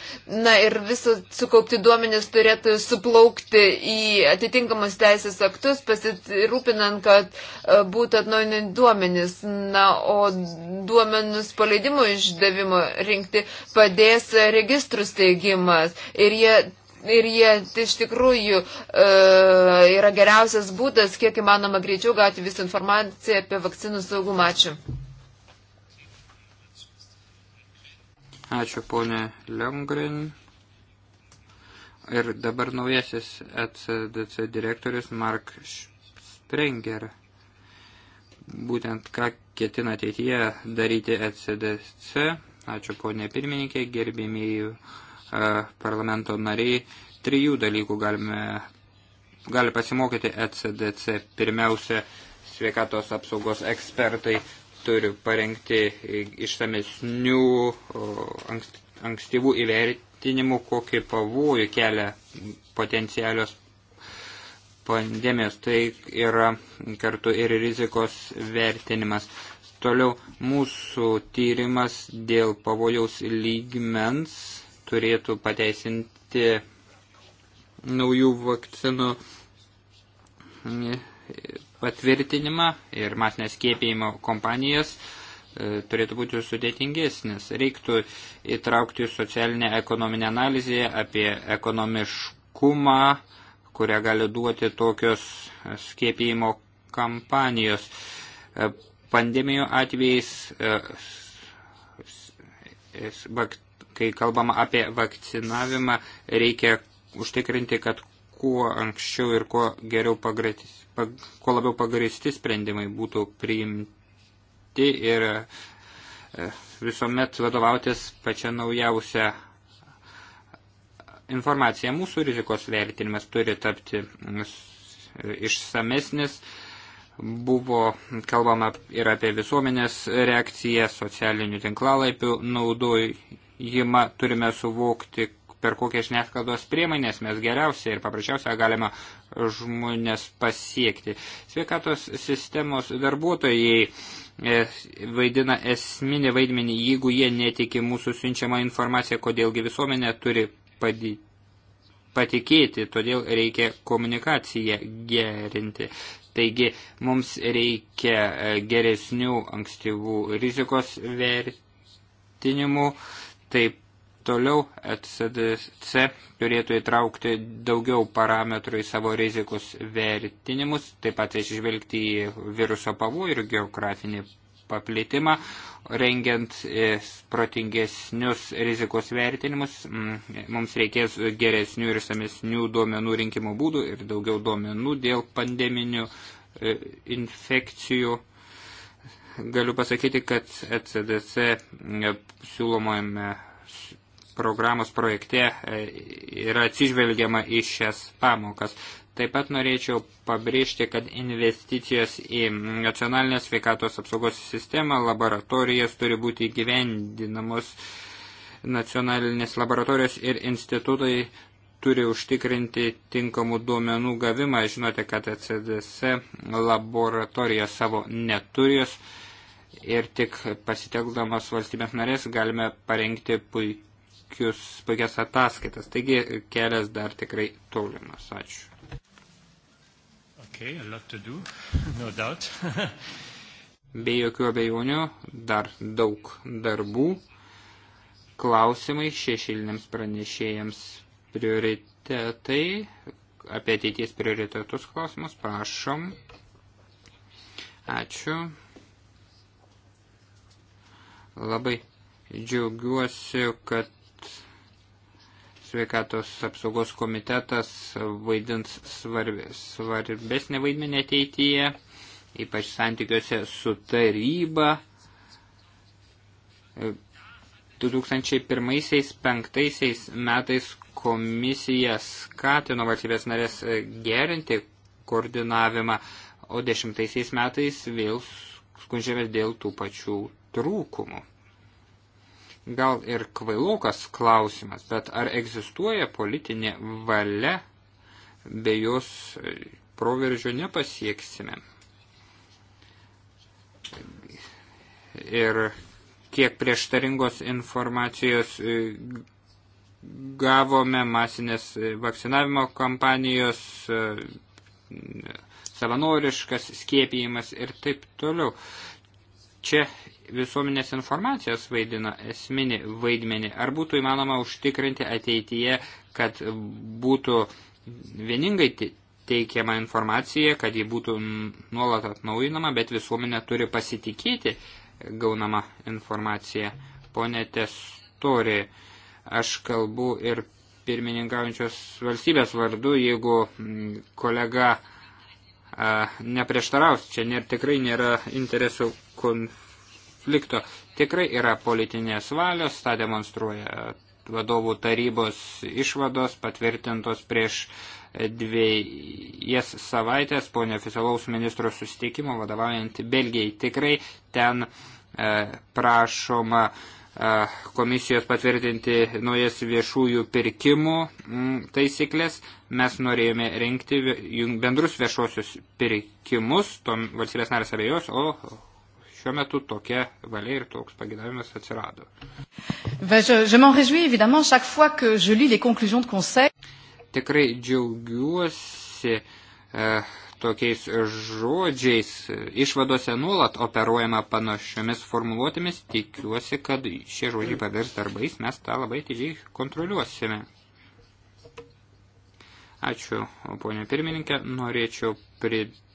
Na ir visos sukaupti duomenys turėtų suplaukti į atitinkamus teisės aktus, pasirūpinant, kad e, būtų atnaujinti duomenys. Na, o duomenus paleidimo išdavimo rinkti padės registrų steigimas. Ir jie ir jie iš tikrųjų e, yra geriausias būdas, kiek įmanoma greičiau gauti visą informaciją apie vakcinų saugumą. Ačiū. Ačiū ponė Lengrin. Ir dabar naujasis ECDC direktorius Mark Sprenger būtent ką ketina ateityje daryti ECDC. Ačiū ponė pirmininkė, gerbėmiai e, parlamento nariai. Trijų dalykų galime, gali pasimokyti ECDC. Pirmiausia, sveikatos apsaugos ekspertai turi parengti išsamesnių ankstyvų įvertinimų, kokį pavojų kelia potencialios pandemijos, tai yra kartu ir rizikos vertinimas. Toliau mūsų tyrimas dėl pavojaus lygmens turėtų pateisinti naujų vakcinų patvirtinimą ir masinę skiepėjimo kompanijas e, turėtų būti sudėtingesnis. Reiktų įtraukti socialinę ekonominę analizę apie ekonomiškumą, kurią gali duoti tokios skiepijimo kampanijos. E, pandemijų atvejais, e, kai kalbama apie vakcinavimą, reikia užtikrinti, kad kuo anksčiau ir kuo, geriau pagristi, pag, kuo labiau pagristi sprendimai būtų priimti ir e, visuomet vadovautis pačią naujausią informacija. Mūsų rizikos vertinimas turi tapti išsamesnis. Buvo kalbama ir apie visuomenės reakciją, socialinių tinklalapių naudojimą. Turime suvokti, per kokią žiniasklaidos priemonės mes geriausia ir paprasčiausia galima žmonės pasiekti. Sveikatos sistemos darbuotojai e, vaidina esminį vaidmenį, jeigu jie netiki mūsų siunčiamą informaciją, kodėlgi visuomenė turi padė, patikėti, todėl reikia komunikaciją gerinti. Taigi mums reikia e, geresnių ankstyvų rizikos vertinimų, taip toliau ECDC turėtų įtraukti daugiau parametrų į savo rizikos vertinimus, taip pat išvelgti į viruso pavojų ir geografinį paplitimą, rengiant e, protingesnius rizikos vertinimus, mm, mums reikės geresnių ir samesnių duomenų rinkimo būdų ir daugiau duomenų dėl pandeminių e, infekcijų. Galiu pasakyti, kad ECDC e, siūlomojame programos projekte yra atsižvelgiama į šias pamokas. Taip pat norėčiau pabrėžti, kad investicijos į nacionalinę sveikatos apsaugos sistemą laboratorijas turi būti įgyvendinamos. Nacionalinės laboratorijos ir institutai turi užtikrinti tinkamų duomenų gavimą. Žinote, kad ECDS laboratorija savo neturijos ir tik pasitelkdamas valstybės narės galime parengti puikius, puikias ataskaitas. Taigi kelias dar tikrai tolimas. Ačiū. Okay, a lot to do, no doubt. Be jokių abejonių, dar daug darbų, klausimai šešiliniams pranešėjams prioritetai, apie ateities prioritetus klausimus, prašom. Ačiū. Labai džiaugiuosi, kad sveikatos apsaugos komitetas vaidins svarbi, svarbesnį vaidmenį ateityje, ypač santykiuose su taryba. 2001-2005 metais komisija skatino valstybės narės gerinti koordinavimą, o 10 metais vėl skundžiamės dėl tų pačių trūkumų gal ir kvailokas klausimas, bet ar egzistuoja politinė valia, be jos proveržio nepasieksime. Ir kiek prieštaringos informacijos e, gavome masinės vakcinavimo kampanijos, e, savanoriškas skiepijimas ir taip toliau. Čia visuomenės informacijos vaidina esminį vaidmenį. Ar būtų įmanoma užtikrinti ateityje, kad būtų vieningai teikiama informacija, kad ji būtų nuolat atnaujinama, bet visuomenė turi pasitikėti gaunama informacija. Pone Testori, aš kalbu ir pirmininkaujančios valstybės vardu, jeigu mm, kolega a, neprieštaraus, čia nėra, tikrai nėra interesų konfliktų konflikto. Tikrai yra politinės valios, tą demonstruoja vadovų tarybos išvados patvirtintos prieš dviejas savaitės po neoficialaus ministro susitikimo vadovaujant Belgijai. Tikrai ten e, prašoma e, komisijos patvirtinti naujas viešųjų pirkimų m, mm, taisyklės. Mes norėjome rinkti bendrus viešosius pirkimus, tom valstybės narės abejos, o Šiuo metu tokia valia ir toks pagėdavimas atsirado. Tikrai džiaugiuosi eh, tokiais žodžiais e, išvadose nuolat operuojama panašiomis formuluotėmis. Tikiuosi, kad šie žodžiai pavirs darbais, mes tą labai atidžiai kontroliuosime. Ačiū, ponė pirmininkė. Norėčiau pridėti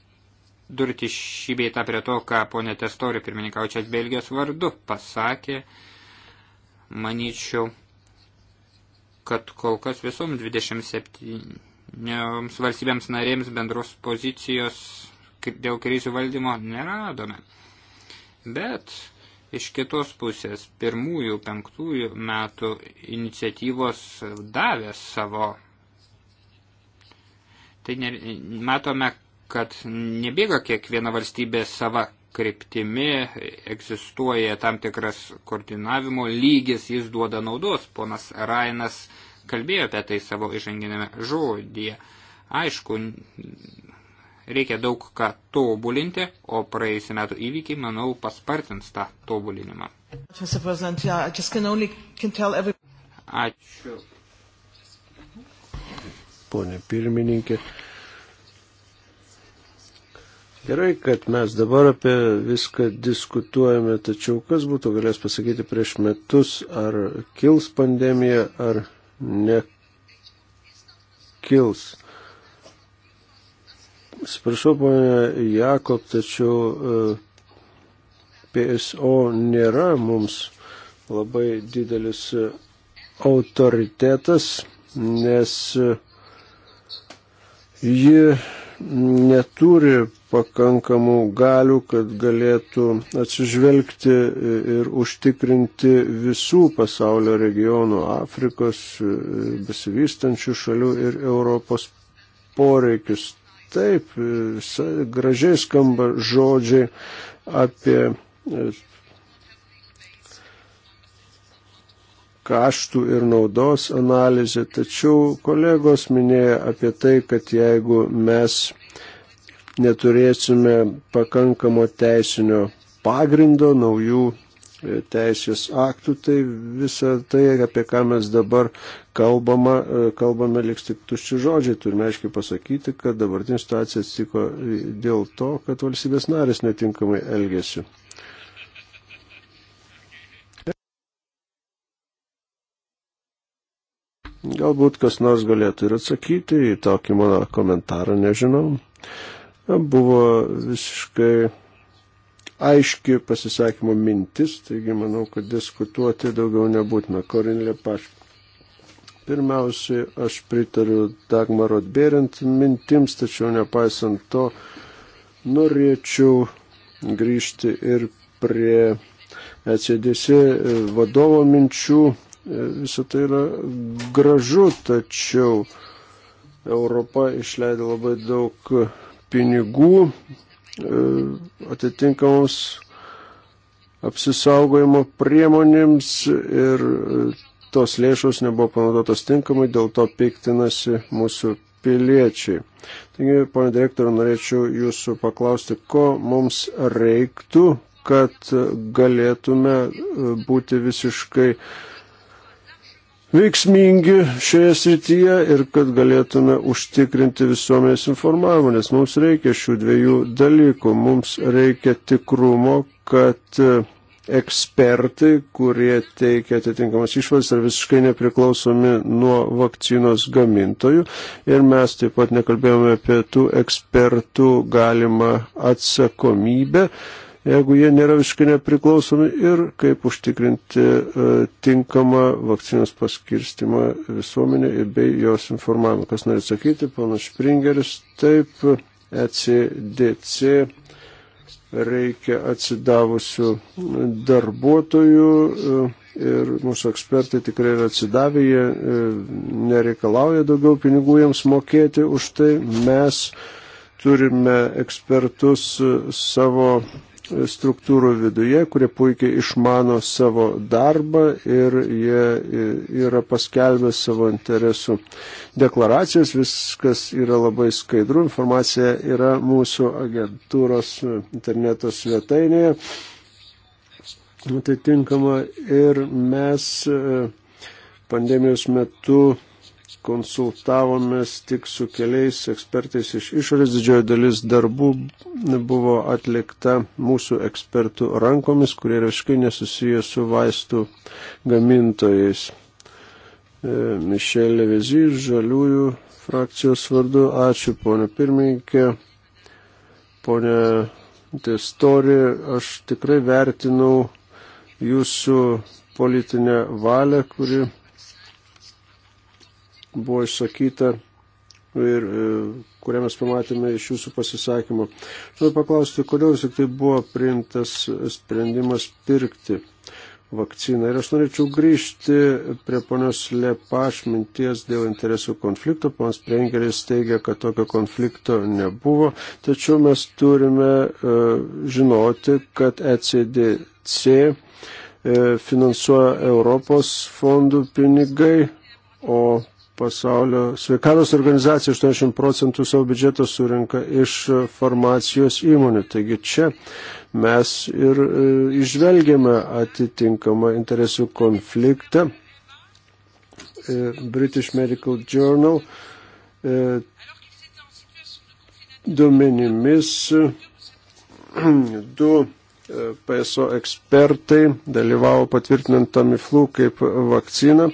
pridurti šį beitą prie to, ką ponė Testori pirmininkaučias Belgijos vardu pasakė. Manyčiau, kad kol kas visom 27 valstybėms narėms bendros pozicijos dėl krizių valdymo neradome. Bet iš kitos pusės pirmųjų penktųjų metų iniciatyvos davė savo. Tai ne, matome, kad nebėga kiekviena valstybė sava kryptimi, egzistuoja tam tikras koordinavimo lygis, jis duoda naudos. Ponas Rainas kalbėjo apie tai savo įžanginėme žodyje. Aišku, reikia daug ką tobulinti, o praėjusiu metu įvykiai, manau, paspartins tą tobulinimą. Ačiū. Pone pirmininkė, Gerai, kad mes dabar apie viską diskutuojame, tačiau kas būtų galės pasakyti prieš metus, ar kils pandemija, ar nekils. Sprašau, ponia Jakob, tačiau e, PSO nėra mums labai didelis e, autoritetas, nes e, ji neturi pakankamų galių, kad galėtų atsižvelgti ir užtikrinti visų pasaulio regionų, Afrikos, besivystančių šalių ir Europos poreikius. Taip, gražiai skamba žodžiai apie e, kaštų ir naudos analizę, tačiau kolegos minėjo apie tai, kad jeigu mes neturėsime pakankamo teisinio pagrindo, naujų e, teisės aktų, tai visą tai, apie ką mes dabar kalbama, e, kalbame, liks tik tušči žodžiai. Turime aiškiai pasakyti, kad dabartinė situacija atsitiko dėl to, kad valstybės narės netinkamai elgėsi. Galbūt kas nors galėtų ir atsakyti į tokį mano komentarą, nežinau buvo visiškai aiški pasisakymo mintis, taigi manau, kad diskutuoti daugiau nebūtina. Korin Lepaš. Pirmiausiai, aš pritariu Dagmarot Berint mintims, tačiau nepaisant to, norėčiau grįžti ir prie ECDC vadovo minčių. Visą tai yra gražu, tačiau Europa išleido labai daug pinigų e, atitinkamoms apsisaugojimo priemonėms ir e, tos lėšos nebuvo panaudotos tinkamai, dėl to piktinasi mūsų piliečiai. Taigi, pane direktorė, norėčiau jūsų paklausti, ko mums reiktų, kad galėtume e, būti visiškai uh, veiksmingi šioje srityje ir kad galėtume užtikrinti visuomenės informavimą, nes mums reikia šių dviejų dalykų. Mums reikia tikrumo, kad e, ekspertai, kurie teikia atitinkamas išvadas, yra visiškai nepriklausomi nuo vakcinos gamintojų. Ir mes taip pat nekalbėjome apie tų ekspertų galimą atsakomybę jeigu jie nėra visiškai nepriklausomi ir kaip užtikrinti e, tinkamą vakcinos paskirstimą visuomenė ir bei jos informavimą. Kas nori atsakyti, panas Špringeris, taip, ECDC reikia atsidavusių darbuotojų e, ir mūsų ekspertai tikrai yra atsidavę, jie e, nereikalauja daugiau pinigų jiems mokėti, už tai mes turime ekspertus savo struktūrų viduje, kurie puikiai išmano savo darbą ir jie yra paskelbę savo interesų deklaracijas, viskas yra labai skaidru, informacija yra mūsų agentūros interneto svetainėje. Atitinkama ir mes e, pandemijos metu konsultavomės tik su keliais ekspertais iš išorės. Didžioji dalis darbų buvo atlikta mūsų ekspertų rankomis, kurie reiškai nesusiję su vaistų gamintojais. E, Mišelė Vezi, Žaliųjų frakcijos vardu. Ačiū, ponė pirmininkė. Ponė Testori, aš tikrai vertinau jūsų politinę valią, kuri buvo išsakyta ir e, kurią mes pamatėme iš jūsų pasisakymų. Noriu paklausti, kodėl vis tik tai buvo priimtas sprendimas pirkti vakciną. Ir aš norėčiau grįžti prie ponios Lepaš minties dėl interesų konflikto. Ponas Prengeris teigia, kad tokio konflikto nebuvo, tačiau mes turime uh, žinoti, kad ECDC e, finansuoja Europos fondų pinigai, o pasaulio sveikatos organizacija 80 procentų savo biudžeto surinka iš e, farmacijos įmonių. Taigi čia mes ir e, išvelgėme atitinkamą interesų konfliktą. E, British Medical Journal duomenimis du PSO ekspertai dalyvavo patvirtinant Tamiflu kaip vakciną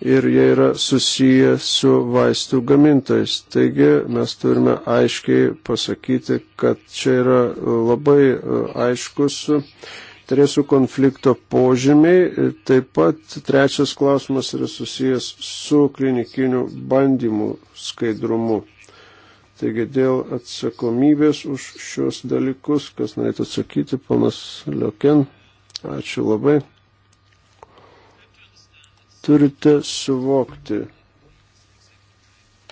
ir jie yra susiję su vaistų gamintojais. Taigi mes turime aiškiai pasakyti, kad čia yra labai e, aiškus interesų konflikto požymiai. Taip pat trečias klausimas yra susijęs su klinikiniu bandymu skaidrumu. Taigi dėl atsakomybės už šios dalykus, kas norėtų atsakyti, panas Lioken, ačiū labai. Turite suvokti,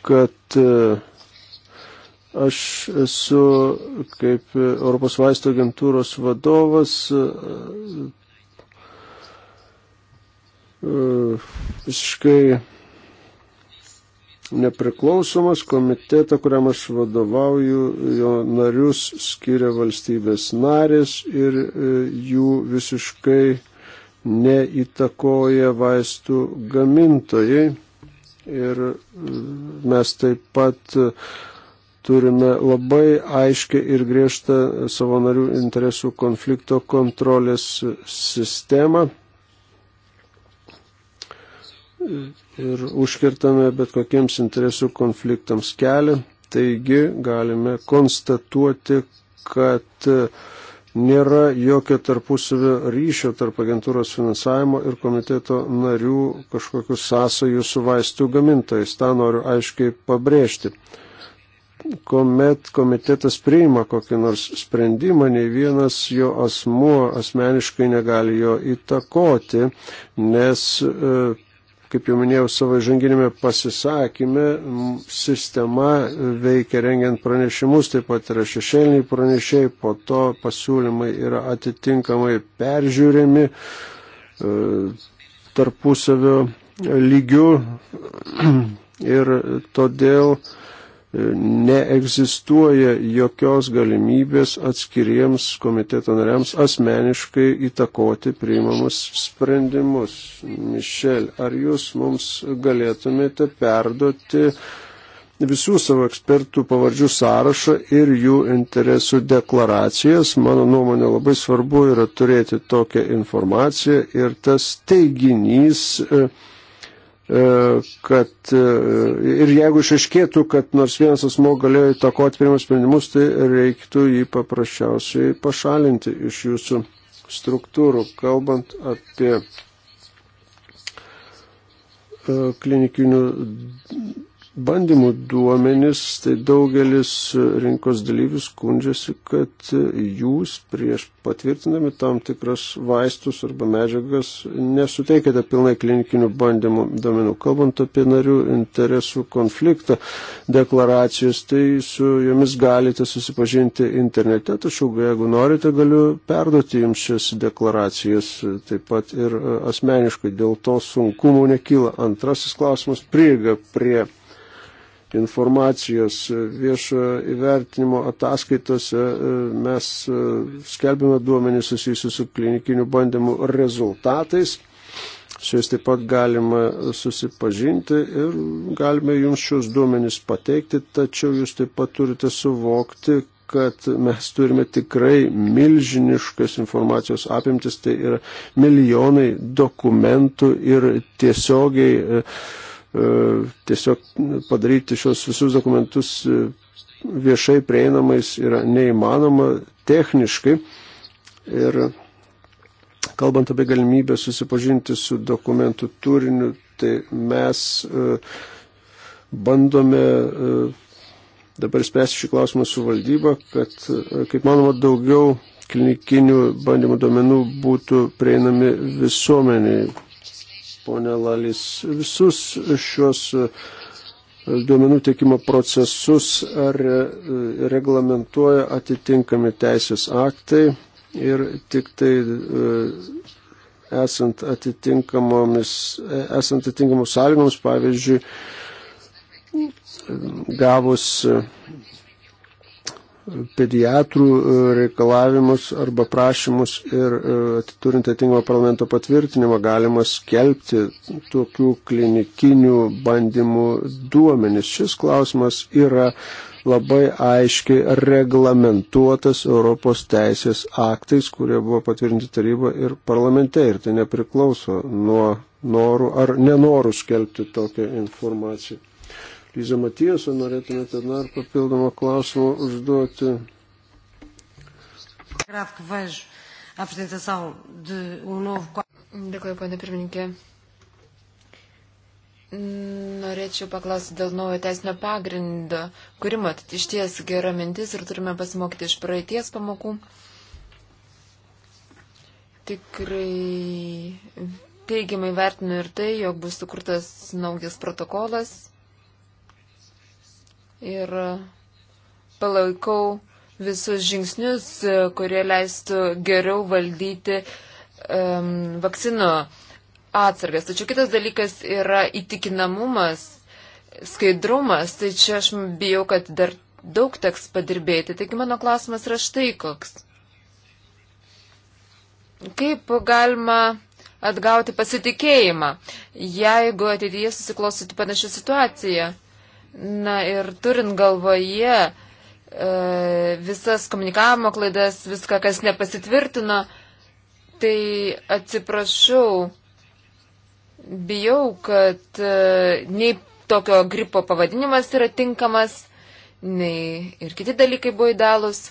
kad e, aš esu kaip Europos vaisto agentūros vadovas e, e, visiškai nepriklausomas komitetą, kuriam aš vadovauju, jo narius skiria valstybės narės ir jų visiškai neįtakoja vaistų gamintojai. Ir mes taip pat turime labai aiškę ir griežtą savanorių interesų konflikto kontrolės sistemą. Ir užkirtame bet kokiems interesų konfliktams kelią. Taigi galime konstatuoti, kad uh, Nėra jokio tarpusavio ryšio tarp agentūros finansavimo ir komiteto narių kažkokių sąsajų su vaistų gamintojais. Ta noriu aiškiai pabrėžti. Komet komitetas priima kokį nors sprendimą, nei vienas jo asmuo asmeniškai negali jo įtakoti, nes e, kaip jau minėjau savo žanginėme pasisakymė, sistema veikia rengiant pranešimus, taip pat yra šešėliniai pranešėjai, po to pasiūlymai yra atitinkamai peržiūrimi e, tarpusavio lygių ir todėl neegzistuoja jokios galimybės atskiriems komiteto nariams asmeniškai įtakoti priimamus sprendimus. Mišel, ar jūs mums galėtumėte perduoti visų savo ekspertų pavardžių sąrašą ir jų interesų deklaracijas? Mano nuomonė labai svarbu yra turėti tokią informaciją ir tas teiginys, e, E, kad e, ir jeigu išaiškėtų, kad nors vienas asmo galėjo įtakoti priimus sprendimus, tai reiktų jį paprasčiausiai pašalinti iš jūsų struktūrų. Kalbant apie e, klinikinių bandymų duomenis, tai daugelis rinkos dalyvių skundžiasi, kad jūs prieš patvirtindami tam tikras vaistus arba medžiagas nesuteikėte pilnai klinikinių bandymų duomenų. Kalbant apie narių interesų konfliktą deklaracijos, tai su jomis galite susipažinti internete, tačiau jeigu norite, galiu perduoti jums šias deklaracijas taip pat ir asmeniškai, dėl to sunkumų nekyla. Antrasis klausimas - prieiga prie informacijos viešo įvertinimo ataskaitose e, mes e, skelbime duomenys susijusius su klinikinių bandymų rezultatais. Su jais taip pat galima susipažinti ir galime jums šios duomenys pateikti, tačiau jūs taip pat turite suvokti, kad mes turime tikrai milžiniškas informacijos apimtis, tai yra milijonai dokumentų ir tiesiogiai e, E, tiesiog padaryti šios visus dokumentus e, viešai prieinamais yra neįmanoma techniškai. Ir kalbant apie galimybę susipažinti su dokumentų turiniu, tai mes e, bandome dabar spręsti šį klausimą su valdyba, kad, kaip manoma, daugiau klinikinių bandymų duomenų būtų prieinami visuomeniai ponė Lalis. Visus šios e, duomenų tiekimo procesus ar e, reglamentuoja atitinkami teisės aktai ir tik tai e, esant atitinkamomis, esant atitinkamoms sąlygoms, pavyzdžiui, gavus pediatrų e, reikalavimus arba prašymus ir e, turint atitinkamą parlamento patvirtinimą galima skelbti tokių klinikinių bandymų duomenis. Šis klausimas yra labai aiškiai reglamentuotas Europos teisės aktais, kurie buvo patvirtinti taryba ir parlamente ir tai nepriklauso nuo norų ar nenorų skelbti tokią informaciją. Lyza Matijaso, norėtumėte dar papildomą klausimą užduoti. Um Dėkuoju, ponė pirmininkė. Norėčiau paklausti dėl naujo teisinio pagrindo, kuri mat iš ties gera mintis ir turime pasimokyti iš praeities pamokų. Tikrai teigiamai vertinu ir tai, jog bus sukurtas naujas protokolas ir palaikau visus žingsnius, kurie leistų geriau valdyti um, vakcinų atsargas. Tačiau kitas dalykas yra įtikinamumas, skaidrumas, tai čia aš bijau, kad dar daug teks padirbėti. Taigi mano klausimas yra štai koks. Kaip galima atgauti pasitikėjimą, jeigu ateityje susiklostytų panašią situaciją? Na ir turint galvoje e, visas komunikavimo klaidas, viską, kas nepasitvirtino, tai atsiprašau, bijau, kad e, nei tokio gripo pavadinimas yra tinkamas, nei ir kiti dalykai buvo įdalus.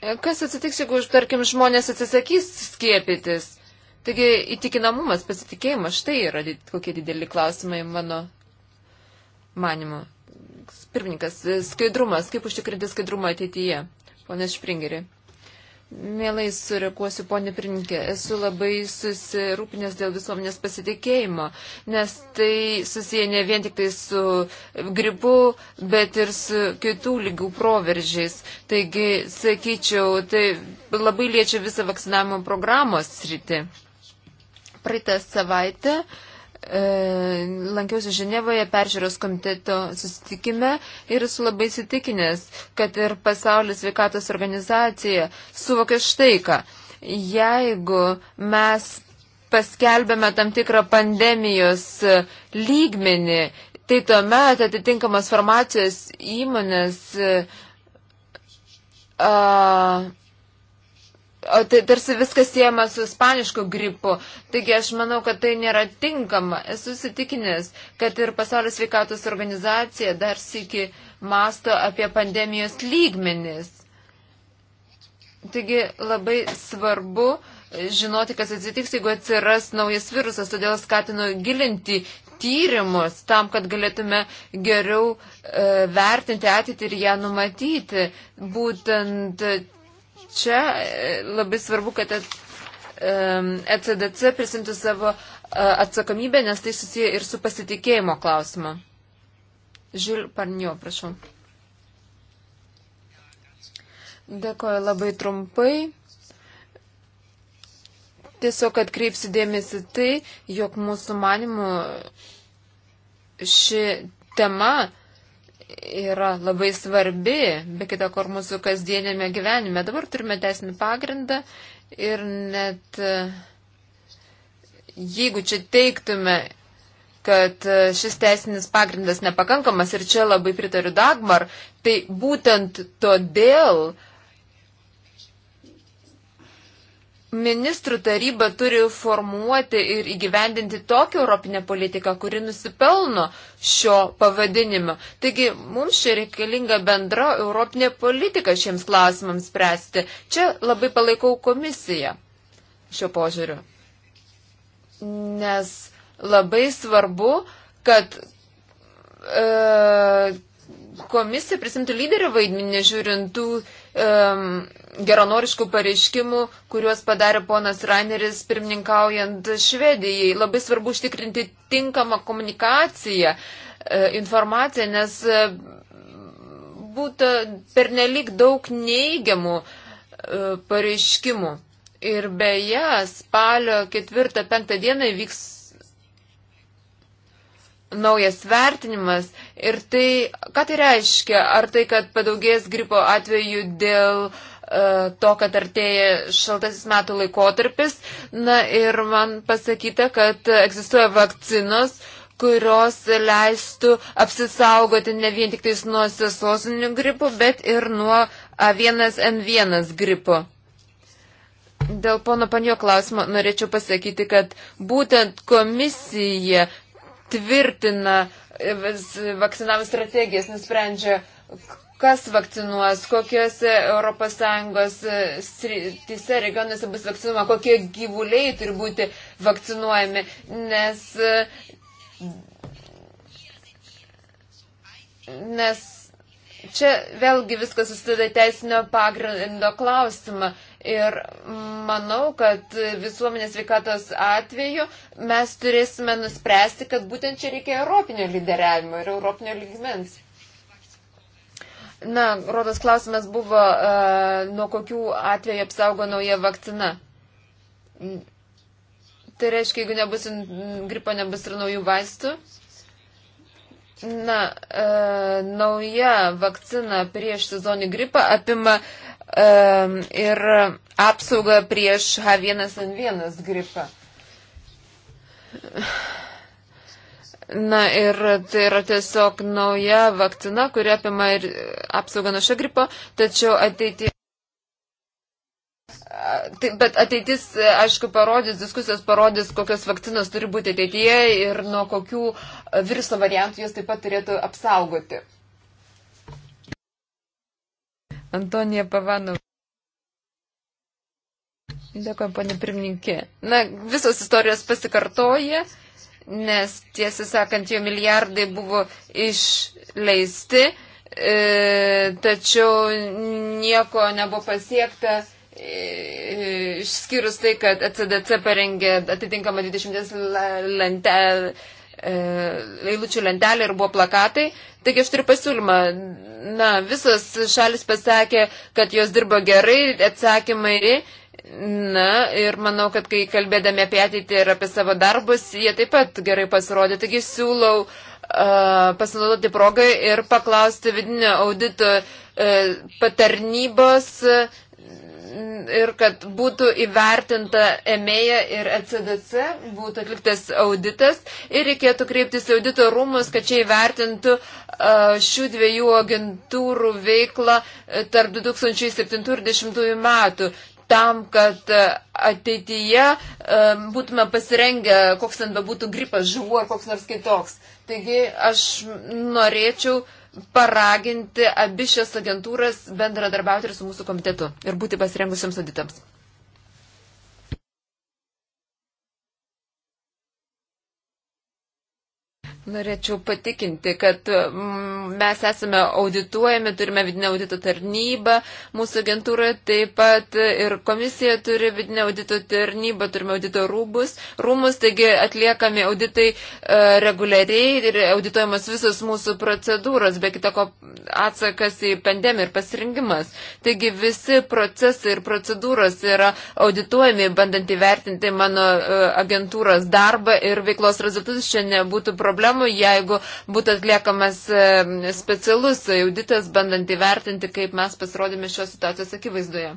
E, kas atsitiks, jeigu, tarkim, žmonės atsisakys skiepytis? Taigi įtikinamumas, pasitikėjimas, štai yra kokie dideli klausimai mano manimu. Pirmininkas, skaidrumas, kaip užtikrinti skaidrumą ateityje, ponė Špringeri. Mielai sureaguosiu, ponė Pirmininkė, esu labai susirūpinęs dėl visuomenės pasitikėjimo, nes tai susiję ne vien tik tai su gripu, bet ir su kitų lygių proveržiais. Taigi, sakyčiau, tai labai liečia visą vakcinavimo programos sritį. Praeitą savaitę e, lankiausi Ženevoje peržiūros komiteto susitikime ir esu labai įsitikinęs, kad ir pasaulio sveikatos organizacija suvokia štai ką. Jeigu mes paskelbėme tam tikrą pandemijos lygmenį, tai tuomet atitinkamas farmacijos įmonės. Uh, O tai tarsi viskas siejama su ispanišku gripu. Taigi aš manau, kad tai nėra tinkama. Esu sitikinęs, kad ir pasaulio sveikatos organizacija dar sėki masto apie pandemijos lygmenis. Taigi labai svarbu žinoti, kas atsitiks, jeigu atsiras naujas virusas. Todėl skatinu gilinti tyrimus tam, kad galėtume geriau e, vertinti ateitį ir ją numatyti. Būtent čia e, labai svarbu, kad ECDC e prisimtų savo e, atsakomybę, nes tai susiję ir su pasitikėjimo klausimu. Žil Parnio, prašau. Dėkoju labai trumpai. Tiesiog atkreipsiu dėmesį tai, jog mūsų manimų ši tema yra labai svarbi, be kita kur mūsų kasdienėme gyvenime. Dabar turime teisinį pagrindą ir net e, jeigu čia teiktume, kad e, šis teisinis pagrindas nepakankamas ir čia labai pritariu Dagmar, tai būtent todėl, uh, ministrų taryba turi formuoti ir įgyvendinti tokią europinę politiką, kuri nusipelno šio pavadinimo. Taigi mums čia reikalinga bendra europinė politika šiems klausimams spręsti. Čia labai palaikau komisiją šio požiūriu. Nes labai svarbu, kad e, komisija prisimtų lyderio vaidmenį žiūrintų um, geranoriškų pareiškimų, kuriuos padarė ponas Raineris pirmininkaujant Švedijai. Labai svarbu užtikrinti tinkamą komunikaciją, e, informaciją, nes e, būtų pernelik daug neįgiamų e, pareiškimų. Ir beje, spalio 4-5 dieną vyks naujas vertinimas Ir tai, ką tai reiškia? Ar tai, kad padaugės gripo atveju dėl uh, to, kad artėja šaltasis metų laikotarpis. Na ir man pasakyta, kad egzistuoja vakcinos, kurios leistų apsisaugoti ne vien tik tais nuo sesosinių gripų, bet ir nuo A1N1 gripo. Dėl pono panjo klausimo norėčiau pasakyti, kad būtent komisija tvirtina vakcinavimo strategijas nusprendžia, kas vakcinuos, kokiuose ES e, tise regionuose bus vakcinuojama, kokie gyvuliai turi būti vakcinuojami, nes, e, nes čia vėlgi viskas susideda teisinio pagrindo klausimą. Ir manau, kad visuomenės sveikatos atveju mes turėsime nuspręsti, kad būtent čia reikia europinio lyderiavimo ir europinio lygmens. Na, rodos klausimas buvo, uh, nuo kokių atvejų apsaugo nauja vakcina. Tai reiškia, jeigu nebus gripo, nebus ir naujų vaistų. Na, e, nauja vakcina prieš sezoninį gripą apima Ehm, ir apsaugą prieš H1N1 gripą. Na ir tai yra tiesiog nauja vakcina, kuri apima ir apsaugą nuo šio gripo, tačiau ateityje. Tai, bet ateitis, aišku, parodys, diskusijos parodys, kokios vakcinos turi būti ateityje ir nuo kokių viruso variantų jos taip pat turėtų apsaugoti. Antonija Pavanov. Dėkuoju, ponė pirmininkė. Na, visos istorijos pasikartoja, nes tiesą sakant, jo milijardai buvo išleisti, e, tačiau nieko nebuvo pasiekta, e, išskyrus tai, kad ECDC parengė atitinkamą 20 lentelę E, eilučių lentelė ir buvo plakatai. Taigi aš turiu pasiūlymą. Na, visas šalis pasakė, kad jos dirbo gerai, atsakymai. Na, ir manau, kad kai kalbėdami apie ateitį ir apie savo darbus, jie taip pat gerai pasirodė. Taigi siūlau uh, pasinaudoti progą ir paklausti vidinio audito uh, patarnybos, uh, ir kad būtų įvertinta EMEA ir ECDC, būtų atliktas auditas ir reikėtų kreiptis į audito rūmus, kad čia įvertintų šių dviejų agentūrų veiklą e, tarp 2007 ir 2010 metų tam, kad e, ateityje e, būtume pasirengę, koks ten bebūtų gripas žuvų ar koks nors kitoks. Taigi aš norėčiau uh, paraginti abi šias agentūras bendradarbiauti ir su mūsų komitetu ir būti pasirengusiams auditams. Norėčiau patikinti, kad mm, mes esame audituojami, turime vidinę audito tarnybą, mūsų agentūroje taip pat ir komisija turi vidinę audito tarnybą, turime audito rūbus, rūmus, taigi atliekami auditai e, reguliariai ir audituojamas visos mūsų procedūros, be kitako atsakas į pandemiją ir pasirinkimas. Taigi visi procesai ir procedūros yra audituojami, bandant įvertinti mano e, agentūros darbą ir veiklos rezultatus. Čia nebūtų problemų problemų, jeigu būtų atliekamas e, specialus auditas, bandant įvertinti, kaip mes pasirodėme šios situacijos akivaizdoje.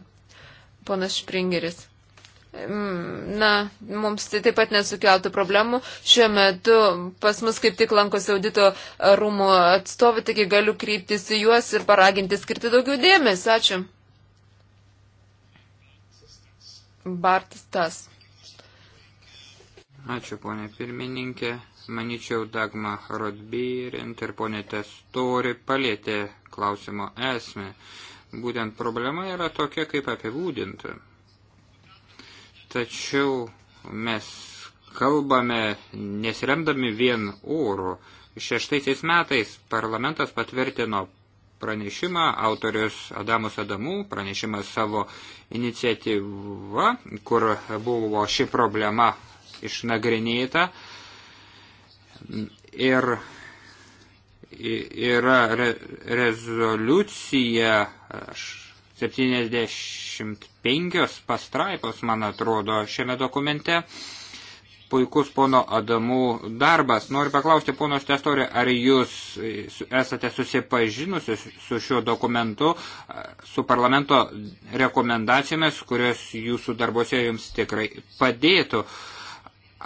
Ponas Špringeris. Mm, na, mums tai taip pat nesukeltų problemų. Šiuo metu pas mus kaip tik lankosi audito rūmų atstovai, taigi galiu kryptis į juos ir paraginti skirti daugiau dėmesio. Ačiū. Bartas tas. Ačiū, ponė pirmininkė. Maničiau, Dagma Rodbyrint ir ponė Testori palėtė klausimo esmę. Būtent problema yra tokia, kaip apibūdinta. Tačiau mes kalbame nesiremdami vien oro. Šeštaisiais metais parlamentas patvirtino pranešimą, autorius Adamus Adamų, pranešimas savo iniciatyva, kur buvo ši problema išnagrinėta. Ir yra re, rezoliucija 75 pastraipos, man atrodo, šiame dokumente. Puikus pono Adamų darbas. Noriu paklausti, pono Testorė, ar jūs esate susipažinusi su šiuo dokumentu, su parlamento rekomendacijomis, kurios jūsų darbose jums tikrai padėtų. Uh,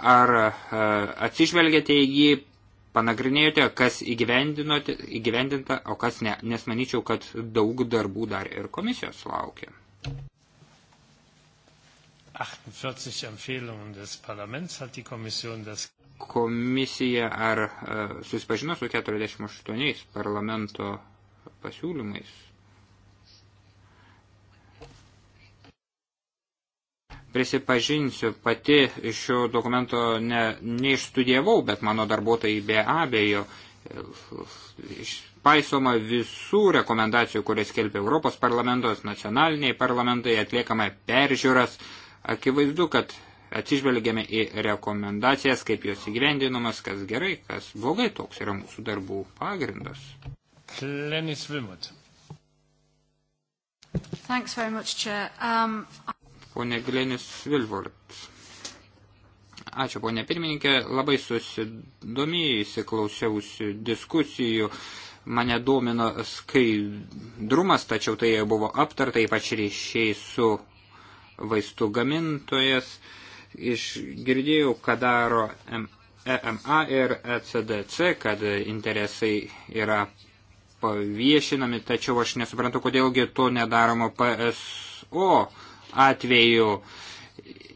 Ar e, atsižvelgėte į jį, panagrinėjote, kas įgyvendinta, o kas ne, nes manyčiau, kad daug darbų dar ir komisijos laukia. 48 Empfehlungen des Parlaments hat die Kommission das. Komisija ar uh, susipažino su 48 parlamento pasiūlymais? Prisipažinsiu, pati šio dokumento ne, neišstudijavau, bet mano darbuotojai be abejo e, paisoma visų rekomendacijų, kurias skelbia Europos parlamentos, nacionaliniai parlamentai, atliekama peržiūras. Akivaizdu, kad atsižvelgiame į rekomendacijas, kaip jos įgyvendinamas, kas gerai, kas blogai, toks yra mūsų darbų pagrindas. Glenis Vimot. Thanks very much, Chair. Um, I... Pone Glenis Vilvort. Ačiū, ponė pirmininkė. Labai susidomėjai įsiklausiausi diskusijų. Mane domino skaidrumas, tačiau tai buvo aptarta ypač ryšiai su vaistų gamintojas. Išgirdėjau, ką daro EMA ir ECDC, kad interesai yra paviešinami, tačiau aš nesuprantu, kodėlgi to nedaroma PSO atveju,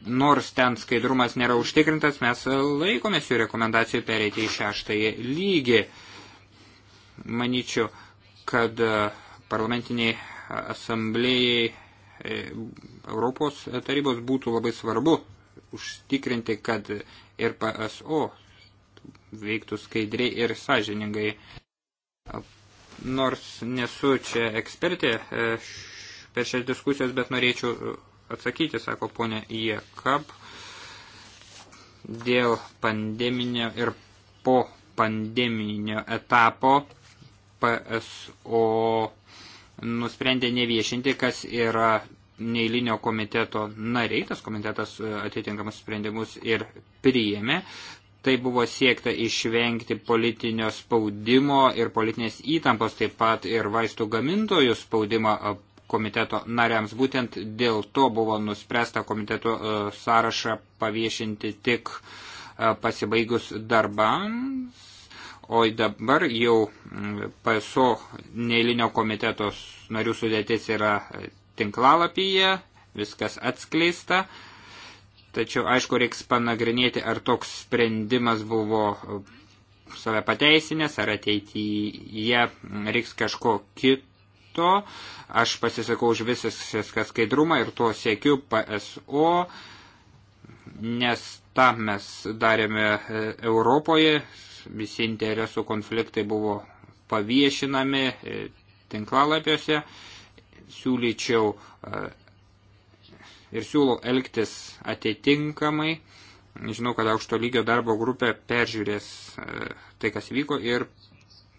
nors ten skaidrumas nėra užtikrintas, mes laikomės jų rekomendacijų pereiti į šeštąjį lygį. Manyčiau, kad e, parlamentiniai asamblėjai e, Europos tarybos būtų labai svarbu užtikrinti, kad ir PSO veiktų skaidriai ir sąžiningai. Nors nesu čia ekspertė e, per šias diskusijas, bet norėčiau e, atsakyti, sako ponė Jekab, dėl pandeminio ir po pandeminio etapo PSO nusprendė neviešinti, kas yra neįlinio komiteto nariai, tas komitetas e, atitinkamus sprendimus ir priėmė. Tai buvo siekta išvengti politinio spaudimo ir politinės įtampos, taip pat ir vaistų gamintojų spaudimą komiteto nariams. Būtent dėl to buvo nuspręsta komiteto e, sąrašą paviešinti tik e, pasibaigus darbams, o dabar jau PSO neįlinio komiteto narių sudėtis yra tinklalapyje, viskas atskleista. Tačiau, aišku, reiks panagrinėti, ar toks sprendimas buvo e, save pateisinęs, ar ateityje reiks kažko kito to. Aš pasisakau už visą skaidrumą ir tuo siekiu PSO, nes tą mes darėme e, Europoje, visi interesų konfliktai buvo paviešinami e, tinklalapiuose, siūlyčiau e, ir siūlau elgtis atitinkamai. Žinau, kad aukšto lygio darbo grupė peržiūrės tai, kas vyko ir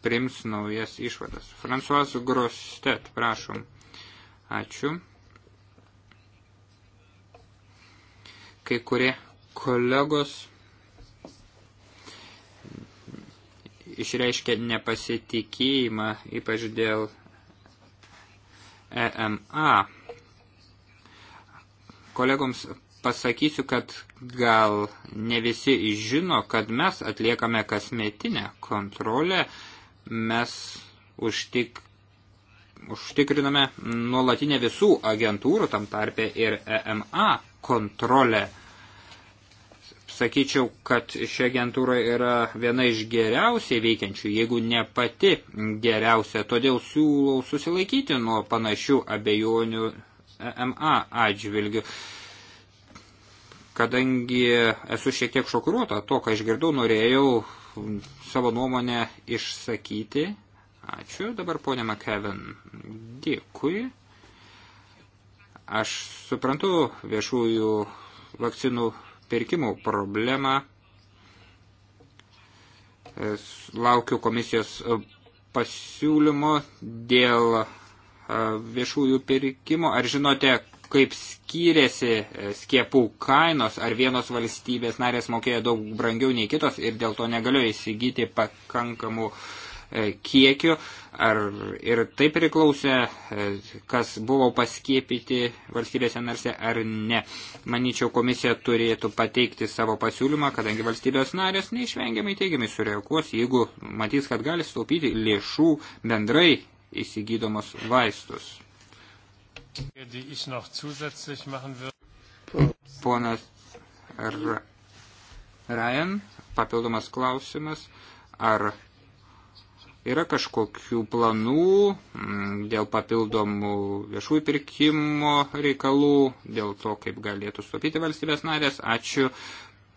prims naujas išvadas. Fransuas Grostet, prašom. Ačiū. Kai kurie kolegos išreiškė nepasitikėjimą, ypač dėl EMA. Kolegoms pasakysiu, kad gal ne visi žino, kad mes atliekame kasmetinę kontrolę mes užtik, užtikriname nuolatinę visų agentūrų, tam tarpe ir EMA kontrolę. Sakyčiau, kad ši agentūra yra viena iš geriausiai veikiančių, jeigu ne pati geriausia, todėl siūlau susilaikyti nuo panašių abejonių EMA atžvilgių kadangi esu šiek tiek šokiruota to, ką išgirdau, norėjau savo nuomonę išsakyti. Ačiū. Dabar ponė McKevin. Dėkui. Aš suprantu viešųjų vakcinų pirkimų problemą. Laukiu komisijos pasiūlymo dėl e, viešųjų pirkimų. Ar žinote, kaip skyrėsi e, skiepų kainos, ar vienos valstybės narės mokėjo daug brangiau nei kitos ir dėl to negalėjo įsigyti pakankamų e, kiekių, ar ir tai priklausė, e, kas buvo paskiepyti valstybėse narse ar ne. Manyčiau, komisija turėtų pateikti savo pasiūlymą, kadangi valstybės narės neišvengiamai teigiamai sureaguos, jeigu matys, kad gali staupyti lėšų bendrai įsigydomos vaistus. Ponas Ryan, papildomas klausimas, ar yra kažkokių planų mm, dėl papildomų viešųjų pirkimo reikalų, dėl to, kaip galėtų stopyti valstybės narės. Ačiū,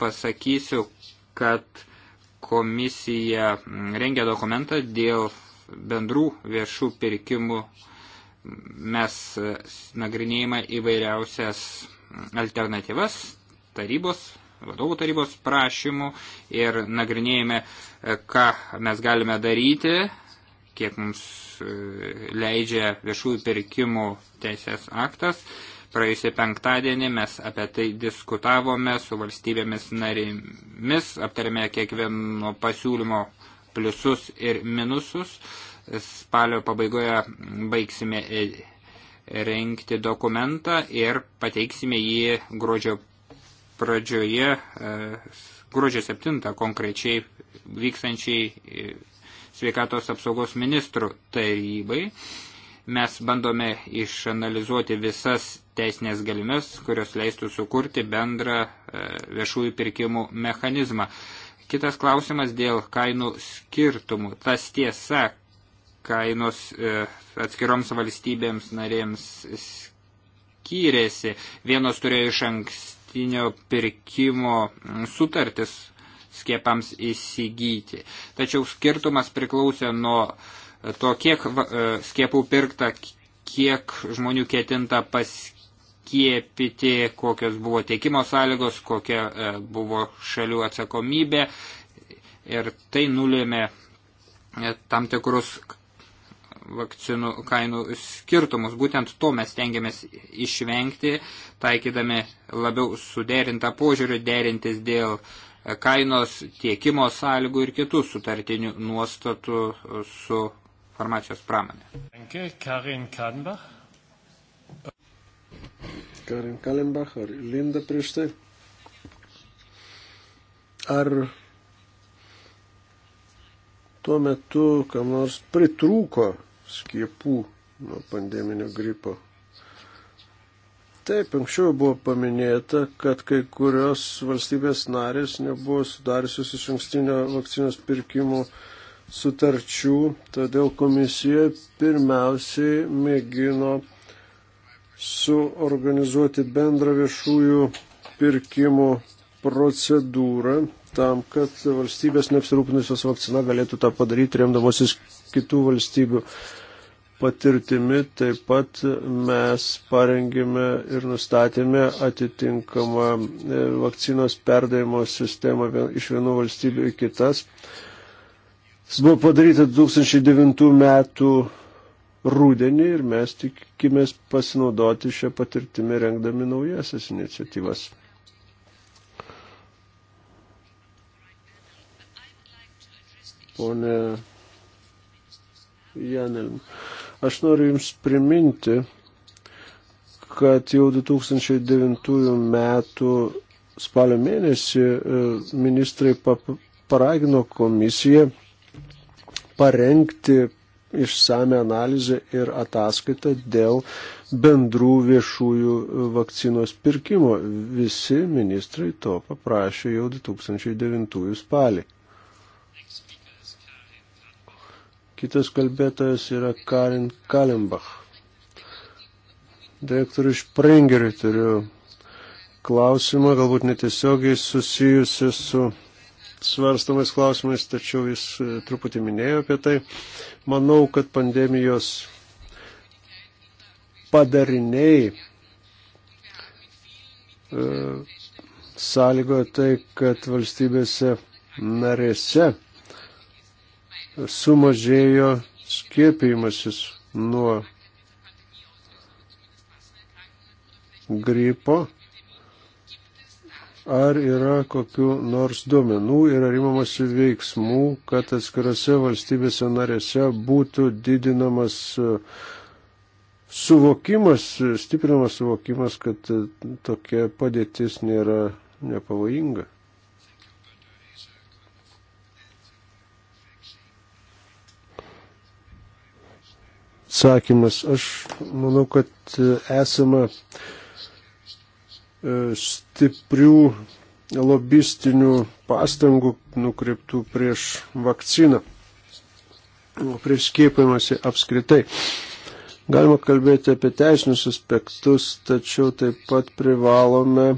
pasakysiu, kad komisija rengia dokumentą dėl bendrų viešų pirkimų reikalų Mes e, nagrinėjame įvairiausias alternatyvas tarybos, vadovų tarybos prašymų ir nagrinėjame, e, ką mes galime daryti, kiek mums e, leidžia viešųjų pirkimų teisės aktas. Praėjusią penktadienį mes apie tai diskutavome su valstybėmis narėmis, aptarėme kiekvieno pasiūlymo pliusus ir minusus. Uh, Spalio pabaigoje baigsime e, renkti dokumentą ir pateiksime jį gruodžio pradžioje, e, gruodžio 7 konkrečiai vykstančiai e, sveikatos apsaugos ministrų tarybai. Mes bandome išanalizuoti visas teisinės galimės, kurios leistų sukurti bendrą viešųjų pirkimų mechanizmą. Kitas klausimas dėl kainų skirtumų. Tas tiesa, kainos e, atskiroms valstybėms narėms skyrėsi. Vienos turėjo iš ankstinio pirkimo sutartis skiepams įsigyti. Tačiau skirtumas priklausė nuo to, kiek e, skiepų pirkta, kiek žmonių ketinta paskiepyti, kokios buvo tiekimo sąlygos, kokia e, buvo šalių atsakomybė. Ir tai nulėmė tam tikrus vakcinų kainų skirtumus. Būtent to mes tengiamės išvengti, taikydami labiau suderintą požiūrį, derintis dėl kainos, tiekimo sąlygų ir kitų sutartinių nuostatų su farmacijos pramonė. Karin Kadenbach. Karin Kalenbach ar Linda prieš tai. Ar tuo metu kam nors pritrūko skiepų nuo pandeminio gripo. Taip, anksčiau buvo paminėta, kad kai kurios valstybės narės nebuvo sudariusios iš ankstinio vakcinos pirkimų sutarčių, todėl komisija pirmiausiai mėgino suorganizuoti bendrą viešųjų pirkimų procedūrą tam, kad valstybės neapsirūpinusios vakcina galėtų tą padaryti, remdamosis kitų valstybių patirtimi taip pat mes parengėme ir nustatėme atitinkamą e, vakcinos perdavimo sistemą iš vienų valstybių į kitas. Jis buvo padaryta 2009 metų rūdienį ir mes tikimės pasinaudoti šią patirtimį rengdami naujasias iniciatyvas. Pone Janelim. Aš noriu Jums priminti, kad jau 2009 metų spalio mėnesį e, ministrai paragino komisiją parengti išsame analizę ir ataskaitą dėl bendrų viešųjų e, vakcinos pirkimo. Visi ministrai to paprašė jau 2009 spalį. Kitas kalbėtojas yra Karin Kalimbach. Direktoriui Šprengerį turiu klausimą, galbūt netiesiogiai susijusi su svarstamais klausimais, tačiau jis e, truputį minėjo apie tai. Manau, kad pandemijos padariniai e, sąlygoja tai, kad valstybėse narėse sumažėjo skiepijimasis nuo gripo. Ar yra kokiu nors duomenų ir ar įmamasi veiksmų, kad atskirose valstybėse narėse būtų didinamas suvokimas, stiprinamas suvokimas, kad tokia padėtis nėra nepavojinga? atsakymas. Aš manau, kad e, esama e, stiprių lobistinių pastangų nukreiptų prieš vakciną, prieš skiepimąsi apskritai. Galima kalbėti apie teisinius aspektus, tačiau taip pat privalome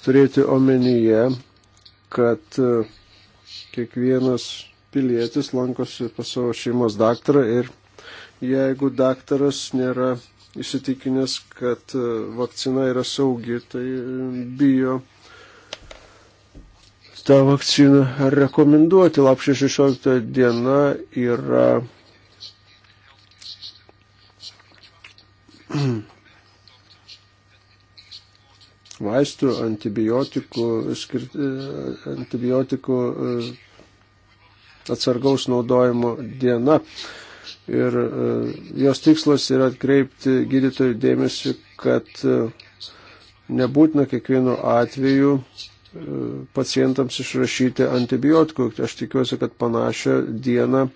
turėti omenyje, kad e, kiekvienas pilietis lankosi pas savo šeimos daktarą ir jeigu daktaras nėra įsitikinęs, kad e, vakcina yra saugi, tai e, bijo tą vakciną rekomenduoti. Lapšė 16 diena yra vaistų, antibiotikų, skirti, e, antibiotikų atsargaus naudojimo diena. Ir e, jos tikslas yra atkreipti gydytojų dėmesį, kad e, nebūtina kiekvienu atveju e, pacientams išrašyti antibiotikų. Aš tikiuosi, kad panašią dieną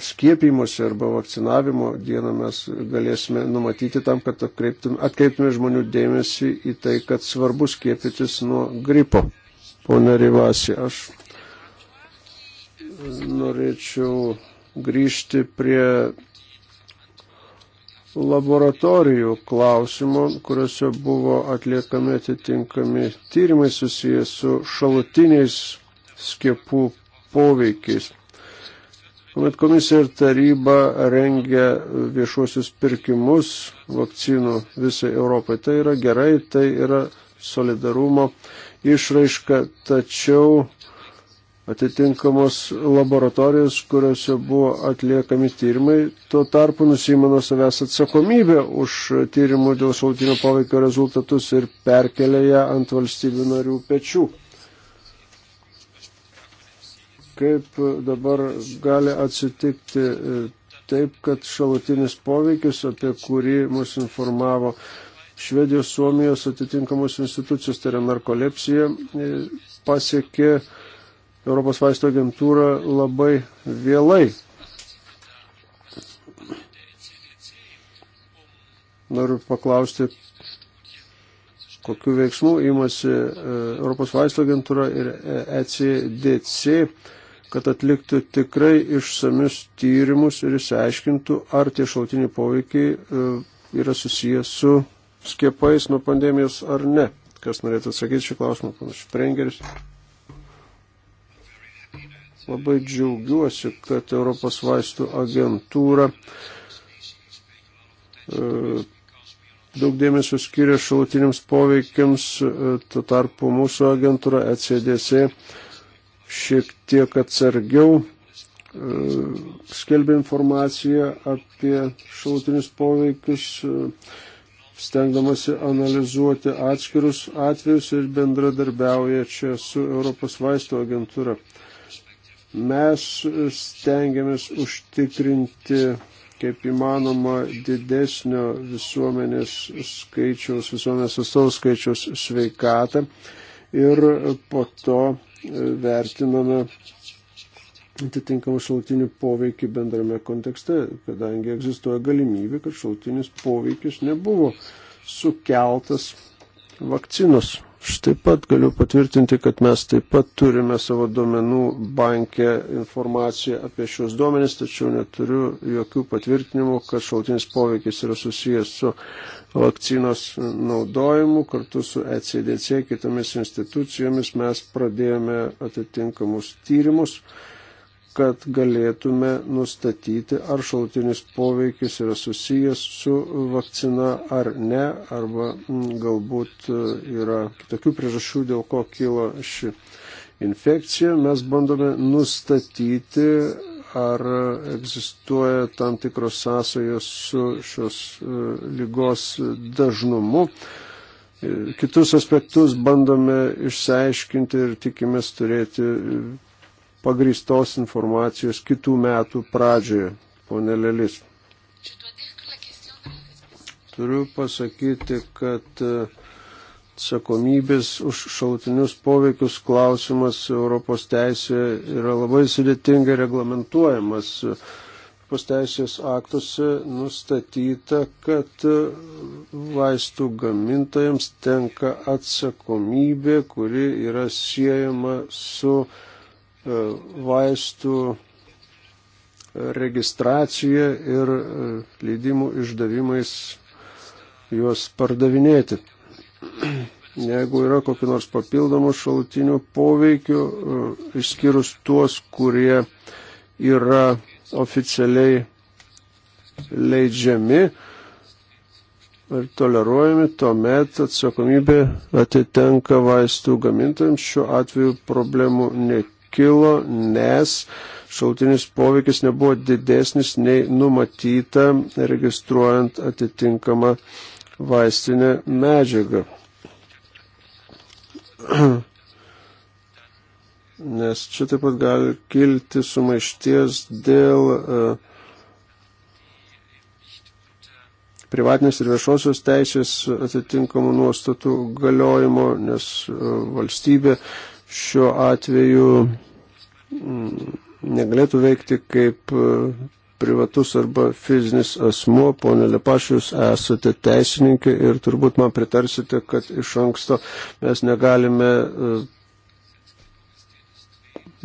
skiepimuose arba vakcinavimo dieną mes galėsime numatyti tam, kad atkreiptume žmonių dėmesį į tai, kad svarbu skiepytis nuo gripo. Pone Rivasi, aš norėčiau grįžti prie laboratorijų klausimo, kuriuose buvo atliekami atitinkami tyrimai susijęs su šalutiniais skiepų poveikiais. Kuomet komisija ir taryba rengia viešuosius pirkimus vakcinų visai Europai, tai yra gerai, tai yra solidarumo išraiška, tačiau atitinkamos laboratorijos, kuriuose buvo atliekami tyrimai, tuo tarpu nusima nuo savęs atsakomybę už tyrimų dėl šaltinio poveikio rezultatus ir perkelia ją ant valstybių narių pečių. Kaip dabar gali atsitikti e, taip, kad šalutinis poveikis, apie kurį mus informavo Švedijos, Suomijos atitinkamos institucijos, tai yra narkolepsija, e, pasiekė Europos vaisto agentūra labai vėlai. Noriu paklausti, kokiu veiksmu imasi e, Europos vaisto agentūra ir ECDC, e kad atliktų tikrai išsamius tyrimus ir išsiaiškintų, ar tie šaltiniai poveikiai e, yra susijęs su skiepais nuo pandemijos ar ne. Kas norėtų atsakyti šį klausimą, panašiai, Prengeris. Labai džiaugiuosi, kad Europos vaistų agentūra e, daug dėmesio skiria šalutiniams poveikiams, e, tuo tarpu mūsų agentūra ECDC šiek tiek atsargiau e, skelbia informaciją apie šalutinius poveikius, stengdamasi analizuoti atskirus atvejus ir bendradarbiauja čia su Europos vaisto agentūra. Mes stengiamės užtikrinti kaip įmanoma didesnio visuomenės skaičiaus, visuomenės atstovų skaičiaus sveikatą ir po to e, vertiname atitinkamą šaltinį poveikį bendrame kontekste, kadangi egzistuoja galimybė, kad šaltinis poveikis nebuvo sukeltas vakcinos. Štai pat galiu patvirtinti, kad mes taip pat turime savo duomenų bankę informaciją apie šios duomenys, tačiau neturiu jokių patvirtinimų, kad šaltinis poveikis yra susijęs su vakcinos naudojimu. Kartu su ECDC kitomis institucijomis mes pradėjome atitinkamus tyrimus kad galėtume nustatyti, ar šalutinis poveikis yra susijęs su vakcina ar ne, arba mm, galbūt e, yra kitokių priežasčių, dėl ko kilo ši infekcija. Mes bandome nustatyti, ar egzistuoja tam tikros sąsajos su šios e, lygos dažnumu. E, kitus aspektus bandome išsiaiškinti ir tikimės turėti pagristos informacijos kitų metų pradžioje, ponė Lelis. Turiu pasakyti, kad e, atsakomybės už šautinius poveikius klausimas Europos teisėje yra labai sudėtingai reglamentuojamas. Europos teisės aktuose nustatyta, kad vaistų gamintojams tenka atsakomybė, kuri yra siejama su uh, E, vaistų registracija ir e, leidimų išdavimais juos pardavinėti. Jeigu yra kokiu nors papildomu šalutiniu poveikiu, e, išskyrus tuos, kurie yra oficialiai leidžiami ir toleruojami, tuomet atsakomybė atitenka vaistų gamintojams. Šiuo atveju problemų nekyla kilo, nes šautinis poveikis nebuvo didesnis nei numatyta registruojant atitinkamą vaistinę medžiagą. Nes čia taip pat gali kilti sumaišties dėl uh, privatinės ir viešosios teisės atitinkamų nuostatų galiojimo, nes e, valstybė šiuo atveju mm, negalėtų veikti kaip e, privatus arba fizinis asmuo. Pone Lepaš, jūs esate teisininkė ir turbūt man pritarsite, kad iš anksto mes negalime e,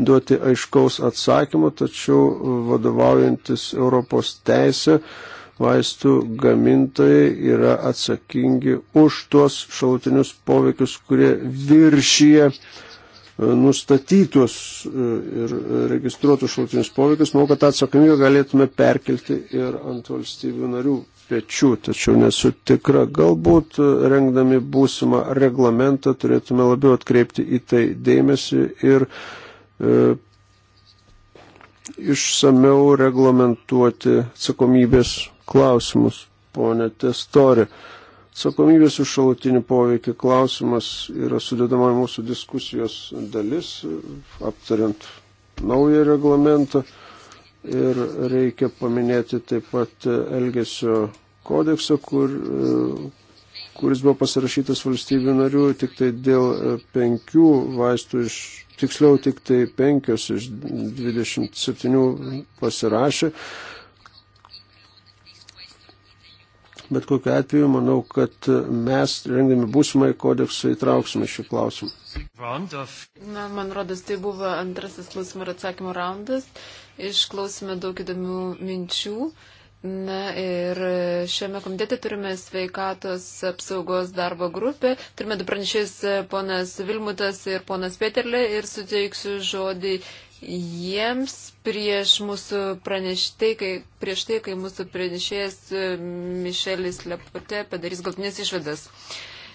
duoti aiškaus atsakymo, tačiau vadovaujantis Europos teisė vaistų gamintojai yra atsakingi už tuos šalutinius poveikius, kurie viršyje uh, E, nustatytus e, ir registruotus šaltinius poveikius, manau, kad tą atsakomybę galėtume perkelti ir ant valstybių narių pečių, tačiau nesu tikra, galbūt e, rengdami būsimą reglamentą turėtume labiau atkreipti į tai dėmesį ir e, išsameu reglamentuoti atsakomybės klausimus, ponė Testori. E, Atsakomybės už šalutinį poveikį klausimas yra sudėdama mūsų diskusijos dalis, aptariant naują reglamentą. Ir reikia paminėti taip pat Elgesio kodeksą, kur, kuris buvo pasirašytas valstybių narių tik tai dėl penkių vaistų iš, tiksliau tik tai penkios iš 27 pasirašė. Bet kokiu atveju manau, kad mes rengdami būsimai kodeksą įtrauksime šį klausimą. Na, man rodas, tai buvo antrasis klausimų ir atsakymų raundas. Išklausime daug įdomių minčių. Na ir šiame komitete turime sveikatos apsaugos darbo grupę. Turime du pranešėjus, ponas Vilmutas ir ponas Peterlė, ir suteiksiu žodį jiems prieš mūsų praneštai, kai, prieš tai, kai mūsų pranešėjas e, Mišelis Lepote padarys galtinės išvadas.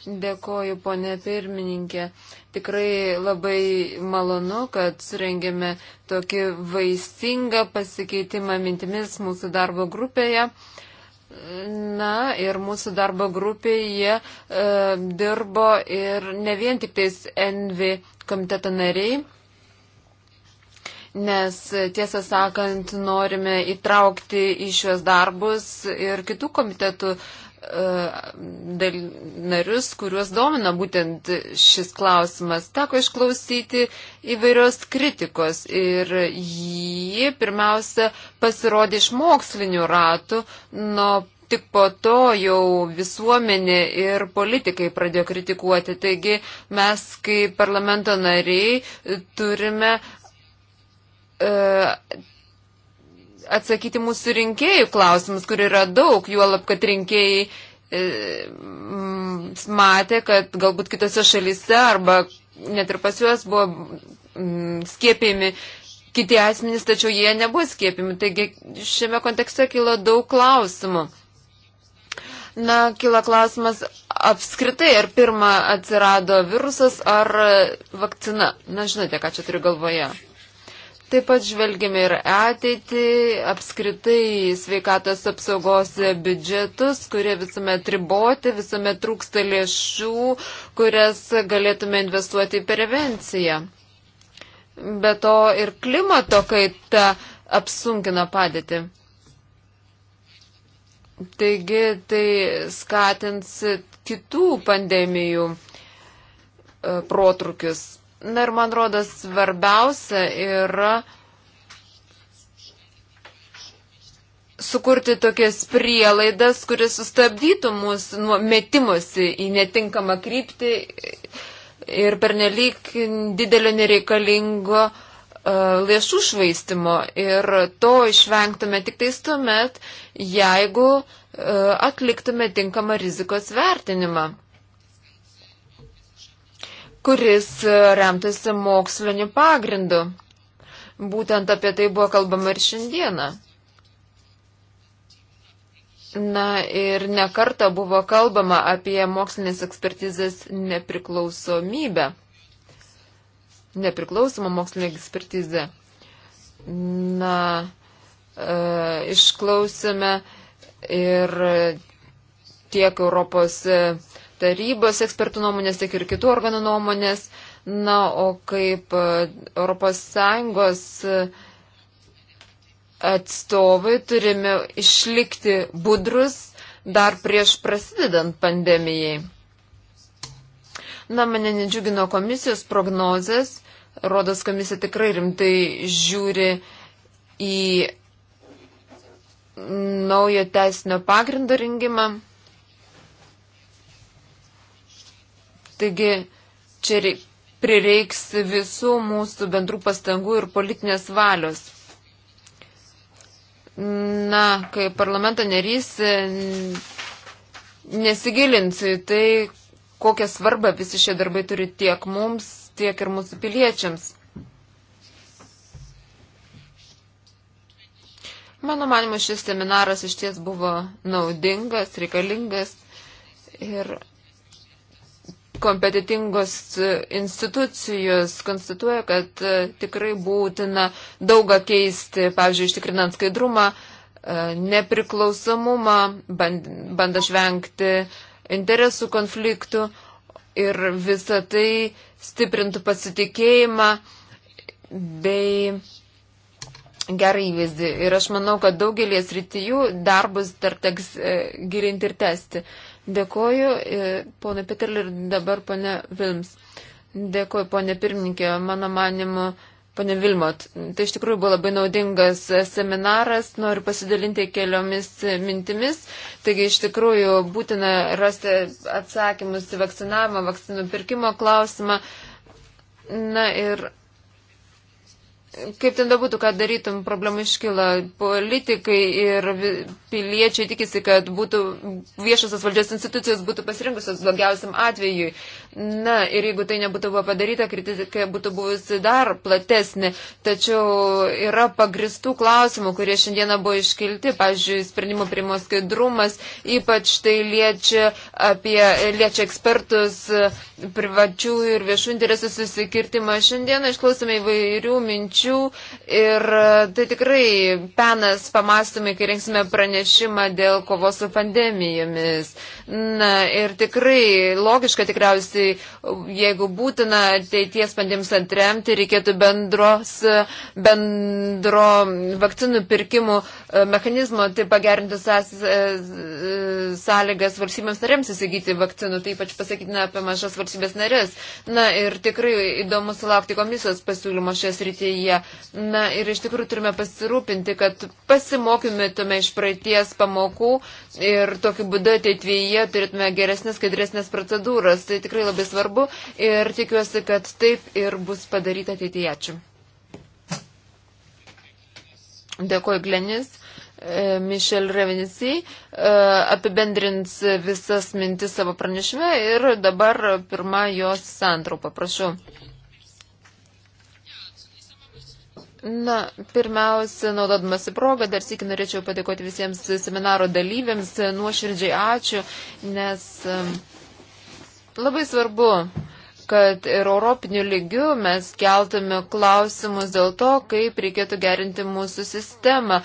Dėkoju, ponė pirmininkė. Tikrai labai malonu, kad surengėme tokį vaisingą pasikeitimą mintimis mūsų darbo grupėje. Na ir mūsų darbo grupėje e, dirbo ir ne vien tik tais Envi komiteto nariai, nes tiesą sakant norime įtraukti į šios darbus ir kitų komitetų e, narius, kuriuos domina būtent šis klausimas. Teko išklausyti įvairios kritikos ir ji pirmiausia pasirodė iš mokslinių ratų, nuo tik po to jau visuomenė ir politikai pradėjo kritikuoti. Taigi mes kaip parlamento nariai turime E, atsakyti mūsų rinkėjų klausimus, kur yra daug, juolab, kad rinkėjai e, matė, kad galbūt kitose šalyse arba net ir pas juos buvo skiepiami kiti asmenys, tačiau jie nebuvo skiepiami. Taigi šiame kontekste kilo daug klausimų. Na, kila klausimas apskritai, ar pirmą atsirado virusas ar vakcina. Na, žinote, ką čia turiu galvoje. Taip pat žvelgime ir ateitį, apskritai sveikatos apsaugos biudžetus, kurie visuomet riboti, visuomet trūksta lėšų, kurias galėtume investuoti į prevenciją. Be to ir klimato kaita apsunkina padėtį. Taigi tai skatins kitų pandemijų e, protrukius. Na ir man rodos svarbiausia yra sukurti tokias prielaidas, kuris sustabdytų mus nuo metimosi į netinkamą kryptį ir pernelyg didelio nereikalingo e, lėšų švaistimo. Ir to išvengtume tik tais tuomet, jeigu e, atliktume tinkamą rizikos vertinimą kuris e, remtasi moksliniu pagrindu. Būtent apie tai buvo kalbama ir šiandieną. Na ir nekarta buvo kalbama apie mokslinės ekspertizės nepriklausomybę. Nepriklausoma mokslinė ekspertizė. Na, e, išklausėme ir tiek Europos. E, tarybos ekspertų nuomonės, tiek ir kitų organų nuomonės. Na, o kaip ES e, atstovai turime išlikti budrus dar prieš prasidedant pandemijai. Na, mane nedžiugino komisijos prognozės. Rodos komisija tikrai rimtai žiūri į naujo teisinio pagrindo rengimą. Taigi čia prireiks visų mūsų bendrų pastangų ir politinės valios. Na, kai parlamento narys nesigilinsiu į tai, kokią svarbą visi šie darbai turi tiek mums, tiek ir mūsų piliečiams. Mano manimo, šis seminaras iš ties buvo naudingas, reikalingas ir kompetitingos institucijos konstatuoja, kad e, tikrai būtina daugą keisti, pavyzdžiui, ištikrinant skaidrumą, e, nepriklausomumą, bando žvengti interesų konfliktų ir visą tai stiprintų pasitikėjimą bei gerą įvaizdį. Ir aš manau, kad daugelį srityjų darbus dar teks e, gilinti ir tęsti. E, Dėkoju, e, ponė Peterlė ir dabar ponė Vilms. Dėkoju, ponė pirmininkė, mano manimu. Pane Vilmot, tai iš tikrųjų buvo labai naudingas e, seminaras, noriu pasidalinti keliomis mintimis. Taigi iš tikrųjų būtina rasti atsakymus į vakcinavimą, vakcinų pirkimo klausimą. Na ir Kaip ten būtų, ką darytum, problemų iškyla. Politikai ir piliečiai tikisi, kad būtų viešasios valdžios institucijos būtų pasirinkusios blogiausiam atvejui. Na ir jeigu tai nebūtų buvo padaryta, kritika būtų buvusi dar platesnė. Tačiau yra pagristų klausimų, kurie šiandieną buvo iškilti. Pavyzdžiui, sprendimų primo skaidrumas, ypač tai liečia, apie, liečia ekspertus privačių ir viešų interesų susikirtimą. Šiandieną išklausome įvairių minčių sričių ir e, tai tikrai penas pamastumi, kai rengsime pranešimą dėl kovos su pandemijomis. Na ir tikrai logiška tikriausiai, jeigu būtina ateities pandemijoms atremti, reikėtų bendros, bendro vakcinų pirkimų E, mechanizmo, tai pagerinti e, e, sąlygas valstybėms narėms įsigyti vakcinų, tai ypač pasakytina apie mažas valstybės narės. Na ir tikrai įdomu sulaukti komisijos pasiūlymo šioje srityje. Na ir iš tikrųjų turime pasirūpinti, kad pasimokymėtume iš praeities pamokų ir tokiu būdu ateityje turėtume geresnės, skaidresnės procedūras. Tai tikrai labai svarbu ir tikiuosi, kad taip ir bus padaryta ateityje. Ačiū. Dėkoju, Glenis. E, Mišel Revenisi e, apibendrins visas mintis savo pranešime ir dabar pirma jos santraupa, prašau. Na, pirmiausia, naudodamasi progą, dar sėki norėčiau padėkoti visiems seminaro dalyviams, nuoširdžiai ačiū, nes e, labai svarbu kad ir europiniu lygiu mes keltume klausimus dėl to, kaip reikėtų gerinti mūsų sistemą.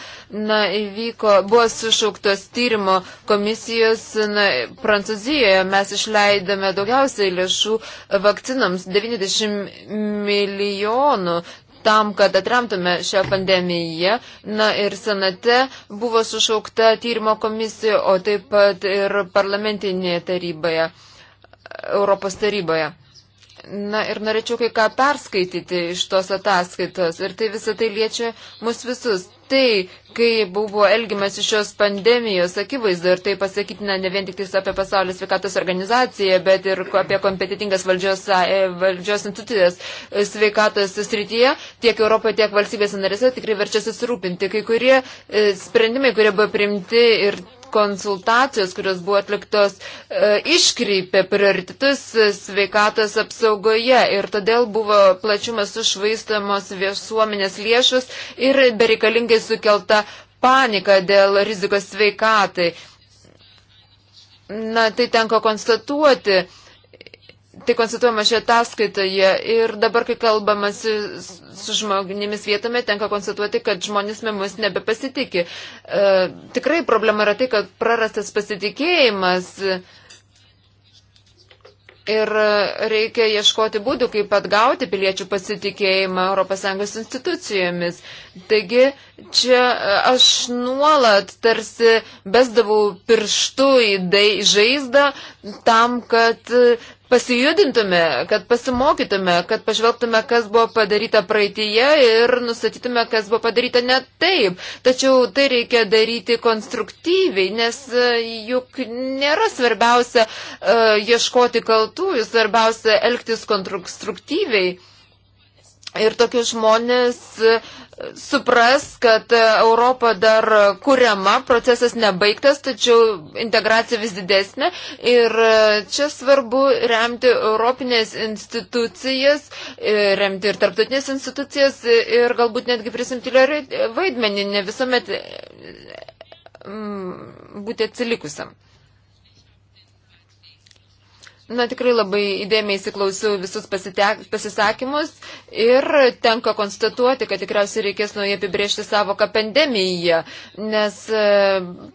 Na, įvyko, buvo sušauktos tyrimo komisijos na, Prancūzijoje, mes išleidome daugiausiai lėšų vakcinams - 90 milijonų tam, kad atremtume šią pandemiją. Na ir senate buvo sušaukta tyrimo komisija, o taip pat ir parlamentinėje taryboje, Europos taryboje. Na ir norėčiau kai ką perskaityti iš tos ataskaitos. Ir tai visą tai liečia mus visus. Tai, kai buvo elgiamas iš šios pandemijos akivaizdu ir tai pasakytina ne vien tik apie pasaulio sveikatos organizaciją, bet ir apie kompetitingas valdžios, e, valdžios institucijas e, sveikatos srityje, tiek Europoje, tiek valstybės narėse tikrai verčia susirūpinti. Kai kurie e, sprendimai, kurie buvo priimti ir konsultacijos, kurios buvo atliktos, e, iškreipė prioritetus e, sveikatos apsaugoje ir todėl buvo plačiumas sušvaistamos visuomenės lėšus ir bereikalingai sukelta panika dėl rizikos sveikatai. Na, tai tenka konstatuoti tai konstatuojama šioje ataskaitoje. Ir dabar, kai kalbama su, su žmonėmis vietame, tenka konstatuoti, kad žmonės mumis nebepasitikė. E, tikrai problema yra tai, kad prarastas pasitikėjimas. Ir reikia ieškoti būdų, kaip atgauti piliečių pasitikėjimą ES institucijomis. Taigi čia e, aš nuolat tarsi besdavau pirštų į žaizdą tam, kad pasijudintume, kad pasimokytume, kad pažvelgtume, kas buvo padaryta praeitįje ir nustatytume, kas buvo padaryta ne taip. Tačiau tai reikia daryti konstruktyviai, nes e, juk nėra svarbiausia uh, ieškoti kaltųjų, svarbiausia elgtis konstruktyviai. Ir tokius žmonės uh, supras, kad Europa dar kuriama, procesas nebaigtas, tačiau integracija vis didesnė ir čia svarbu remti Europinės institucijas, remti ir tarptautinės institucijas ir galbūt netgi prisimti vaidmenį, ne visuomet mm, būti atsilikusiam. Na tikrai labai įdėmiai įsiklausiau visus pasisakymus ir tenka konstatuoti, kad tikriausiai reikės nuo jie apibriežti savoką pandemiją, nes e,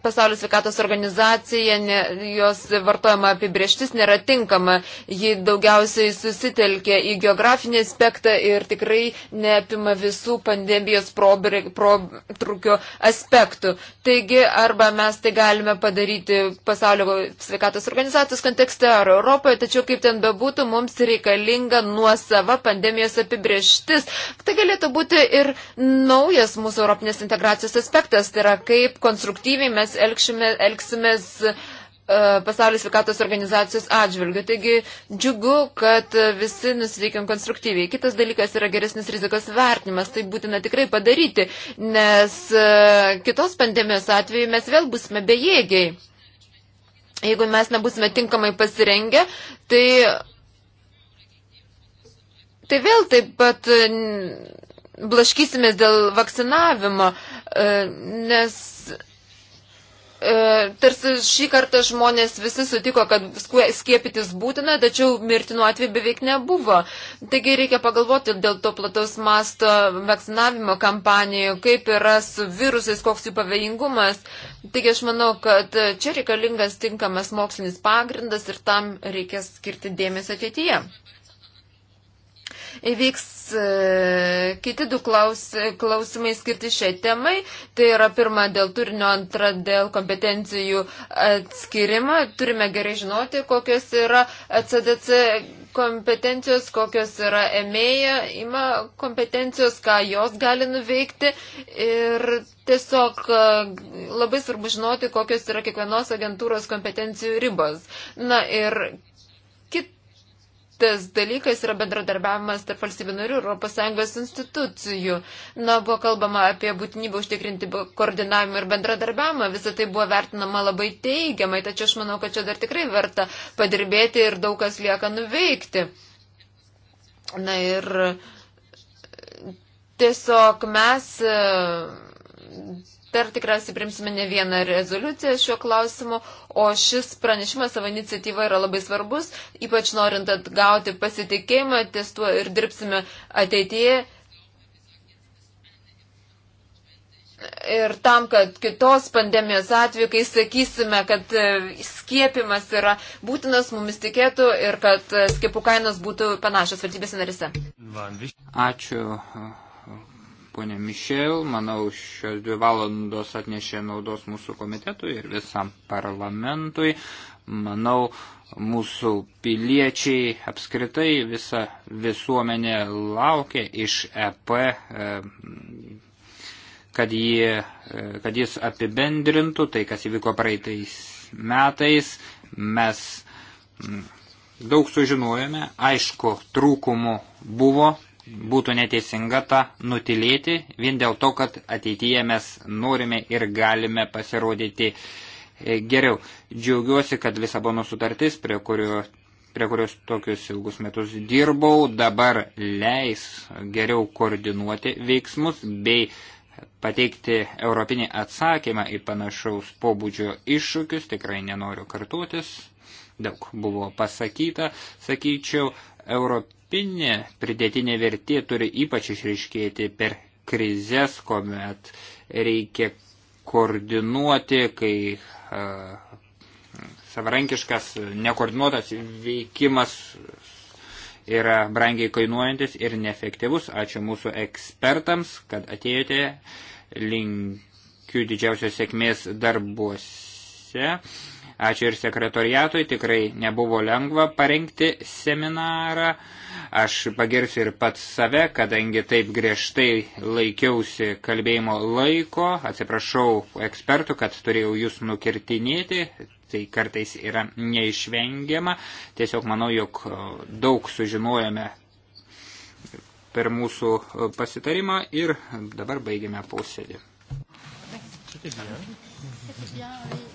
pasaulio sveikatos organizacija, ne, jos vartojama apibriežtis nėra tinkama, ji daugiausiai susitelkia į geografinį aspektą ir tikrai neapima visų pandemijos protrukio aspektų. Taigi arba mes tai galime padaryti pasaulio sveikatos organizacijos kontekste ar Europoje, Europoje, tačiau kaip ten bebūtų, mums reikalinga nuosava pandemijos apibrieštis. Tai galėtų būti ir naujas mūsų europinės integracijos aspektas, tai yra kaip konstruktyviai mes elgšime, elgsimės e, pasaulio sveikatos organizacijos atžvilgių. Taigi džiugu, kad visi nusiveikiam konstruktyviai. Kitas dalykas yra geresnis rizikos vertinimas. Tai būtina tikrai padaryti, nes e, kitos pandemijos atveju mes vėl busime bejėgiai. Jeigu mes nebusime tinkamai pasirengę, tai, tai vėl taip pat blaškysimės dėl vakcinavimo, e, nes E, tarsi šį kartą žmonės visi sutiko, kad skiepytis būtina, tačiau mirtinų atveju beveik nebuvo. Taigi reikia pagalvoti dėl to plataus masto vakcinavimo kampanijų, kaip yra su virusais, koks jų pavojingumas. Taigi aš manau, kad čia reikalingas tinkamas mokslinis pagrindas ir tam reikės skirti dėmesio ateityje įvyks e, kiti du klausimai skirti šiai temai. Tai yra pirma dėl turinio, antra dėl kompetencijų atskirimą. Turime gerai žinoti, kokios yra CDC e kompetencijos, kokios yra emėja, e ima kompetencijos, ką jos gali nuveikti. Ir tiesiog labai svarbu žinoti, kokios yra kiekvienos agentūros kompetencijų ribos. Na ir kitas dalykas yra bendradarbiavimas tarp valstybių narių ir ES institucijų. Na, buvo kalbama apie būtinybę užtikrinti koordinavimą ir bendradarbiavimą. Visą tai buvo vertinama labai teigiamai, tačiau aš manau, kad čia dar tikrai verta padirbėti ir daug kas lieka nuveikti. Na ir e, tiesiog mes e, Dar tikriausiai primsime ne vieną rezoliuciją šiuo klausimu, o šis pranešimas savo iniciatyva yra labai svarbus, ypač norint atgauti pasitikėjimą, ties tuo ir dirbsime ateityje. Ir tam, kad kitos pandemijos atveju, kai sakysime, kad e, skiepimas yra būtinas, mumis tikėtų ir kad e, skiepų kainos būtų panašios valstybėse narise. Ačiū ponė Mišel. Manau, šios dvi valandos atnešė naudos mūsų komitetui ir visam parlamentui. Manau, mūsų piliečiai apskritai visa visuomenė laukia iš EP, e, kad, jie, e, kad jis apibendrintų tai, kas įvyko praeitais metais. Mes daug sužinojome, aišku, trūkumų buvo, būtų neteisinga tą nutilėti vien dėl to, kad ateityje mes norime ir galime pasirodyti e, geriau. Džiaugiuosi, kad Lisabono sutartis, prie, kurio, prie kurios tokius ilgus metus dirbau, dabar leis geriau koordinuoti veiksmus bei pateikti europinį atsakymą į panašaus pobūdžio iššūkius, tikrai nenoriu kartuotis, daug buvo pasakyta, sakyčiau, Europinė pridėtinė vertė turi ypač išriškėti per krizės, kuomet reikia koordinuoti, kai uh, savarankiškas, nekoordinuotas veikimas yra brangiai kainuojantis ir neefektyvus. Ačiū mūsų ekspertams, kad atėjote. Linkiu didžiausios sėkmės darbuose. Ačiū ir sekretoriatui, tikrai nebuvo lengva parengti seminarą. Aš pagirsiu ir pats save, kadangi taip griežtai laikiausi kalbėjimo laiko. Atsiprašau ekspertų, kad turėjau jūs nukirtinėti. Tai kartais yra neišvengiama. Tiesiog manau, jog daug sužinojame per mūsų pasitarimą ir dabar baigiame posėdį. C'était bien. C'était bien, oui.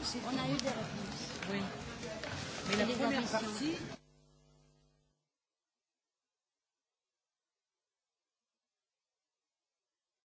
On a eu des réponses. Oui. Mais la première partie.